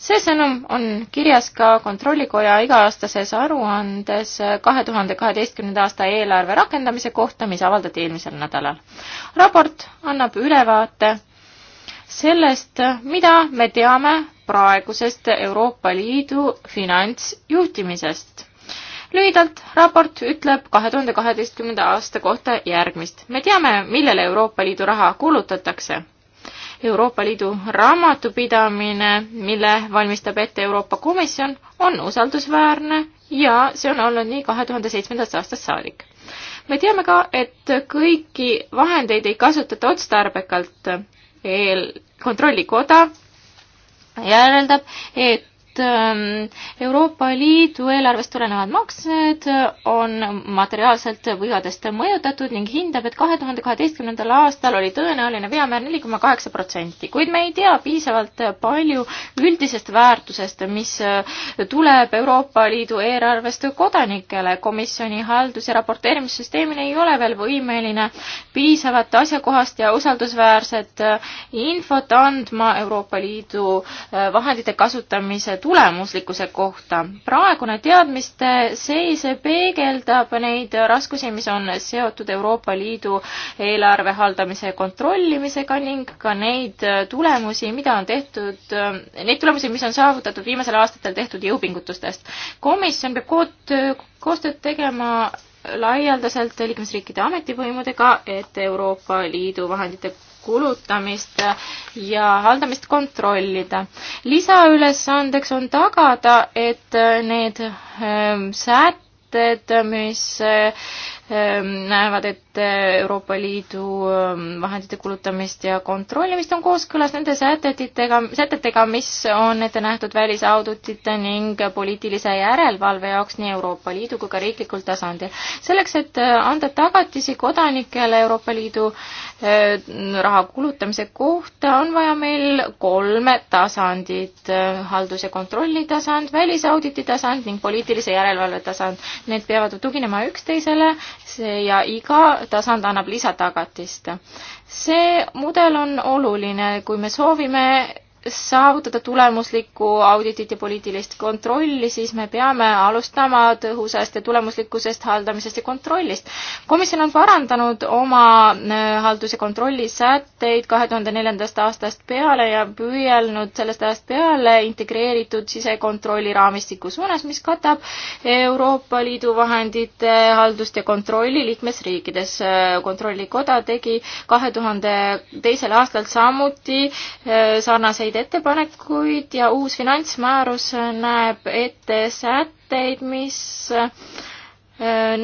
see sõnum on kirjas ka Kontrollikoja iga-aastases aruandes kahe tuhande kaheteistkümnenda aasta eelarve rakendamise kohta, mis avaldati eelmisel nädalal. raport annab ülevaate sellest, mida me teame praegusest Euroopa Liidu finantsjuhtimisest lühidalt, raport ütleb kahe tuhande kaheteistkümnenda aasta kohta järgmist. me teame, millele Euroopa Liidu raha kulutatakse. Euroopa Liidu raamatupidamine, mille valmistab ette Euroopa Komisjon, on usaldusväärne ja see on olnud nii kahe tuhande seitsmendast aastast saadik. me teame ka, et kõiki vahendeid ei kasutata otstarbekalt. eel-, kontrollikoda järeldab, et Ähm, Euroopa Liidu eelarvest tulenevad maksed on materiaalselt vigadest mõjutatud ning hindab, et kahe tuhande kaheteistkümnendal aastal oli tõenäoline veamäär neli koma kaheksa protsenti, kuid me ei tea piisavalt palju üldisest väärtusest, mis tuleb Euroopa Liidu eelarvest kodanikele. komisjoni haldus- ja raporteerimissüsteemil ei ole veel võimeline piisavat asjakohast ja usaldusväärset infot andma Euroopa Liidu äh, vahendite kasutamise tulemuslikkuse kohta. praegune teadmiste seis peegeldab neid raskusi, mis on seotud Euroopa Liidu eelarve haldamise kontrollimisega ning ka neid tulemusi, mida on tehtud, neid tulemusi, mis on saavutatud viimasel aastatel tehtud jõupingutustest. komisjon peab kood, koostööd tegema laialdaselt liikmesriikide ametivõimudega, et Euroopa Liidu vahendite kulutamist ja haldamist kontrollida. lisaülesandeks on tagada, et need ähm, sätted, mis ähm, näevad, et Äh, Euroopa Liidu ähm, vahendite kulutamist ja kontrollimist on kooskõlas nende sätetitega, sätetega, mis on ette nähtud välisauditite ning poliitilise järelevalve jaoks nii Euroopa Liidu kui ka riiklikul tasandil. selleks, et äh, anda tagatisi kodanikele Euroopa Liidu äh, raha kulutamise kohta, on vaja meil kolme tasandit, haldus- ja kontrollitasand, välisauditi tasand ning poliitilise järelevalve tasand. Need peavad tuginema üksteisele ja iga tasand annab lisatagatist. see mudel on oluline, kui me soovime saavutada tulemuslikku auditit ja poliitilist kontrolli, siis me peame alustama tõhusast ja tulemuslikkusest haldamisest ja kontrollist. komisjon on parandanud oma äh, haldus- ja kontrollisätteid kahe tuhande neljandast aastast peale ja püüelnud sellest ajast peale integreeritud sisekontrolli raamistiku suunas, mis katab Euroopa Liidu vahendite haldust ja kontrolli liikmesriikides. Äh, kontrollikoda tegi kahe tuhande teisel aastal samuti äh, sarnaseid häid ettepanekuid ja uus finantsmäärus näeb ette sätteid, mis äh,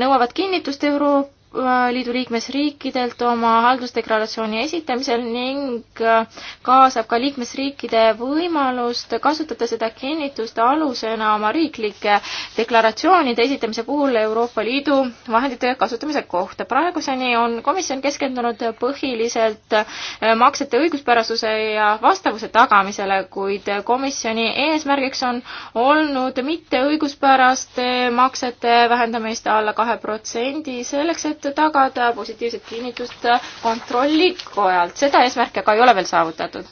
nõuavad kinnitust Euroopa Äh, liidu liikmesriikidelt oma haldusdeklaratsiooni esitamisel ning äh, kaasab ka liikmesriikide võimalust kasutada seda kinnitust alusena oma riiklike deklaratsioonide esitamise puhul Euroopa Liidu vahendite kasutamise kohta. praeguseni on komisjon keskendunud põhiliselt äh, maksete õiguspärasuse ja vastavuse tagamisele, kuid komisjoni eesmärgiks on olnud mitte õiguspäraste maksete vähendamist alla kahe protsendi selleks, et et tagada positiivset kinnitust kontrollikojalt. seda eesmärki aga ei ole veel saavutatud.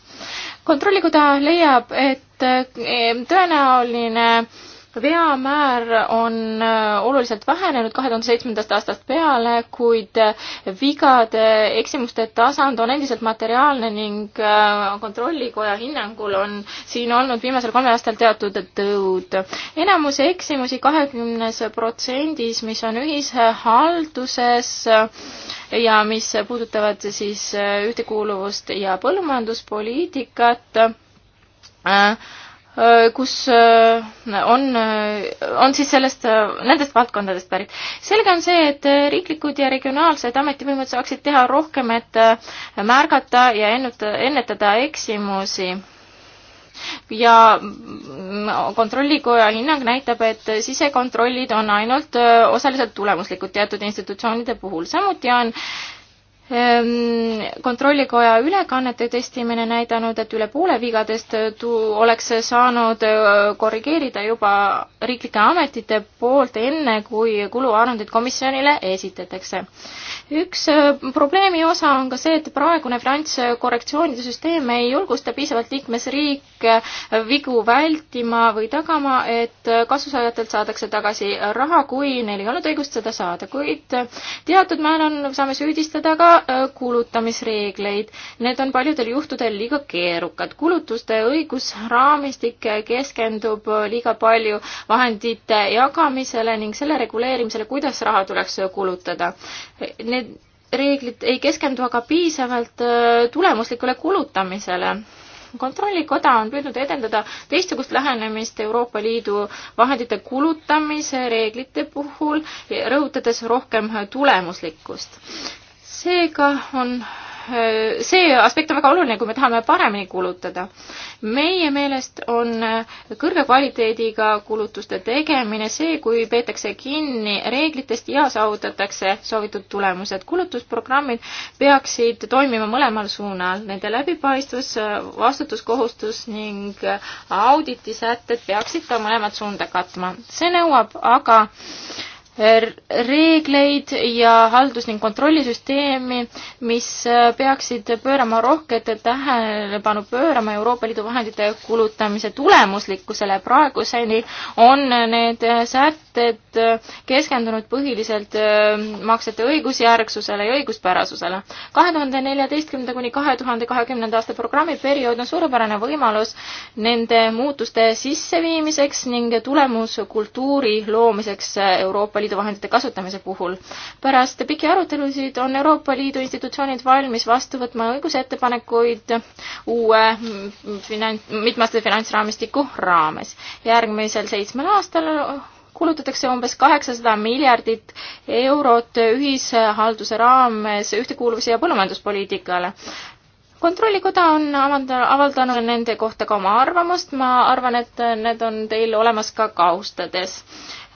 kontrollikoda leiab, et eh, tõenäoline veamäär on äh, oluliselt vähenenud kahe tuhande seitsmendast aastast peale, kuid äh, vigade eksimuste tasand on endiselt materiaalne ning äh, kontrollikoja hinnangul on siin olnud viimasel kolmel aastal teatud tõud. enamus eksimusi kahekümnes protsendis, mis on ühishalduses ja mis puudutavad siis ühtekuuluvust ja põllumajanduspoliitikat äh,, Äh, kus äh, on, äh, on siis sellest, nendest valdkondadest pärit. selge on see, et riiklikud ja regionaalsed ametivõimud saaksid teha rohkem, et märgata ja ennutada, ennetada eksimusi ja mm, kontrollikoja hinnang näitab, et sisekontrollid on ainult osaliselt tulemuslikud teatud institutsioonide puhul. samuti on Ehm, kontrollikoja ülekannete testimine näidanud, et üle poole vigadest eh, oleks saanud eh, korrigeerida juba riiklike ametite poolt, enne kui kuluarvundid komisjonile esitatakse. üks eh, probleemi osa on ka see, et praegune finantskorrektsioonide süsteem ei julgusta piisavalt liikmesriike vigu vältima või tagama, et kasusaajatelt saadakse tagasi raha, kui neil ei olnud õigust seda saada, kuid teatud määral saame süüdistada ka kulutamisreegleid. Need on paljudel juhtudel liiga keerukad. kulutuste õigusraamistik keskendub liiga palju vahendite jagamisele ning selle reguleerimisele, kuidas raha tuleks kulutada. Need reeglid ei keskendu aga piisavalt äh, tulemuslikule kulutamisele kontrollikoda on püüdnud edendada teistsugust lähenemist Euroopa Liidu vahendite kulutamise reeglite puhul, rõhutades rohkem tulemuslikkust seega on äh, see aspekt on väga oluline, kui me tahame paremini kulutada. meie meelest on äh, kõrge kvaliteediga kulutuste tegemine see, kui peetakse kinni reeglitest ja saavutatakse soovitud tulemused. kulutusprogrammid peaksid toimima mõlemal suunal. Nende läbipaistvus, vastutuskohustus ning auditisätted peaksid ka mõlemat suunda katma. see nõuab aga äh, reegleid ja haldus- ning kontrollisüsteemi, mis äh, peaksid pöörama rohket tähelepanu pöörama Euroopa Liidu vahendite kulutamise tulemuslikkusele. praeguseni on need sätted äh, keskendunud põhiliselt äh, maksete õigusjärgsusele ja õiguspärasusele. kahe tuhande neljateistkümnenda kuni kahe tuhande kahekümnenda aasta programmiperiood on suurepärane võimalus nende muutuste sisseviimiseks ning tulemuskultuuri loomiseks Euroopa Liidus Liidu vahendite kasutamise puhul. pärast pikki arutelusid on Euroopa Liidu institutsioonid valmis vastu võtma õigusettepanekuid uue finants, mitmeaastase finantsraamistiku raames. järgmisel seitsmel aastal kulutatakse umbes kaheksasada miljardit eurot ühishalduse raames ühtekuuluvuse ja põllumajanduspoliitikale. kontrollikoda on avaldanud nende kohta ka oma arvamust, ma arvan, et need on teil olemas ka kaustades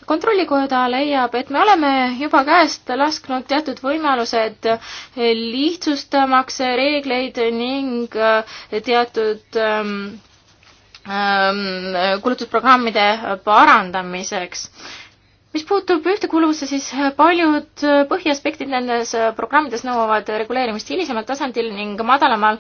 kontrollikoda leiab, et me oleme juba käest lasknud teatud võimalused lihtsustamaks reegleid ning eh, teatud ähm, kulutusprogrammide parandamiseks mis puutub ühtekuuluvusse, siis äh, paljud äh, põhiaspektid nendes äh, programmides nõuavad reguleerimist hilisemal tasandil ning madalamal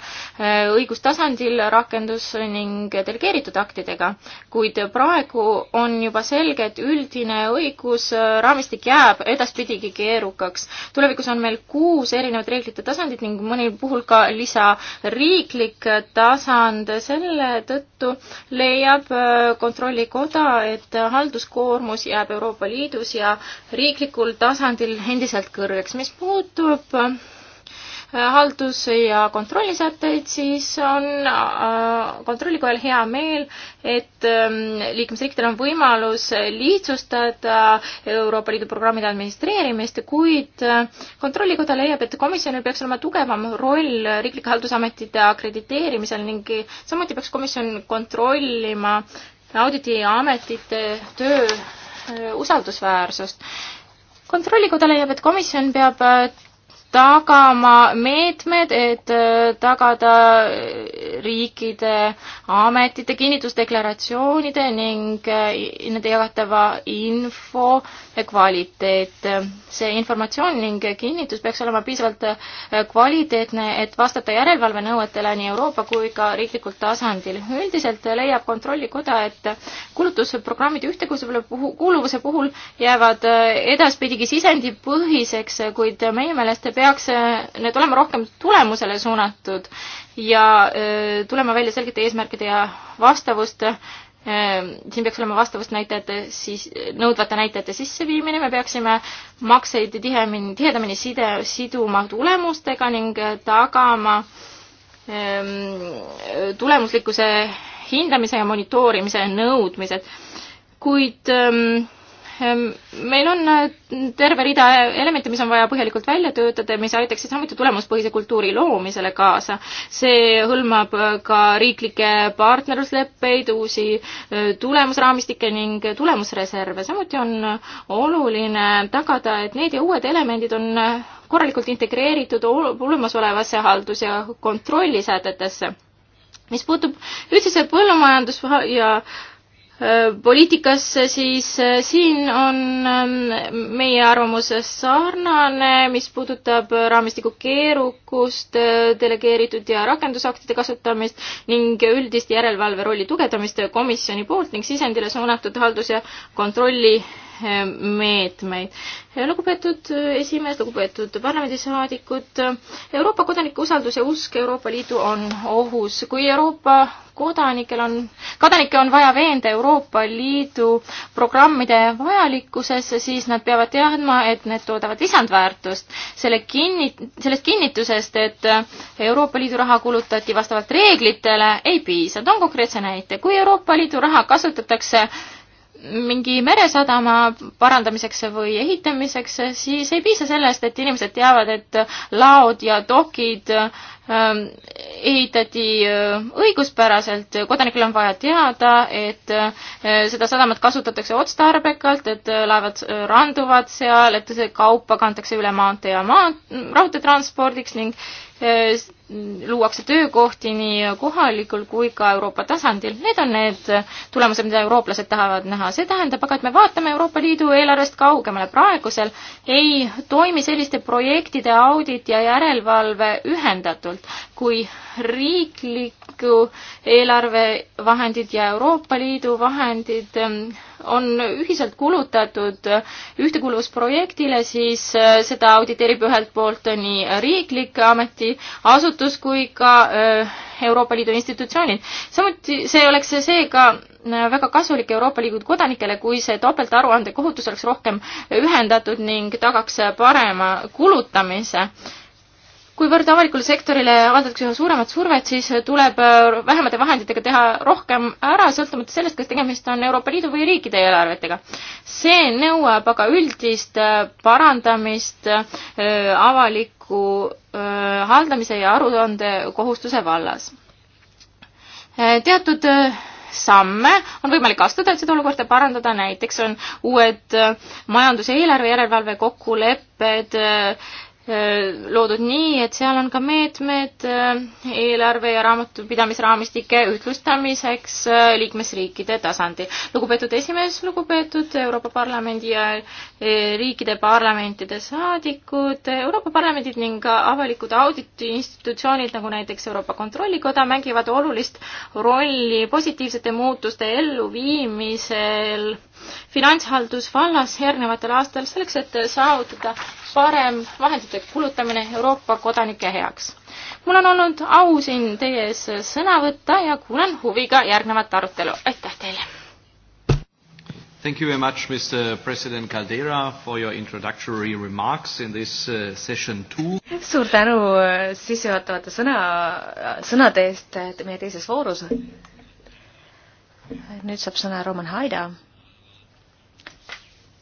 õigustasandil rakendus- ning delegeeritud aktidega. kuid praegu on juba selge, et üldine õigusraamistik jääb edaspidigi keerukaks. tulevikus on meil kuus erinevat reeglite tasandit ning mõnel puhul ka lisariiklik tasand. selle tõttu leiab Kontrollikoda, et halduskoormus jääb Euroopa Liidu Liidus ja riiklikul tasandil endiselt kõrgeks. mis puutub äh, haldus- ja kontrollisätteid, siis on äh, kontrollikojal hea meel, et ähm, liikmesriikidel on võimalus lihtsustada Euroopa Liidu programmide administreerimist, kuid äh, kontrollikoda leiab, et komisjonil peaks olema tugevam roll riiklike haldusametite akrediteerimisel ning samuti peaks komisjon kontrollima auditiametite töö Äh, usaldusväärsust. kontrollikoda leiab, et komisjon peab äh, tagama meetmed, et äh, tagada riikide ametite kinnitusdeklaratsioonide ning nende jagatava info kvaliteet. see informatsioon ning kinnitus peaks olema piisavalt kvaliteetne, et vastata järelevalvenõuetele nii Euroopa kui ka riiklikul tasandil. üldiselt leiab Kontrollikoda, et kulutusprogrammide ühtekuuluvuse puhul, kuuluvuse puhul jäävad edaspidigi sisendipõhiseks, kuid meie meelest peaks need olema rohkem tulemusele suunatud ja äh, tulema välja selgete eesmärkide ja vastavuste Ehm, siin peaks olema vastavusnäitajate siis, nõudvate näitajate sisseviimine, me peaksime makseid tihemini, tihedamini side, siduma tulemustega ning tagama ähm, tulemuslikkuse hindamise ja monitoorimise nõudmised. kuid ähm, Ehm, meil on äh, terve rida elemente, mis on vaja põhjalikult välja töötada ja mis aitaksid samuti tulemuspõhise kultuuri loomisele kaasa. see hõlmab äh, ka riiklikke partnerlusleppeid, uusi äh, tulemusraamistikke ning tulemusreserve. samuti on oluline tagada, et need ja uued elemendid on korralikult integreeritud olemasolevasse haldus- ja kontrollisätetesse mis puutub üldse põllumajandus- ja poliitikasse, siis äh, siin on ähm, meie arvamus sarnane, mis puudutab raamistiku keerukust, äh, delegeeritud ja rakendusaktide kasutamist ning üldist järelevalve rolli tugevdamist komisjoni poolt ning sisendile suunatud haldus- ja kontrolli meetmeid. lugupeetud esimees, lugupeetud parlamendisaadikud, Euroopa kodanike usaldus ja usk Euroopa Liidu on ohus. kui Euroopa kodanikel on, kodanikke on vaja veenda Euroopa Liidu programmide vajalikkusesse, siis nad peavad teadma, et need toodavad lisandväärtust. selle kinni, sellest kinnitusest, et Euroopa Liidu raha kulutati vastavalt reeglitele, ei piisa. toon konkreetse näite. kui Euroopa Liidu raha kasutatakse mingi meresadama parandamiseks või ehitamiseks, siis ei piisa sellest, et inimesed teavad, et laod ja dokid ähm, ehitati äh, õiguspäraselt, kodanikel on vaja teada, et äh, seda sadamat kasutatakse otstarbekalt, et äh, laevad randuvad seal, et kaupa kantakse üle maantee ja maa, raudteetranspordiks ning luuakse töökohti nii kohalikul kui ka Euroopa tasandil. Need on need tulemused, mida eurooplased tahavad näha. see tähendab aga, et me vaatame Euroopa Liidu eelarvest kaugemale. praegusel ei toimi selliste projektide audit ja järelevalve ühendatult, kui riikliku eelarvevahendid ja Euroopa Liidu vahendid on ühiselt kulutatud ühtekuuluvusprojektile, siis äh, seda auditeerib ühelt poolt nii riiklik ametiasutus kui ka äh, Euroopa Liidu institutsioonid. samuti see oleks seega äh, väga kasulik Euroopa Liidu kodanikele, kui see topeltaruande kohutus oleks rohkem ühendatud ning tagaks parema kulutamise kuivõrd avalikule sektorile avaldatakse üha suuremat survet, siis tuleb äh, vähemate vahenditega teha rohkem ära, sõltumata sellest, kas tegemist on Euroopa Liidu või riikide eelarvetega. see nõuab aga üldist äh, parandamist äh, avaliku haldamise ja aruandekohustuse vallas. teatud samme on võimalik astuda, et seda olukorda parandada, näiteks on uued majanduse eelarve järelevalve kokkulepped, Äh, loodud nii, et seal on ka meetmed äh, eelarve ja raamatupidamisraamistike ühtlustamiseks äh, liikmesriikide tasandil. lugupeetud esimees, lugupeetud Euroopa Parlamendi ja riikide parlamentide saadikud, Euroopa parlamendid ning avalikud auditiinstitutsioonid, nagu näiteks Euroopa Kontrollikoda, mängivad olulist rolli positiivsete muutuste elluviimisel finantshaldusvallas järgnevatel aastatel selleks, et saavutada parem vahendite kulutamine Euroopa kodanike heaks. mul on olnud au siin teie ees sõna võtta ja kuulan huviga järgnevat arutelu. aitäh teile! Thank you very much, Mr. President Caldera, for your introductory remarks in this uh, session two. suur tänu äh, sissejuhatavate sõna, äh, sõnade eest äh, meie teises voorus. nüüd saab sõna Roman Haida,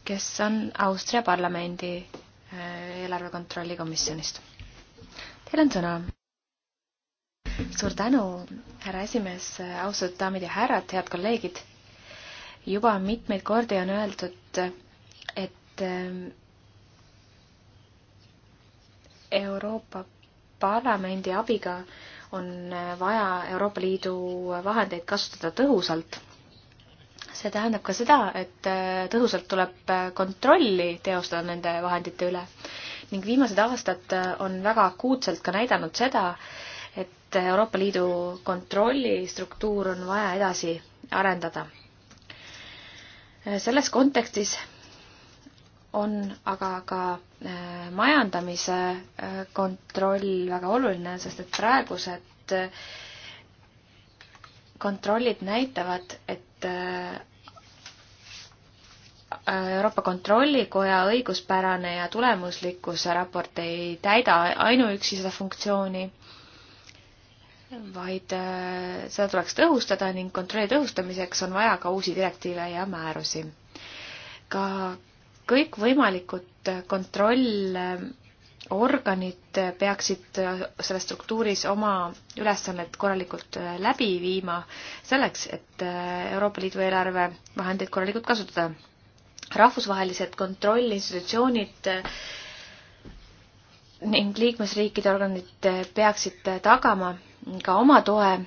kes on Austria parlamendi eelarve kontrolli komisjonist. Teil on sõna. suur tänu, härra esimees, austatud daamid ja härrad, head kolleegid. juba mitmeid kordi on öeldud, et eh, Euroopa Parlamendi abiga on vaja Euroopa Liidu vahendeid kasutada tõhusalt. see tähendab ka seda, et eh, tõhusalt tuleb eh, kontrolli teostada nende vahendite üle ning viimased aastad äh, on väga akuutselt ka näidanud seda, et Euroopa Liidu kontrollistruktuur on vaja edasi arendada. Äh, selles kontekstis on aga ka äh, majandamise kontroll väga oluline, sest et praegused kontrollid näitavad, et Euroopa Kontrollikoja õiguspärane ja tulemuslikkuse raport ei täida ainuüksi seda funktsiooni, vaid äh, seda tuleks tõhustada ning kontrolli tõhustamiseks on vaja ka uusi direktiive ja määrusi. ka kõikvõimalikud kontrollorganid peaksid selles struktuuris oma ülesannet korralikult äh, läbi viima selleks, et äh, Euroopa Liidu eelarve vahendeid korralikult kasutada rahvusvahelised kontrollinstitutsioonid äh, ning liikmesriikide organid äh, peaksid äh, tagama ka oma toe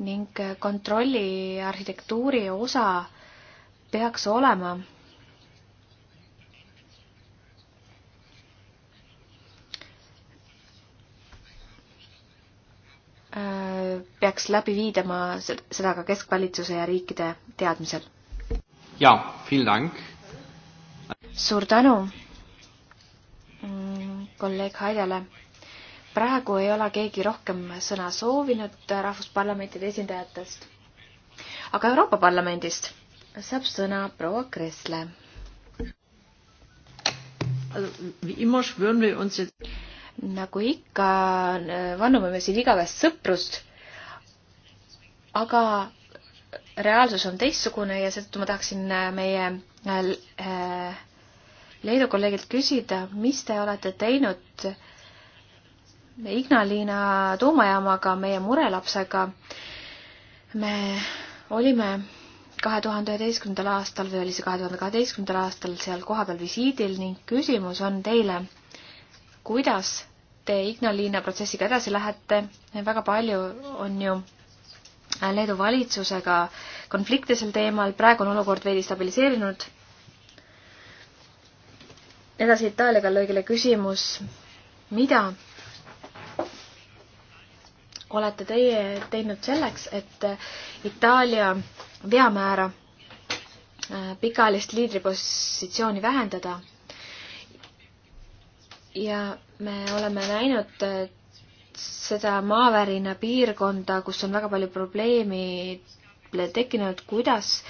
ning kontrolli arhitektuuri osa peaks olema peaks läbi viidama seda ka keskvalitsuse ja riikide teadmisel jaa, vielen Dank. suur tänu mm, kolleeg Haidale. praegu ei ole keegi rohkem sõna soovinud rahvusparlamentide esindajatest. aga Euroopa Parlamendist saab sõna proua Kressle. nagu ikka, vannume me siin igavest sõprust, aga reaalsus on teistsugune ja seetõttu ma tahaksin äh, meie äh, äh, Leedu kolleegilt küsida, mis te olete teinud Ignalina tuumajaamaga, meie murelapsega. me olime kahe tuhande üheteistkümnendal aastal või oli see kahe tuhande kaheteistkümnendal aastal seal kohapeal visiidil ning küsimus on teile, kuidas te Ignalina protsessiga edasi lähete, väga palju on ju Leedu valitsusega konflikte sel teemal, praegu on olukord veidi stabiliseerinud. edasi Itaalia kolleegile küsimus, mida olete teie teinud selleks, et Itaalia veamäära äh, pikaajalist liidripositsiooni vähendada? ja me oleme näinud äh, seda maavärina piirkonda, kus on väga palju probleemi tekkinud, kuidas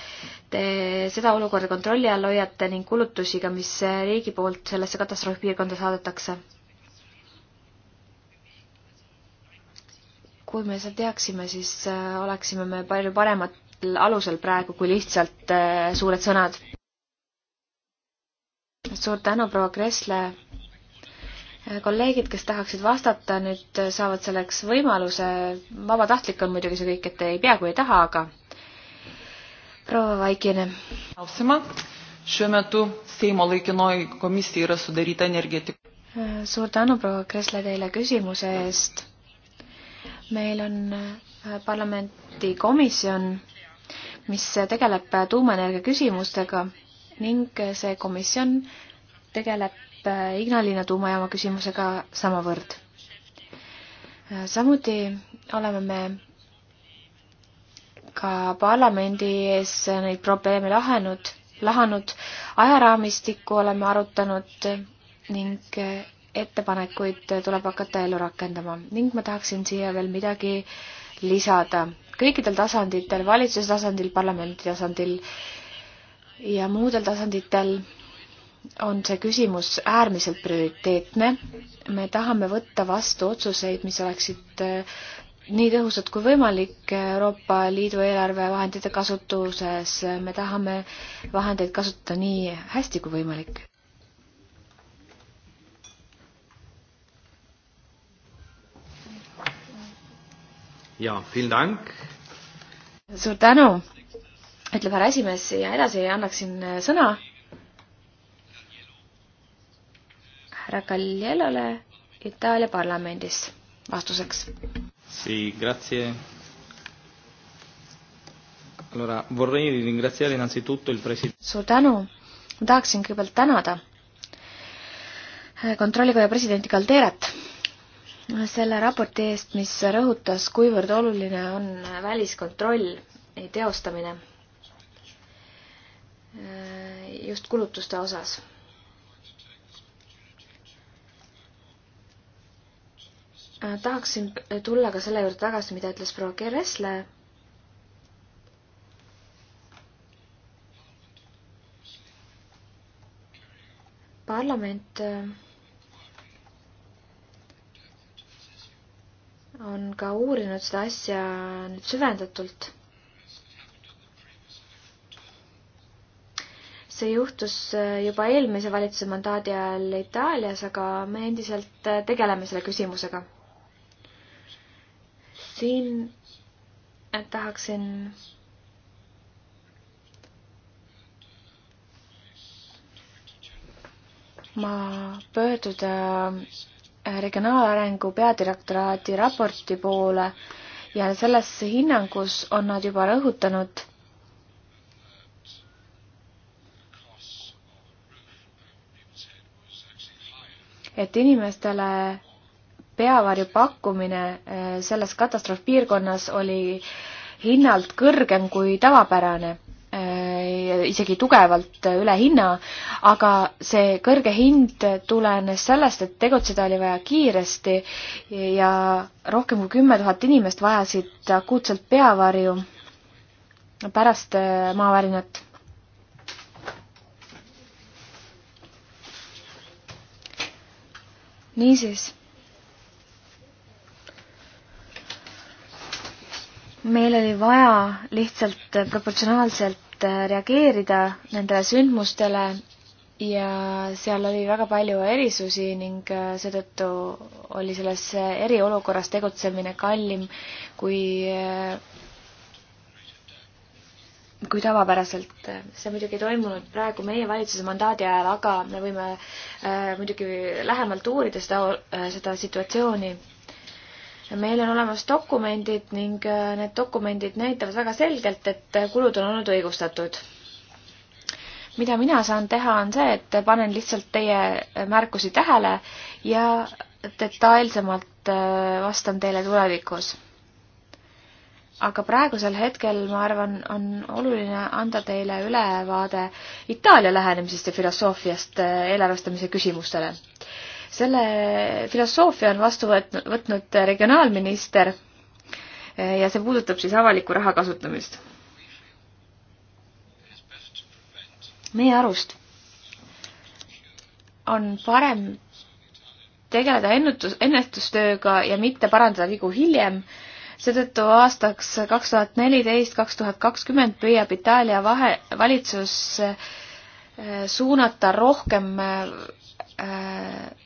te seda olukorda kontrolli all hoiate ning kulutusi ka, mis riigi poolt sellesse katastroofipiirkonda saadetakse? kui me seda teaksime, siis äh, oleksime me palju parematel alusel praegu kui lihtsalt äh, suured sõnad. suur tänu, proua Kressle kolleegid, kes tahaksid vastata, nüüd saavad selleks võimaluse. vabatahtlik on muidugi see kõik, et ei pea, kui ei taha, aga proua Vaikine. Šiuo metu Seimo laikinoji komisija yra sudaryta energetik-. suur tänu, proua Kresle, teile küsimuse eest. meil on äh, parlamenti komisjon, mis tegeleb tuumaenergia küsimustega ning see komisjon tegeleb Äh, Ignalina tuumajaama küsimusega samavõrd. Äh, samuti oleme me ka parlamendi ees neid probleeme lahenud, lahanud, ajaraamistikku oleme arutanud ning äh, ettepanekuid tuleb hakata ellu rakendama ning ma tahaksin siia veel midagi lisada. kõikidel tasanditel, valitsuse tasandil, parlamendi tasandil ja muudel tasanditel on see küsimus äärmiselt prioriteetne. me tahame võtta vastu otsuseid, mis oleksid eh, nii tõhusad kui võimalik Euroopa Liidu eelarvevahendite kasutuses. me tahame vahendeid kasutada nii hästi kui võimalik. jaa, suur tänu, ütleb härra esimees ja edasi annaksin eh, sõna härra Gallielole Itaalia parlamendis vastuseks. Sì, grazie. Allora, vorrei ringraziare innanzitutto il presidente. Suur tänu. Ma tahaksin kõigepealt tänada eh, kontrollikoja presidenti Kalderat selle raporti eest, mis rõhutas, kuivõrd oluline on väliskontroll teostamine eh, just kulutuste osas Äh, tahaksin äh, tulla ka selle juurde tagasi, mida ütles proua Keresle. parlament äh, on ka uurinud seda asja nüüd süvendatult. see juhtus juba eelmise valitsuse mandaadi ajal Itaalias, aga me endiselt tegeleme selle küsimusega siin tahaksin ma pöörduda regionaalarengu peadirektoraadi raporti poole ja selles hinnangus on nad juba rõhutanud, et inimestele peavarju pakkumine äh, selles katastroofpiirkonnas oli hinnalt kõrgem kui tavapärane, äh, isegi tugevalt äh, üle hinna, aga see kõrge hind tulenes sellest, et tegutseda oli vaja kiiresti ja rohkem kui kümme tuhat inimest vajasid akuutselt peavarju pärast maavärinat niisiis, meil oli vaja lihtsalt proportsionaalselt äh, reageerida nendele sündmustele ja seal oli väga palju erisusi ning äh, seetõttu oli selles eriolukorras tegutsemine kallim kui, äh, kui tavapäraselt. see muidugi ei toimunud praegu meie valitsuse mandaadi ajal, aga me võime muidugi lähemalt uurida seda, seda situatsiooni meil on olemas dokumendid ning äh, need dokumendid näitavad väga selgelt, et äh, kulud on olnud õigustatud. mida mina saan teha, on see, et panen lihtsalt teie äh, märkusi tähele ja detailsemalt vastan teile tulevikus. aga praegusel hetkel, ma arvan, on oluline anda teile ülevaade Itaalia lähenemisest ja filosoofiast eelarvestamise küsimustele selle filosoofia on vastu võtnud, võtnud regionaalminister ja see puudutab siis avaliku raha kasutamist. meie arust on parem tegeleda ennetus, ennetustööga ja mitte parandada vigu hiljem. seetõttu aastaks kaks tuhat neliteist, kaks tuhat kakskümmend püüab Itaalia vahe, valitsus äh, suunata rohkem äh,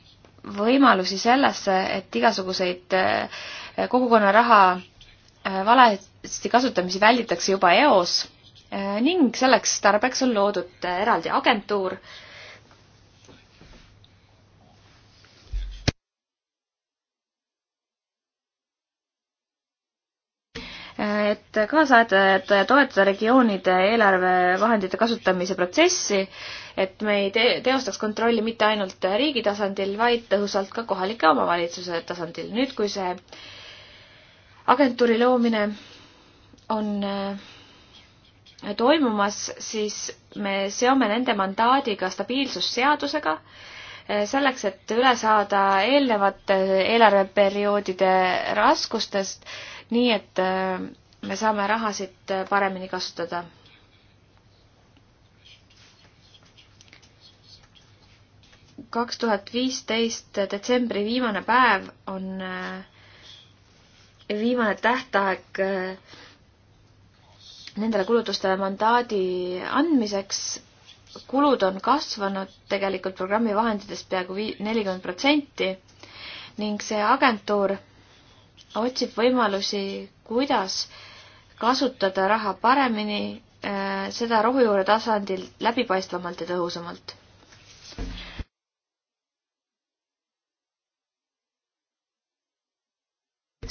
võimalusi sellesse, et igasuguseid eh, kogukonna raha eh, valesti kasutamisi välditakse juba eos eh, ning selleks tarbeks on loodud eraldi agentuur, et kaasaaitajad toetada regioonide eelarvevahendite kasutamise protsessi, et me ei te teostaks kontrolli mitte ainult riigi tasandil, vaid tõhusalt ka kohalike omavalitsuse tasandil. nüüd, kui see agentuuri loomine on äh, toimumas, siis me seome nende mandaadiga stabiilsusseadusega, äh, selleks, et üle saada eelnevate eelarveperioodide raskustest nii et äh, me saame rahasid paremini kasutada. kaks tuhat viisteist detsembri viimane päev on äh, viimane tähtaeg äh, nendele kulutustele mandaadi andmiseks kulud on kasvanud tegelikult programmi vahenditest peaaegu nelikümmend protsenti ning see agentuur otsib võimalusi, kuidas kasutada raha paremini, äh, seda rohujuure tasandil läbipaistvamalt ja tõhusamalt.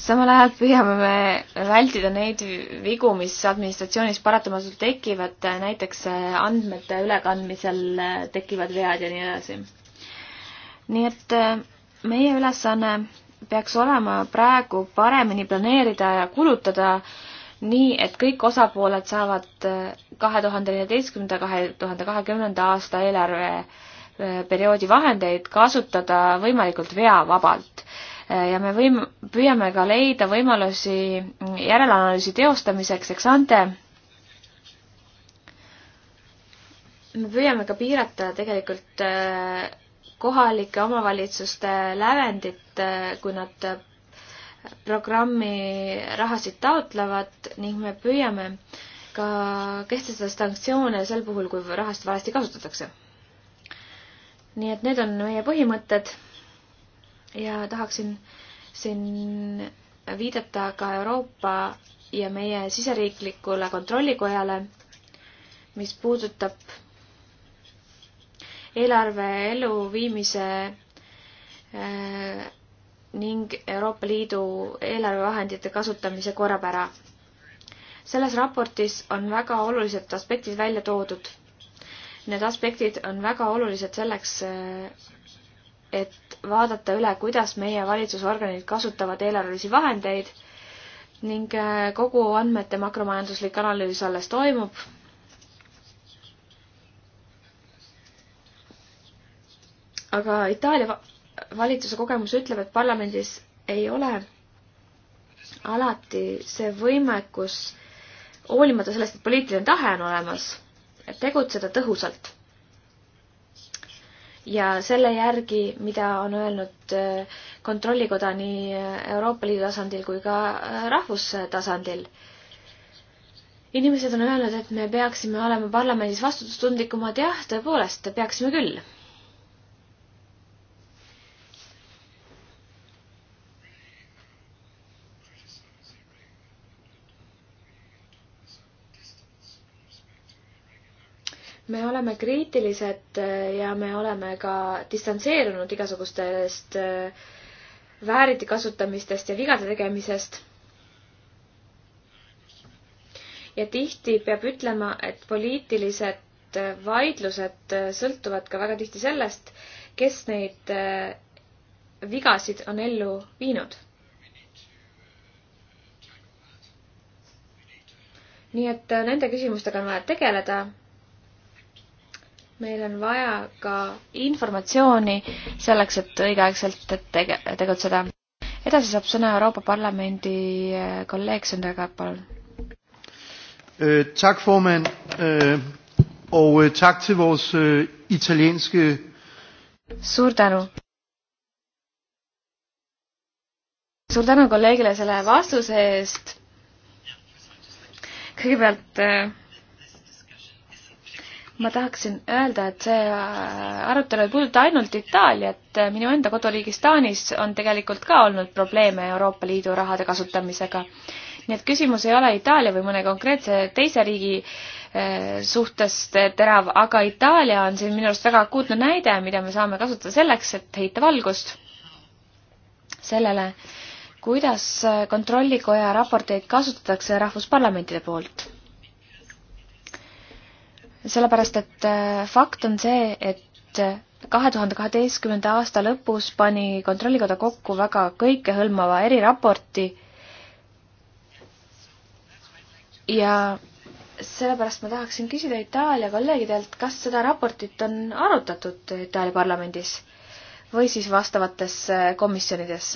samal ajal püüame me vältida neid vigu, mis administratsioonis paratamatult tekivad, äh, näiteks äh, andmete ülekandmisel tekivad vead ja nii edasi. nii et meie ülesanne peaks olema praegu paremini planeerida ja kulutada äh, nii et kõik osapooled saavad äh, kahe tuhande neljateistkümnenda, kahe tuhande kahekümnenda aasta eelarveperioodi äh, vahendeid kasutada võimalikult veavabalt. Äh, ja me võim-, püüame ka leida võimalusi mm, järelanalüüsi teostamiseks, eks ante me püüame ka piirata tegelikult kohalike omavalitsuste lävendit, kui nad programmi rahasid taotlevad ning me püüame ka kehtestada sanktsioone sel puhul, kui rahast valesti kasutatakse. nii et need on meie põhimõtted ja tahaksin siin viidata ka Euroopa ja meie siseriiklikule kontrollikojale, mis puudutab eelarve elluviimise äh, ning Euroopa Liidu eelarvevahendite kasutamise korrapära. selles raportis on väga olulised aspektid välja toodud. Need aspektid on väga olulised selleks, et vaadata üle, kuidas meie valitsusorganid kasutavad eelarvelisi vahendeid ning kogu andmete makromajanduslik analüüs alles toimub. aga Itaalia valitsuse kogemus ütleb, et parlamendis ei ole alati see võimekus, hoolimata sellest, et poliitiline tahe on olemas, tegutseda tõhusalt. ja selle järgi, mida on öelnud äh, Kontrollikoda nii Euroopa Liidu tasandil kui ka äh, rahvustasandil, inimesed on öelnud, et me peaksime olema parlamendis vastutustundlikumad, jah, tõepoolest, peaksime küll me oleme kriitilised äh, ja me oleme ka distantseerunud igasugustest äh, vääriti kasutamistest ja vigade tegemisest. ja tihti peab ütlema, et poliitilised äh, vaidlused sõltuvad ka väga tihti sellest, kes neid vigasid on ellu viinud nii et nende küsimustega on vaja tegeleda meil on vaja ka informatsiooni selleks, et õigeaegselt tege-, tegutseda. edasi saab sõna Euroopa Parlamendi äh, kolleeg Sõndaga, palun. Tak formand og øh, tak til vores øh, italienske suur tänu! suur tänu kolleegile selle vastuse eest. kõigepealt äh, ma tahaksin öelda, et see äh, arutelu ei puuduta ainult Itaaliat, minu enda koduriigis Taanis on tegelikult ka olnud probleeme Euroopa Liidu rahade kasutamisega. nii et küsimus ei ole Itaalia või mõne konkreetse teise riigi äh, suhtes terav, aga Itaalia on siin minu arust väga akuutne näide, mida me saame kasutada selleks, et heita valgust sellele, kuidas äh, Kontrollikoja raporteid kasutatakse rahvusparlamentide poolt sellepärast, et äh, fakt on see, et äh, kahe tuhande kaheteistkümnenda aasta lõpus pani Kontrollikoda kokku väga kõikehõlmava eriraporti ja sellepärast ma tahaksin küsida Itaalia kolleegidelt, kas seda raportit on arutatud Itaalia parlamendis või siis vastavates äh, komisjonides,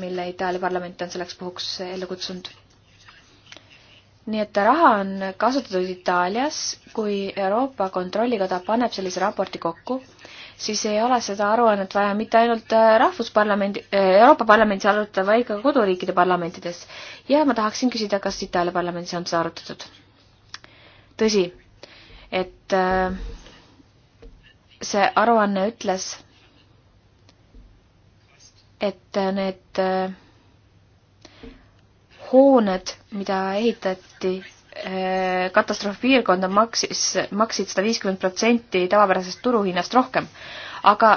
mille Itaalia parlament on selleks puhuks ellu kutsunud nii et raha on kasutatud Itaalias, kui Euroopa Kontrollikoda paneb sellise raporti kokku, siis ei ole seda aruannet vaja mitte ainult äh, Rahvusparlamendi, äh, Euroopa Parlamendis arutada, vaid ka koduriikide parlamentides. ja ma tahaksin küsida, kas Itaalia parlamendis on seda arutatud? tõsi, et äh, see aruanne ütles, et need hooned, mida ehitati äh, katastroofipiirkonda, maksis, maksid sada viiskümmend protsenti tavapärasest turuhinnast rohkem. aga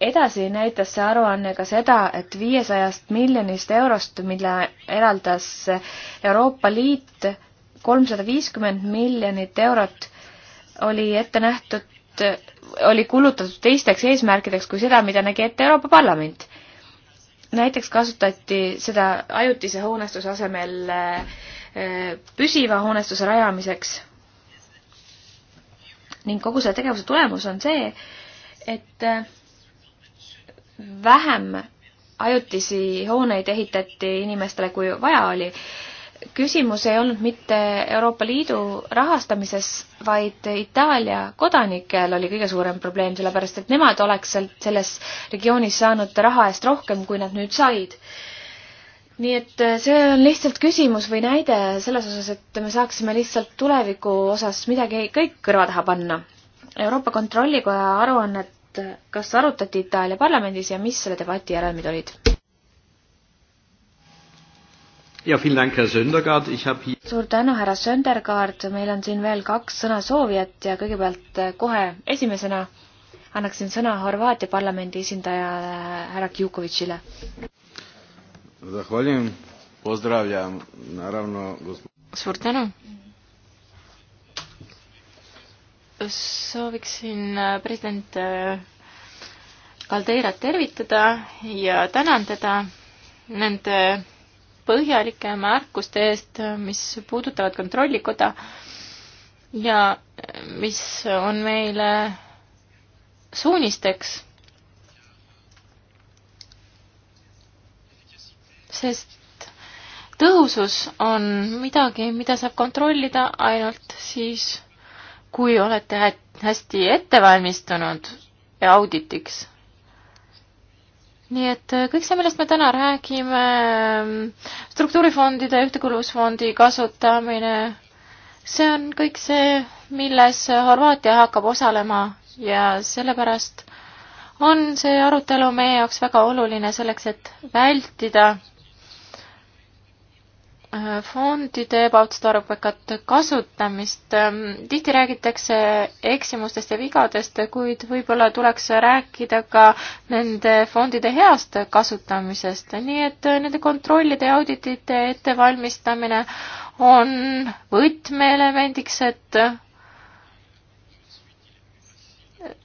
edasi näitas see aruanne ka seda, et viiesajast miljonist eurost, mille eraldas Euroopa Liit, kolmsada viiskümmend miljonit eurot oli ette nähtud, oli kulutatud teisteks eesmärkideks kui seda, mida nägi ette Euroopa Parlament näiteks kasutati seda ajutise hoonestuse asemel äh, püsiva hoonestuse rajamiseks. ning kogu selle tegevuse tulemus on see, et äh, vähem ajutisi hooneid ehitati inimestele, kui vaja oli küsimus ei olnud mitte Euroopa Liidu rahastamises, vaid Itaalia kodanikel oli kõige suurem probleem, sellepärast et nemad oleks sealt selles regioonis saanud raha eest rohkem, kui nad nüüd said. nii et äh, see on lihtsalt küsimus või näide selles osas, et me saaksime lihtsalt tuleviku osas midagi kõik kõrva taha panna. Euroopa Kontrollikoja aruannet, äh, kas arutati Itaalia parlamendis ja mis selle debati järelmid olid? ja vielen Dank, Herr Söndergaard, ich habe hier suur tänu, härra Söndergaard, meil on siin veel kaks sõnasoovijat ja kõigepealt eh, kohe esimesena annaksin sõna Horvaatia parlamendi esindajale eh, härra Kjukovitšile. suur tänu. sooviksin eh, president Kaldeirat tervitada ja tänan teda nende põhjalike märkuste eest, mis puudutavad Kontrollikoda ja mis on meile suunisteks. sest tõhusus on midagi, mida saab kontrollida ainult siis, kui olete hästi ette valmistunud auditiks nii et äh, kõik see, millest me täna räägime, ähm, struktuurifondide, ühtekuuluvusfondi kasutamine, see on kõik see, milles Horvaatia hakkab osalema ja sellepärast on see arutelu meie jaoks väga oluline selleks, et vältida fondide ebaotstarbekat kasutamist. Ähm, tihti räägitakse eksimustest ja vigadest, kuid võib-olla tuleks rääkida ka nende fondide heast kasutamisest, nii et äh, nende kontrollide ja auditite ettevalmistamine on võtmeelemendiks, et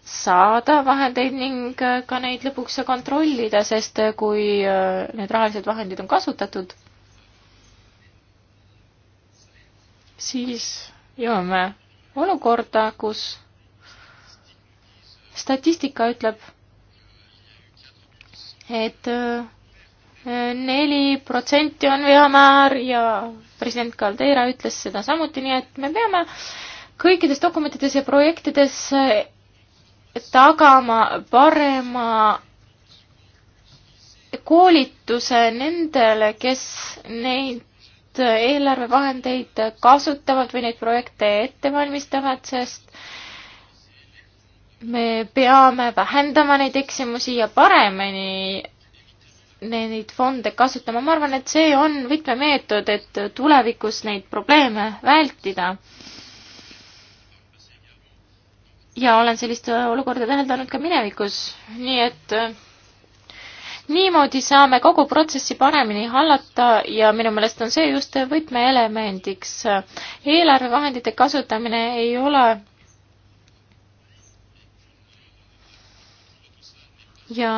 saada vahendeid ning äh, ka neid lõpuks kontrollida, sest äh, kui need rahalised vahendid on kasutatud, siis jõuame olukorda, kus statistika ütleb et, et äh, neli protsenti on veamäär ja president Caldera ütles seda samuti, nii et me peame kõikides dokumentides ja projektides äh, tagama parema koolituse nendele, kes neid just eelarvevahendeid kasutavad või neid projekte ette valmistavad, sest me peame vähendama neid eksimusi ja paremini neid fonde kasutama. ma arvan, et see on võtmemeetod, et tulevikus neid probleeme vältida. ja olen sellist olukorda täheldanud ka minevikus, nii et niimoodi saame kogu protsessi paremini hallata ja minu meelest on see just võtmeelemendiks. eelarvevahendite kasutamine ei ole ja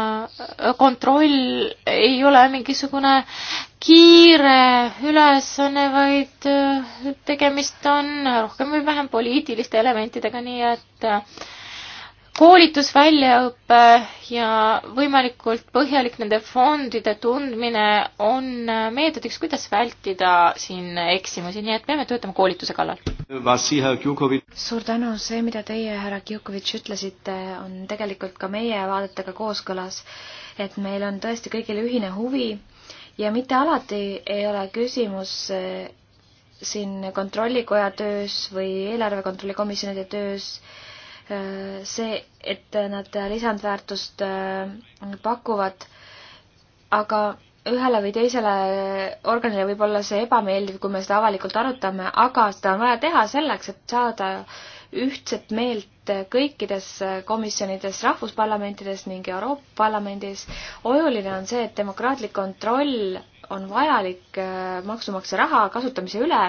kontroll ei ole mingisugune kiire ülesanne, vaid äh, tegemist on rohkem või vähem poliitiliste elementidega, nii et äh, koolitus, väljaõpe ja võimalikult põhjalik nende fondide tundmine on meetodiks, kuidas vältida siin eksimusi, nii et peame töötama koolituse kallal. suur tänu, see, mida teie, härra Kjukovitš, ütlesite, on tegelikult ka meie vaadetega kooskõlas, et meil on tõesti kõigil ühine huvi ja mitte alati ei ole küsimus eh, siin kontrollikoja töös või eelarve kontrolli komisjonide töös äh, see, et nad lisandväärtust äh, pakuvad, aga ühele või teisele organile võib olla see ebameeldiv, kui me seda avalikult arutame, aga seda on vaja teha selleks, et saada ühtset meelt kõikides komisjonides, rahvusparlamentides ning Euroopa Parlamendis. oluline on see, et demokraatlik kontroll on vajalik äh, maksumaksja raha kasutamise üle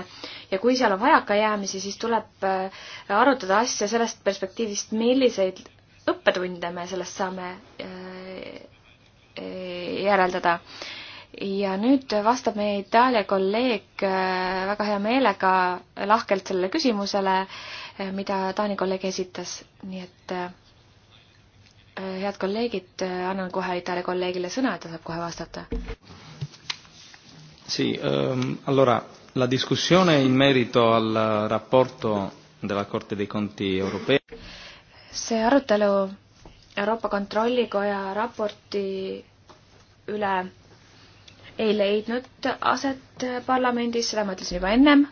ja kui seal on vajakajäämisi, siis tuleb äh, arutada asja sellest perspektiivist, milliseid õppetunde me sellest saame äh, e-, järeldada. ja nüüd vastab meie Itaalia kolleeg väga hea meelega lahkelt sellele küsimusele, mida Taani kolleeg esitas, nii et head kolleegid, annan kohe Itaalia kolleegile sõna, et ta saab kohe vastata. Sì, ehm, allora la discussione in merito al rapporto della Corte dei Conti europea. see arutelu Euroopa Kontrollikoja raporti üle ei leidnud aset parlamendis, seda ma ütlesin juba ennem,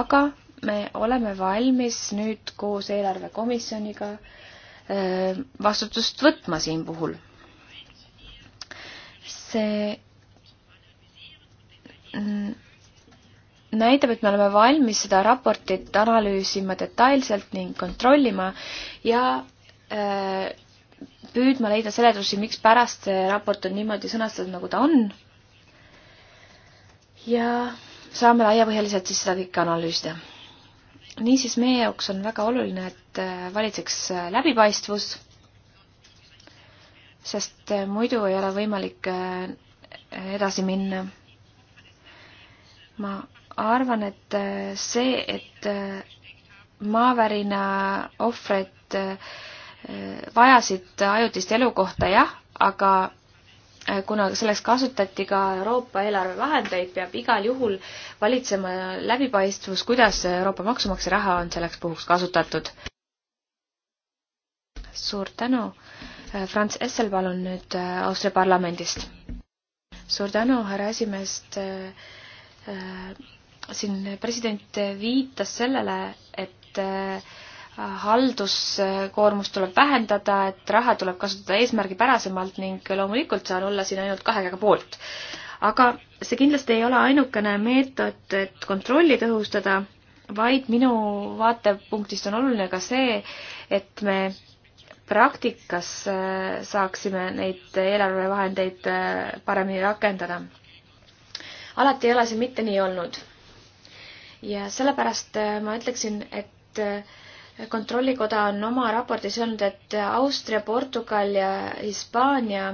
aga me oleme valmis nüüd koos eelarvekomisjoniga ehm, vastutust võtma siin puhul. see näitab, et me oleme valmis seda raportit analüüsima detailselt ning kontrollima ja äh, püüdma leida seletusi, mikspärast see raport on niimoodi sõnastatud, nagu ta on. ja saame laiapõhjaliselt siis seda kõike analüüsida. niisiis, meie jaoks on väga oluline, et äh, valitseks äh, läbipaistvus, sest muidu ei ole võimalik edasi minna ma arvan, et äh, see, et äh, maavärina ohvrid äh, vajasid ajutist elukohta, jah, aga kuna selleks kasutati ka Euroopa eelarvevahendeid, peab igal juhul valitsema läbipaistvus, kuidas Euroopa maksumaksja raha on selleks puhuks kasutatud. suur tänu. Franz Essel, palun nüüd Austria parlamendist. suur tänu, härra esimees Äh, siin president viitas sellele, et äh, halduskoormust tuleb vähendada, et raha tuleb kasutada eesmärgipärasemalt ning loomulikult saan olla siin ainult kahe käega poolt. aga see kindlasti ei ole ainukene meetod, et kontrolli tõhustada, vaid minu vaatepunktist on oluline ka see, et me praktikas äh, saaksime neid eelarvevahendeid paremini rakendada alati ei ole see mitte nii olnud. ja sellepärast äh, ma ütleksin, et äh, kontrollikoda on oma raportis öelnud, et Austria, Portugal ja Hispaania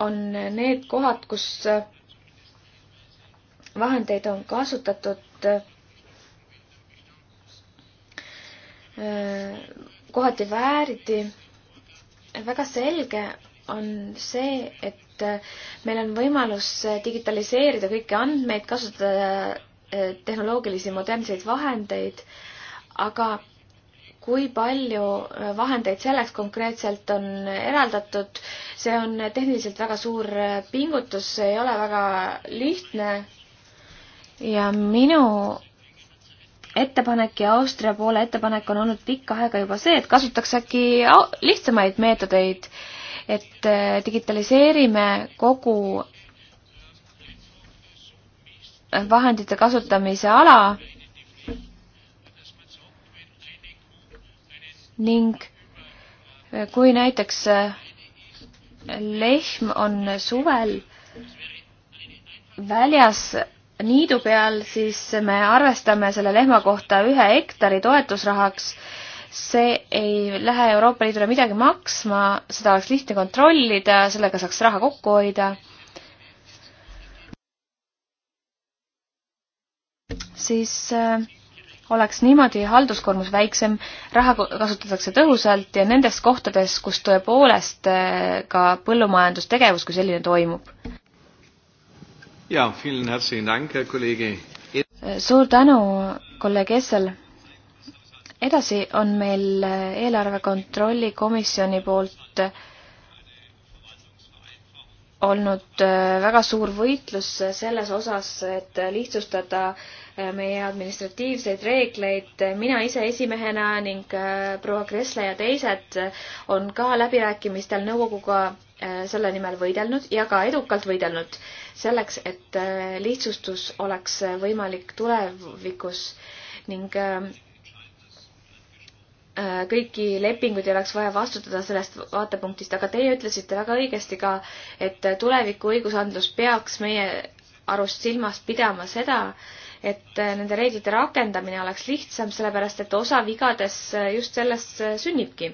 on need kohad, kus äh, vahendeid on kasutatud kohati vääriti. väga selge on see, et äh, meil on võimalus äh, digitaliseerida kõiki andmeid, kasutada äh, tehnoloogilisi modernseid vahendeid, aga kui palju vahendeid selleks konkreetselt on eraldatud, see on tehniliselt väga suur pingutus, see ei ole väga lihtne. ja minu ettepanek ja Austria poole ettepanek on olnud pikka aega juba see, et kasutaks äkki lihtsamaid meetodeid et äh, digitaliseerime kogu vahendite kasutamise ala ning äh, kui näiteks äh, lehm on suvel väljas niidu peal, siis me arvestame selle lehma kohta ühe hektari toetusrahaks see ei lähe Euroopa Liidule midagi maksma, seda oleks lihtne kontrollida, sellega saaks raha kokku hoida. siis äh, oleks niimoodi halduskoormus väiksem, raha kasutatakse tõhusalt ja nendes kohtades, kus tõepoolest äh, ka põllumajandustegevus kui selline toimub. jaa, äh, suur tänu, kolleeg Essel edasi on meil eelarve kontrolli komisjoni poolt olnud äh, väga suur võitlus selles osas, et lihtsustada äh, meie administratiivseid reegleid. mina ise esimehena ning äh, proua Kressle ja teised on ka läbirääkimistel nõukoguga selle nimel võidelnud ja ka edukalt võidelnud selleks, et lihtsustus oleks võimalik tulevikus ning Äh, kõiki lepinguid ei oleks vaja vastutada sellest vaatepunktist, aga teie ütlesite väga õigesti ka, et tuleviku õigusandlus peaks meie arust silmas pidama seda, et äh, nende reeglite rakendamine oleks lihtsam, sellepärast et osa vigades äh, just sellest sünnibki.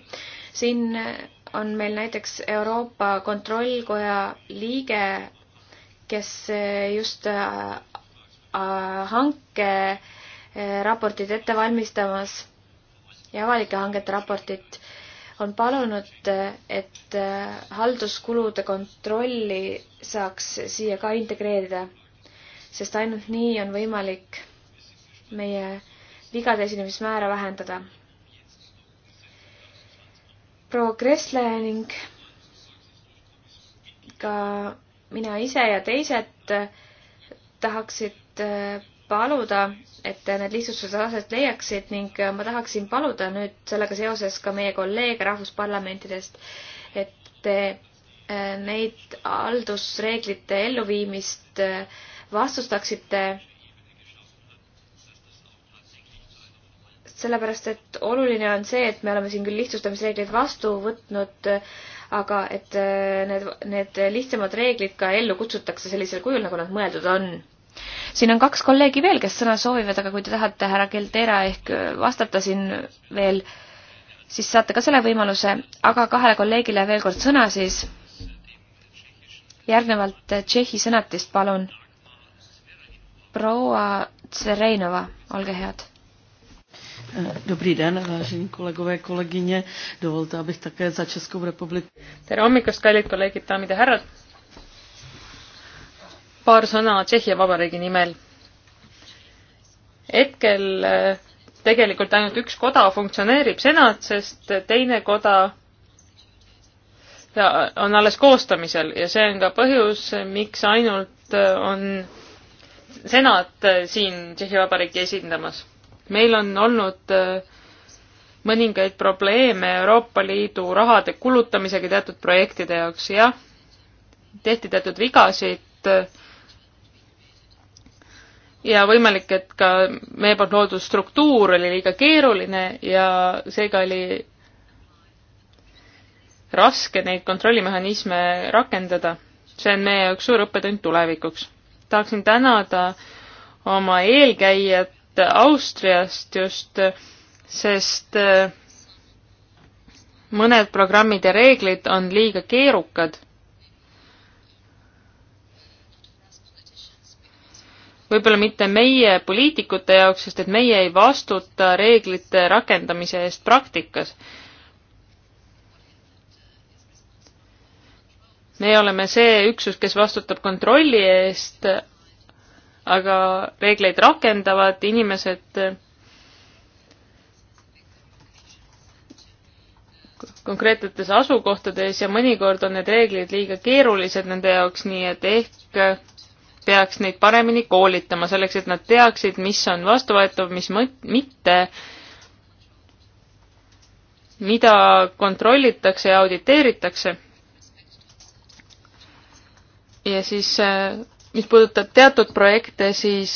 siin on meil näiteks Euroopa Kontrollkoja liige, kes just hanke raportid ette valmistamas ja avalike hangete raportit, on palunud, et äh, halduskulude kontrolli saaks siia ka integreerida, sest ainult nii on võimalik meie vigade esinemismäära vähendada. proua Kressle ning ka mina ise ja teised äh, tahaksid äh, paluda, et need lihtsustused aset leiaksid ning äh, ma tahaksin paluda nüüd sellega seoses ka meie kolleege rahvusparlamentidest, et te äh, neid haldusreeglite elluviimist äh, vastustaksite sellepärast, et oluline on see, et me oleme siin küll lihtsustamisreeglid vastu võtnud, aga et need, need lihtsamad reeglid ka ellu kutsutakse sellisel kujul, nagu nad mõeldud on siin on kaks kolleegi veel, kes sõna soovivad, aga kui te tahate, härra Keldera, ehk äh, vastata siin veel, siis saate ka selle võimaluse, aga kahele kolleegile veel kord sõna siis. järgnevalt äh, Tšehhi sõnatist, palun. proua Tsereinova, olge head Dobrý den, vážení kolegové, kolegyně. Dovolte, abych také za Českou republiku. Tere hommikust, kallid kolleegid, daamid ja härrad paar sõna Tšehhi Vabariigi nimel. hetkel äh, tegelikult ainult üks koda funktsioneerib, senat, sest teine koda on alles koostamisel ja see on ka põhjus, miks ainult äh, on senat äh, siin Tšehhi Vabariiki esindamas. meil on olnud mõningaid probleeme Euroopa Liidu rahade kulutamisega teatud projektide jaoks, jah, tehti teatud vigasid ja võimalik, et ka meie poolt loodud struktuur oli liiga keeruline ja seega oli raske neid kontrollimehhanisme rakendada. see on meie jaoks suur õppetund tulevikuks. tahaksin tänada oma eelkäijat Austriast just, sest äh, mõned programmid ja reeglid on liiga keerukad võib-olla mitte meie poliitikute jaoks, sest et meie ei vastuta reeglite rakendamise eest praktikas. me oleme see üksus, kes vastutab kontrolli eest, aga reegleid rakendavad inimesed konkreetsetes asukohtades ja mõnikord on need reeglid liiga keerulised nende jaoks, nii et ehk peaks neid paremini koolitama, selleks et nad teaksid, mis on vastuvõetav, mis mõt-, mitte, mida kontrollitakse ja auditeeritakse. ja siis, äh, mis puudutab teatud projekte, siis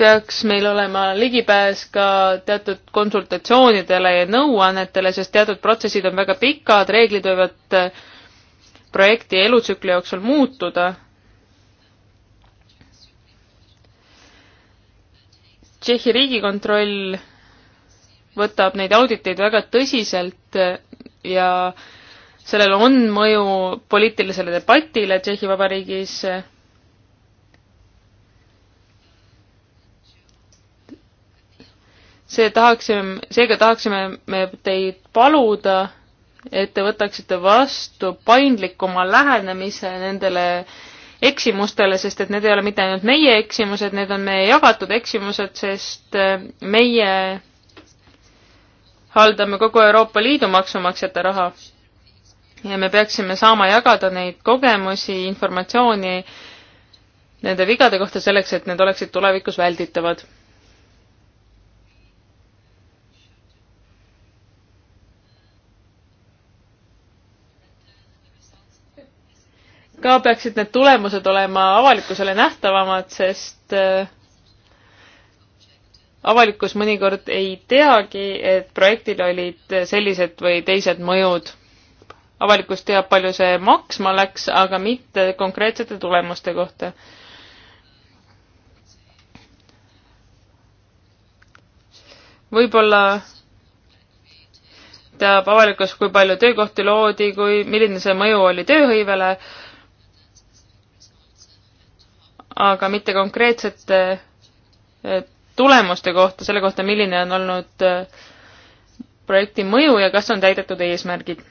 peaks meil olema ligipääs ka teatud konsultatsioonidele ja nõuannetele, sest teatud protsessid on väga pikad, reeglid võivad äh, projekti elutsükli jooksul muutuda. Tšehhi riigikontroll võtab neid auditeid väga tõsiselt ja sellel on mõju poliitilisele debatile Tšehhi Vabariigis. see tahaksime, seega tahaksime me teid paluda et te võtaksite vastu paindlikuma lähenemise nendele eksimustele, sest et need ei ole mitte ainult meie eksimused, need on meie jagatud eksimused, sest äh, meie haldame kogu Euroopa Liidu maksumaksjate raha. ja me peaksime saama jagada neid kogemusi, informatsiooni nende vigade kohta selleks, et need oleksid tulevikus välditavad ka peaksid need tulemused olema avalikkusele nähtavamad, sest äh, avalikkus mõnikord ei teagi, et projektil olid sellised või teised mõjud. avalikkus teab, palju see maksma läks, aga mitte konkreetsete tulemuste kohta. võib-olla teab avalikkus, kui palju töökohti loodi, kui, milline see mõju oli tööhõivele aga mitte konkreetsete eh, tulemuste kohta, selle kohta, milline on olnud eh, projekti mõju ja kas on täidetud eesmärgid.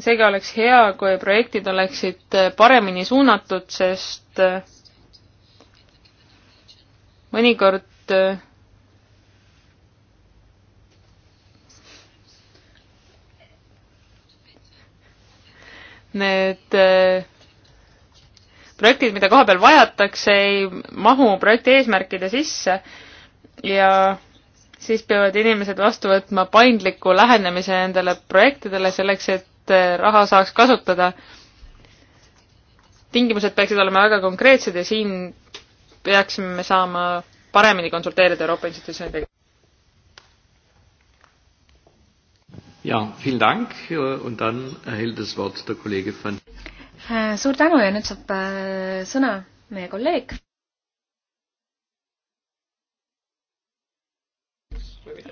seega oleks hea, kui projektid oleksid eh, paremini suunatud, sest mõnikord need äh, projektid, mida kohapeal vajatakse, ei mahu projekti eesmärkide sisse ja siis peavad inimesed vastu võtma paindliku lähenemise nendele projektidele selleks, et äh, raha saaks kasutada. tingimused peaksid olema väga konkreetsed ja siin peaksime saama paremini konsulteerida Euroopa institutsioonidega. ja, vielen Dank äh, und dann erhält das Wort der Kollege van. Äh, suur tänu ja nüüd saab äh, sõna meie kolleeg.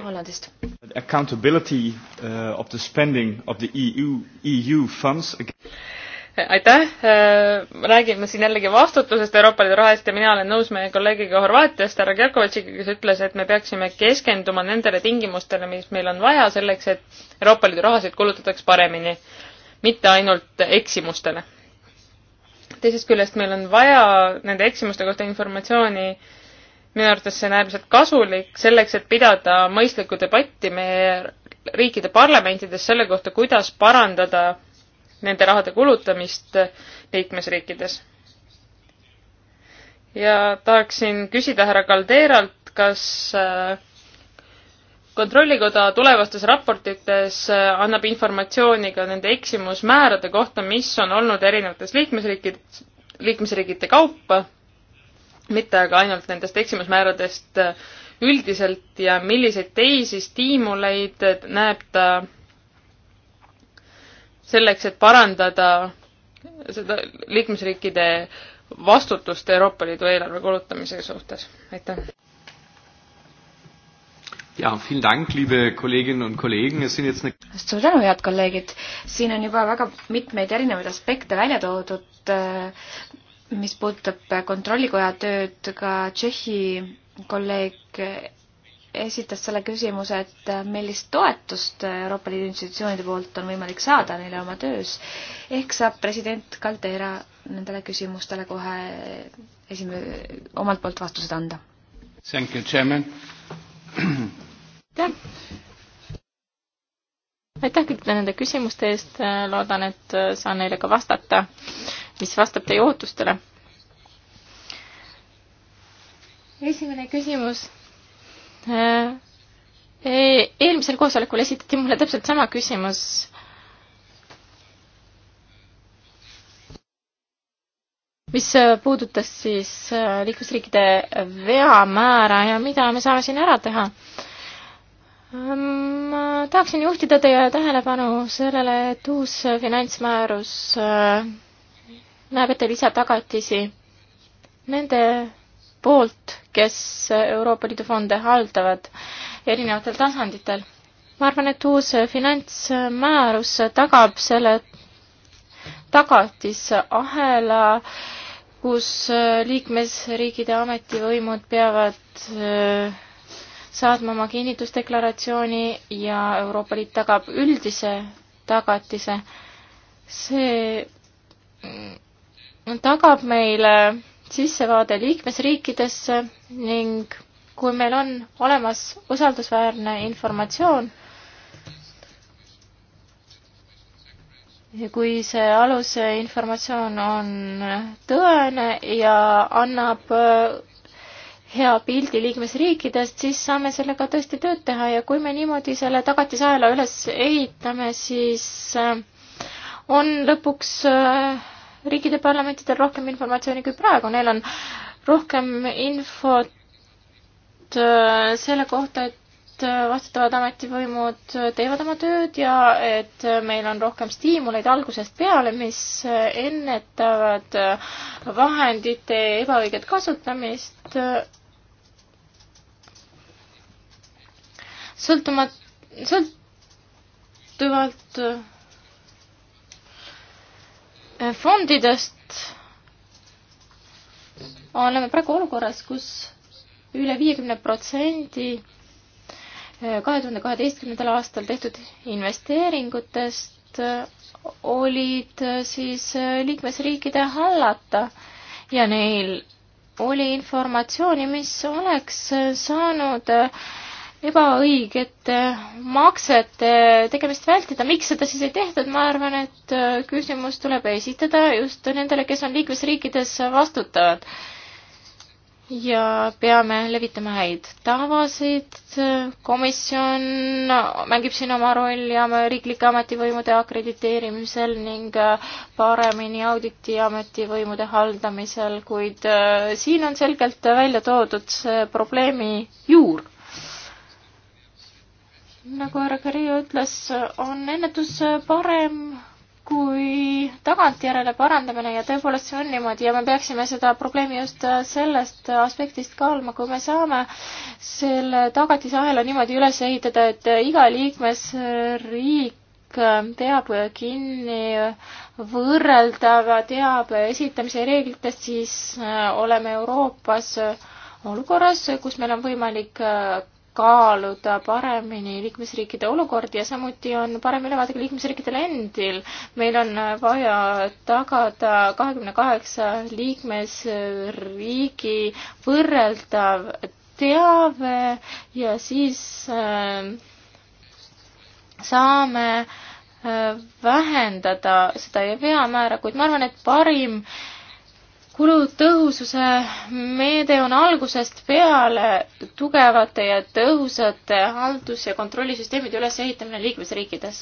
Hollandist. Accountability uh, of the spending of the EU, EU funds aitäh, äh, räägime siin jällegi vastutusest Euroopa Liidu raha eest ja mina olen nõus meie kolleegiga Horvaatiast, härra Kerkovitšiga, kes ütles, et me peaksime keskenduma nendele tingimustele, mis meil on vaja selleks, et Euroopa Liidu rahasid kulutataks paremini, mitte ainult eksimustele. teisest küljest meil on vaja nende eksimuste kohta informatsiooni, minu arvates see on äärmiselt kasulik selleks, et pidada mõistlikku debatti meie riikide parlamentides selle kohta, kuidas parandada nende rahade kulutamist liikmesriikides. ja tahaksin küsida härra Kalderalt, kas äh, kontrollikoda tulevastes raportites äh, annab informatsiooni ka nende eksimusmäärade kohta, mis on olnud erinevates liikmesriikides, liikmesriigite kaupa, mitte aga ainult nendest eksimusmääradest äh, üldiselt ja milliseid teisi stiimuleid näeb ta selleks, et parandada seda liikmesriikide vastutust Euroopa Liidu eelarve kulutamise suhtes, aitäh. Ja, vielen Dank, liebe Kolleginnen und Kollegen. Es sind jetzt eine suur tänu, head kolleegid. siin on juba väga mitmeid erinevaid aspekte välja toodud, äh, mis puudutab Kontrollikoja tööd, ka Tšehhi kolleeg esitas selle küsimuse, et millist toetust Euroopa Liidu institutsioonide poolt on võimalik saada neile oma töös. ehk saab president Caldera nendele küsimustele kohe esimene, omalt poolt vastused anda. aitäh! aitäh kõikide nende küsimuste eest, loodan, et saan neile ka vastata, mis vastab teie ootustele. esimene küsimus Äh, e, eelmisel koosolekul esitati mulle täpselt sama küsimus. mis äh, puudutas siis äh, liikmesriikide veamäära ja mida me saame siin ära teha ähm, Ma tahaksin juhtida teie tähelepanu sellele, et uus finantsmäärus näeb ette lisatagatisi nende poolt, kes Euroopa Liidu fonde haldavad erinevatel tasanditel. ma arvan, et uus finantsmäärus tagab selle tagatisahela, kus liikmesriigide ametivõimud peavad äh, saatma oma kinnitusdeklaratsiooni ja Euroopa Liit tagab üldise tagatise. see mm, tagab meile sissevaade liikmesriikidesse ning kui meil on olemas usaldusväärne informatsioon, ja kui see alusinformatsioon on tõene ja annab äh, hea pildi liikmesriikidest, siis saame sellega tõesti tööd teha ja kui me niimoodi selle tagatisaela üles ehitame, siis äh, on lõpuks äh, riikide parlamentidel rohkem informatsiooni kui praegu, neil on rohkem infot äh, selle kohta, et äh, vastutavad ametivõimud äh, teevad oma tööd ja et meil on rohkem stiimuleid algusest peale, mis ennetavad vahendite ebaõiget kasutamist. sõltumat-, sõltuvalt fondidest oleme praegu olukorras, kus üle viiekümne protsendi eh, kahe tuhande kaheteistkümnendal aastal tehtud investeeringutest eh, olid eh, siis liikmesriikide hallata ja neil oli informatsiooni, mis oleks saanud äh, ebaõigete maksete tegemist vältida. miks seda siis ei tehtud, ma arvan, et äh, küsimus tuleb esitada just nendele, kes on liikmesriikides vastutavad. ja peame levitama häid tavasid, komisjon mängib siin oma rolli riiklike ametivõimude akrediteerimisel ning äh, paremini auditi ametivõimude haldamisel, kuid äh, siin on selgelt välja toodud see probleemi juur nagu härra Carrillo ütles, on ennetus parem kui tagantjärele parandamine ja tõepoolest see on niimoodi ja me peaksime seda probleemi just sellest aspektist kaaluma, kui me saame selle tagatisahela niimoodi üles ehitada, et iga liikmesriik peab kinni võrreldava teabe esitamise reeglitest, siis oleme Euroopas olukorras, kus meil on võimalik kaaluda paremini liikmesriikide olukordi ja samuti on parem ülevaade ka liikmesriikidel endil. meil on vaja tagada kahekümne kaheksa liikmesriigi võrreldav teave ja siis äh, saame äh, vähendada seda veamäära, kuid ma arvan, et parim äh, kulutõhususe meede on algusest peale tugevate ja tõhusate haldus- ja kontrollisüsteemide ülesehitamine liikmesriikides.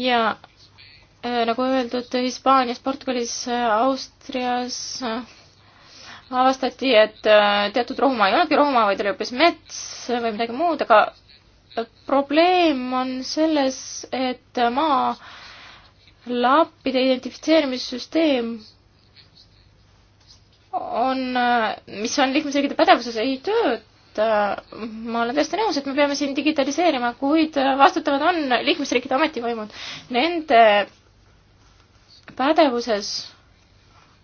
ja äh, nagu öeldud, Hispaanias, Portugalis, Austrias äh, avastati, et äh, teatud rohumaa ei olnudki rohumaa, vaid oli hoopis mets või midagi muud, aga probleem on selles, et maa lappide identifitseerimissüsteem on, mis on liikmesriikide pädevuses, ei tööta. ma olen täiesti nõus, et me peame siin digitaliseerima, kuid vastutavad on liikmesriikide ametivõimud. Nende pädevuses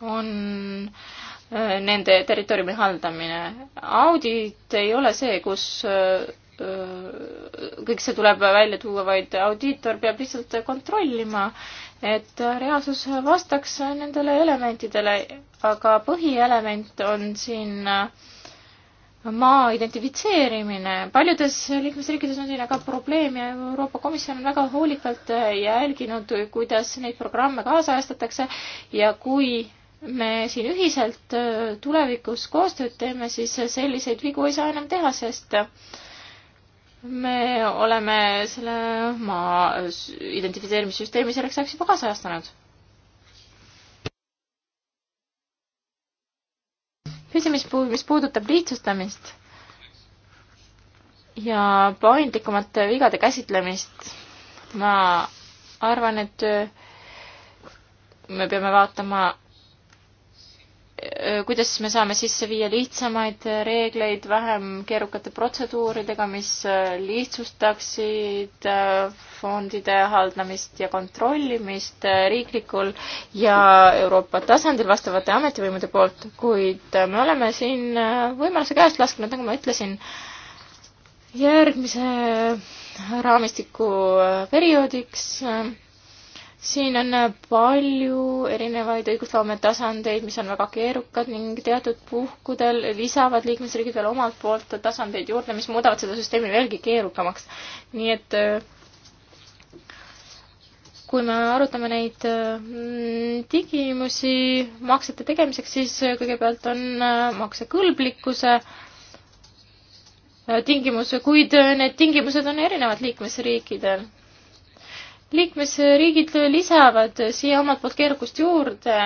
on äh, nende territooriumi haldamine. audit ei ole see, kus äh, kõik see tuleb välja tuua, vaid audiitor peab lihtsalt kontrollima, et reaalsus vastaks nendele elementidele, aga põhielement on siin äh, maa identifitseerimine. paljudes liikmesriikides on siin aga probleem ja Euroopa Komisjon on väga hoolikalt äh, jälginud, kuidas neid programme kaasajastatakse ja kui me siin ühiselt äh, tulevikus koostööd teeme, siis selliseid vigu ei saa enam teha, sest äh, me oleme selle maa identifitseerimissüsteemi selleks ajaks juba kaasajastanud. küsimus, mis puudutab lihtsustamist ja paindlikumate vigade käsitlemist, ma arvan, et me peame vaatama Äh, kuidas me saame sisse viia lihtsamaid reegleid vähem keerukate protseduuridega, mis äh, lihtsustaksid äh, fondide haldamist ja kontrollimist riiklikul ja Euroopa tasandil vastavate ametivõimude poolt, kuid me oleme siin võimaluse käest lasknud, nagu ma ütlesin, järgmise raamistiku perioodiks siin on äh, palju erinevaid õigusloome tasandeid, mis on väga keerukad ning teatud puhkudel lisavad liikmesriigid veel omalt poolt tasandeid juurde, mis muudavad seda süsteemi veelgi keerukamaks. nii et äh, kui me arutame neid tingimusi äh, maksete tegemiseks, siis kõigepealt on maksekõlblikkuse tingimus, kuid need tingimused on erinevad liikmesriikidel liikmesriigid lisavad siia omalt poolt keerukust juurde,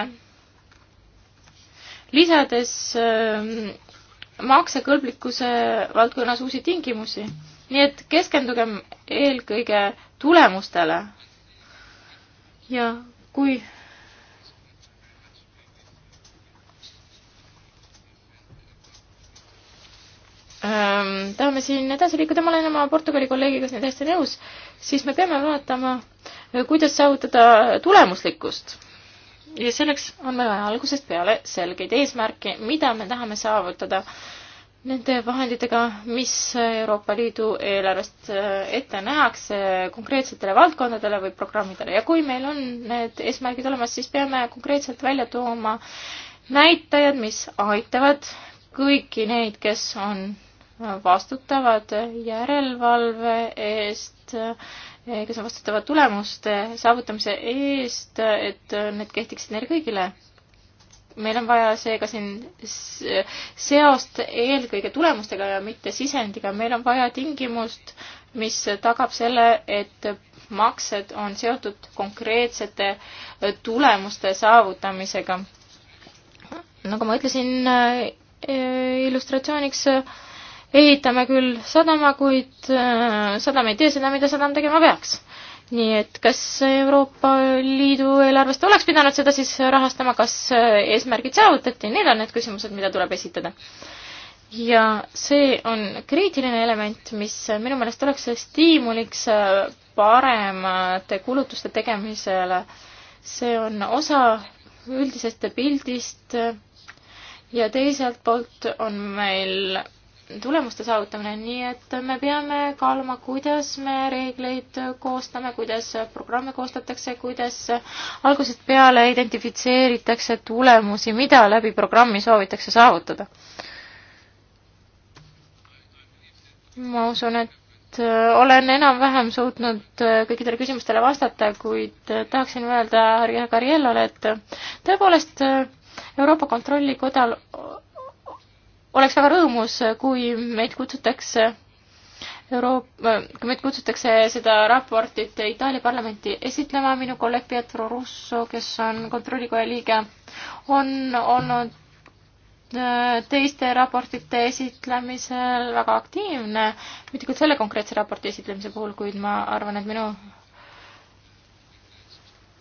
lisades ähm, maksekõlblikkuse valdkonnas uusi tingimusi. nii et keskendugem eelkõige tulemustele. ja kui ähm, tahame siin edasi liikuda, ma olen oma Portugali kolleegiga siin täiesti nõus, siis me peame vaatama, eh, kuidas saavutada tulemuslikkust. ja selleks on meil vaja algusest peale selgeid eesmärke, mida me tahame saavutada nende vahenditega, mis Euroopa Liidu eelarvest eh, ette nähakse konkreetsetele valdkondadele või programmidele ja kui meil on need eesmärgid olemas, siis peame konkreetselt välja tooma näitajad, mis aitavad kõiki neid, kes on vastutavad järelevalve eest, kes on vastutavad tulemuste saavutamise eest, et need kehtiksid neile kõigile. meil on vaja seega siin seost eelkõige tulemustega ja mitte sisendiga, meil on vaja tingimust, mis tagab selle, et maksed on seotud konkreetsete tulemuste saavutamisega. nagu ma ütlesin eh, illustratsiooniks, ehitame küll sadama, kuid äh, sadam ei tee seda, mida sadam tegema peaks. nii et kas Euroopa Liidu eelarvest oleks pidanud seda siis rahastama, kas äh, eesmärgid saavutati, need on need küsimused, mida tuleb esitada. ja see on kriitiline element, mis minu meelest oleks stiimuliks äh, paremate kulutuste tegemisele. see on osa üldisest pildist ja teiselt poolt on meil tulemuste saavutamine, nii et me peame kaaluma, kuidas me reegleid koostame, kuidas programme koostatakse, kuidas algusest peale identifitseeritakse tulemusi, mida läbi programmi soovitakse saavutada. ma usun, et olen enam-vähem suutnud kõikidele küsimustele vastata, kuid tahaksin öelda Harri Carriellole, et tõepoolest Euroopa Kontrollikodal oleks väga rõõmus, kui meid kutsutakse Euroop-, kui meid kutsutakse seda raportit Itaalia parlamenti esitlema, minu kolleeg Pietro Russo, kes on kontrollikoja liige, on olnud äh, teiste raportite esitlemisel väga aktiivne, mitte küll selle konkreetse raporti esitlemise puhul, kuid ma arvan, et minu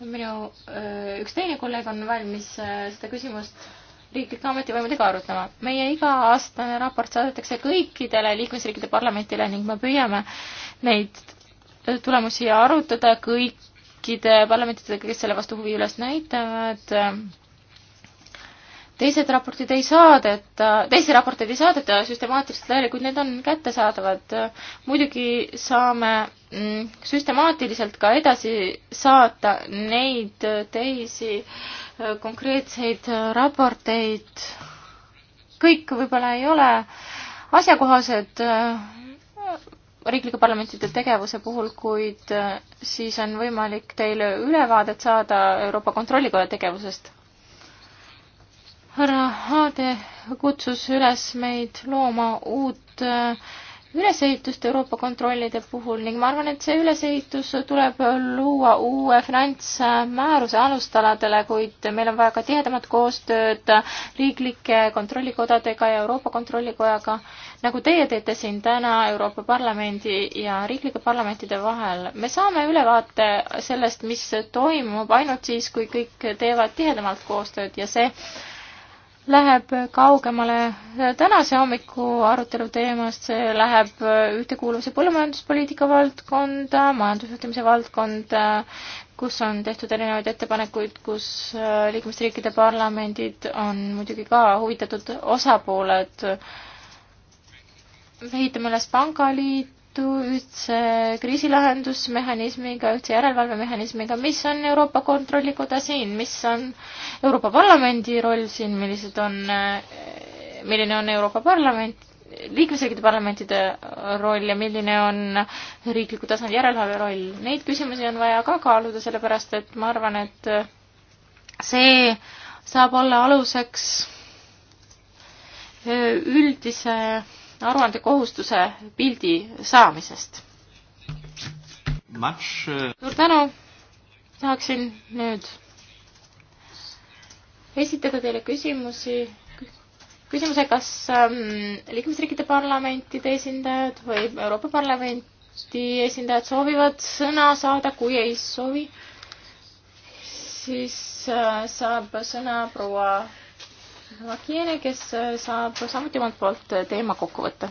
minu äh, üks teine kolleeg on valmis äh, seda küsimust riiklike ametivõimudega arutama. meie iga-aastane raport saadetakse kõikidele liikmesriikide parlamentile ning me püüame neid tulemusi arutada kõikide parlamentidega, kes selle vastu huvi üles näitavad. teised raportid ei saadeta, teisi raporteid ei saadeta süstemaatiliselt laiali, kuid need on kättesaadavad. muidugi saame mm, süstemaatiliselt ka edasi saata neid teisi äh, konkreetseid äh, raporteid, kõik võib-olla ei ole asjakohased äh, riiklike parlamentide tegevuse puhul, kuid äh, siis on võimalik teile ülevaadet saada Euroopa Kontrollikoja tegevusest. härra Aade kutsus üles meid looma uut äh, ülesehitust Euroopa kontrollide puhul ning ma arvan, et see ülesehitus tuleb luua uue finantsmääruse alustaladele, kuid meil on vaja ka tihedamat koostööd riiklike kontrollikodadega ja Euroopa Kontrollikojaga, nagu teie teete siin täna Euroopa Parlamendi ja riiklike parlamentide vahel. me saame ülevaate sellest, mis toimub ainult siis, kui kõik teevad tihedamalt koostööd ja see läheb kaugemale tänase hommiku arutelu teemast, see läheb ühtekuuluvuse põllumajanduspoliitika valdkonda, majandusjuhtimise valdkonda, kus on tehtud erinevaid ettepanekuid, kus äh, liikmesriikide parlamendid on muidugi ka huvitatud osapooled. me ehitame üles pangaliit, liitu ühtse kriisilahendusmehhanismiga, ühtse järelevalvemehhanismiga, mis on Euroopa Kontrollikoda siin, mis on Euroopa Parlamendi roll siin, millised on, milline on Euroopa Parlament, liikmesriikide parlamentide roll ja milline on riikliku tasandi järelevalve roll, neid küsimusi on vaja ka kaaluda, sellepärast et ma arvan, et see saab olla aluseks üldise aruandekohustuse pildi saamisest. Uh, suur tänu, tahaksin nüüd esitada teile küsimusi, küsimuse, kas ähm, liikmesriikide parlamentide esindajad või Euroopa Parlamenti esindajad soovivad sõna saada, kui ei soovi, siis äh, saab sõna proua Vakiene, kes äh, saab samuti omalt poolt äh, teema kokku võtta.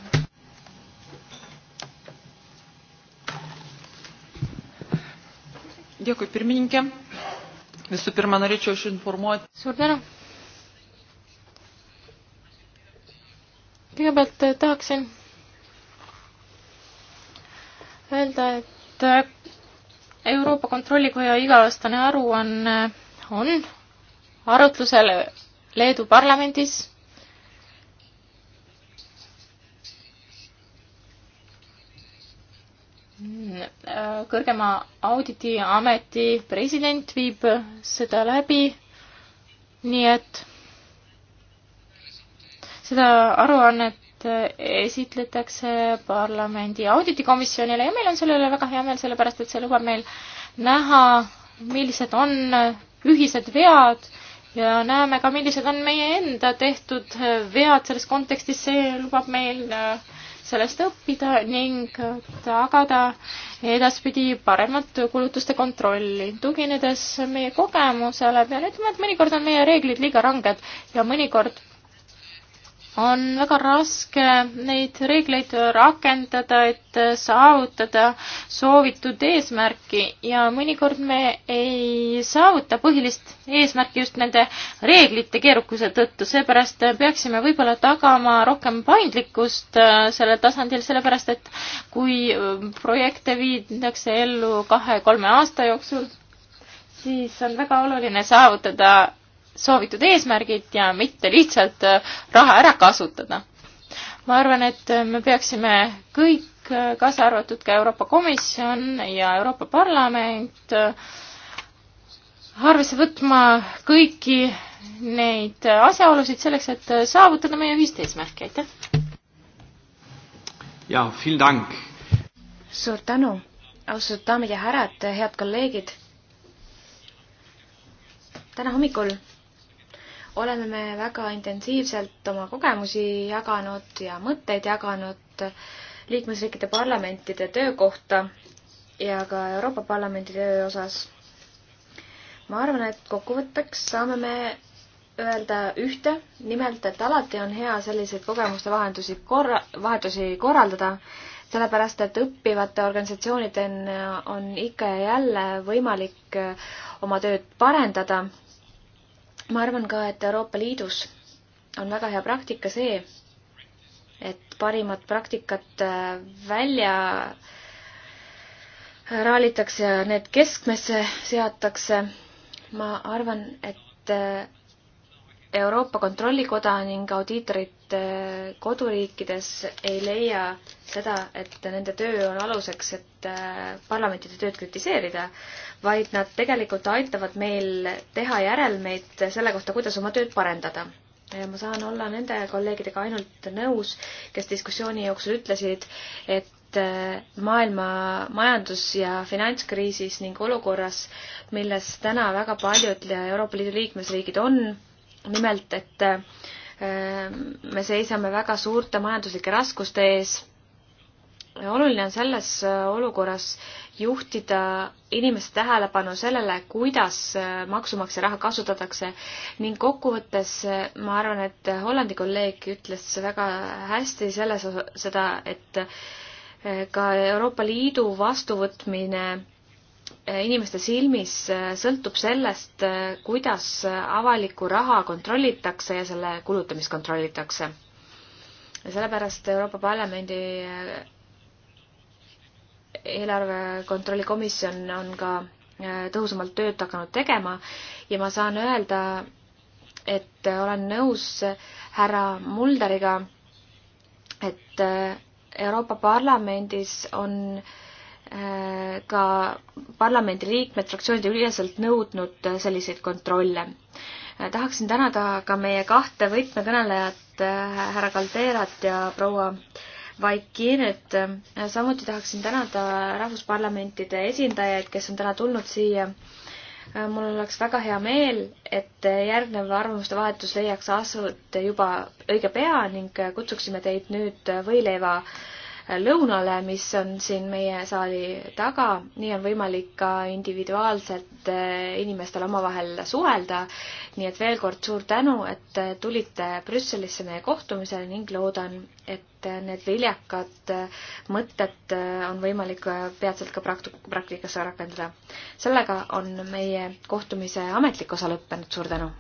Dėkui pirmininkė. Visų pirma, norėčiau aš informuoti. Suur tänu. Kõigepealt äh, tahaksin öelda, et Euroopa Kontrollikoja iga-aastane aruanne on, on arutlusele Leedu parlamendis kõrgema auditiameti president viib seda läbi, nii et seda aruannet esitletakse parlamendi auditikomisjonile ja meil on selle üle väga hea meel, sellepärast et see lubab meil näha, millised on ühised vead ja näeme ka, millised on meie enda tehtud vead selles kontekstis, see lubab meil äh, sellest õppida ning äh, tagada edaspidi paremat kulutuste kontrolli. tuginedes meie kogemusele, pean ütlema, et mõnikord on meie reeglid liiga ranged ja mõnikord on väga raske neid reegleid rakendada, et saavutada soovitud eesmärki ja mõnikord me ei saavuta põhilist eesmärki just nende reeglite keerukuse tõttu, seepärast peaksime võib-olla tagama rohkem paindlikkust äh, sellel tasandil, sellepärast et kui äh, projekte viidakse ellu kahe-kolme aasta jooksul, siis on väga oluline saavutada soovitud eesmärgid ja mitte lihtsalt äh, raha ära kasutada. ma arvan, et äh, me peaksime kõik, äh, kaasa arvatud ka Euroopa Komisjon ja Euroopa Parlament, arvesse võtma kõiki neid asjaolusid selleks, et saavutada meie ühist eesmärki, aitäh! jaa, vielen dank! suur tänu, austatud daamid ja härrad, head kolleegid! täna hommikul oleme me väga intensiivselt oma kogemusi jaganud ja mõtteid jaganud liikmesriikide parlamentide töö kohta ja ka Euroopa Parlamendi töö osas. ma arvan, et kokkuvõtteks saame me öelda ühte, nimelt, et alati on hea selliseid kogemuste vahendusi korra, vahetusi korraldada, sellepärast et õppivate organisatsioonidena on ikka ja jälle võimalik oma tööd parendada ma arvan ka, et Euroopa Liidus on väga hea praktika see, et parimat praktikat äh, välja raalitakse ja need keskmesse seatakse. ma arvan, et äh, Euroopa Kontrollikoda ning audiitorid et äh, koduriikides ei leia seda, et nende töö on aluseks, et äh, parlamentide tööd kritiseerida, vaid nad tegelikult aitavad meil teha järelmeid selle kohta, kuidas oma tööd parendada. ma saan olla nende kolleegidega ainult nõus, kes diskussiooni jooksul ütlesid, et äh, maailma majandus- ja finantskriisis ning olukorras, milles täna väga paljud Euroopa Liidu liikmesriigid on, nimelt et Ehm, me seisame väga suurte majanduslike raskuste ees. oluline on selles äh, olukorras juhtida inimeste tähelepanu sellele, kuidas äh, maksumaksja raha kasutatakse ning kokkuvõttes äh, ma arvan, et Hollandi kolleeg ütles väga hästi selles, seda, et ka Euroopa Liidu vastuvõtmine Äh, inimeste silmis äh, sõltub sellest, äh, kuidas avalikku raha kontrollitakse ja selle kulutamist kontrollitakse. sellepärast Euroopa Parlamendi eelarve kontrolli komisjon on ka tõhusamalt tööd hakanud tegema ja ma saan öelda, et olen nõus härra Mulderiga, et Euroopa Parlamendis on äh, Äh, ka parlamendiliikmed fraktsioonide üleselt nõudnud äh, selliseid kontrolle. Äh, tahaksin tänada ka meie kahte võtmekõnelejat, härra Kalderat ja proua Vaikinet. samuti tahaksin tänada rahvusparlamentide esindajaid, kes on täna tulnud siia. mul oleks väga hea meel, et järgnev arvamuste vahetus leiaks asut juba õige pea ning kutsuksime teid nüüd võileiva äh, lõunale, mis on siin meie saali taga, nii on võimalik ka individuaalselt eh, inimestel omavahel suhelda. nii et veel kord suur tänu, et tulite Brüsselisse meie kohtumisele ning loodan, et need viljakad eh, mõtted eh, on võimalik peatselt ka praktik-, praktikasse rakendada. sellega on meie kohtumise ametlik osa lõppenud, suur tänu!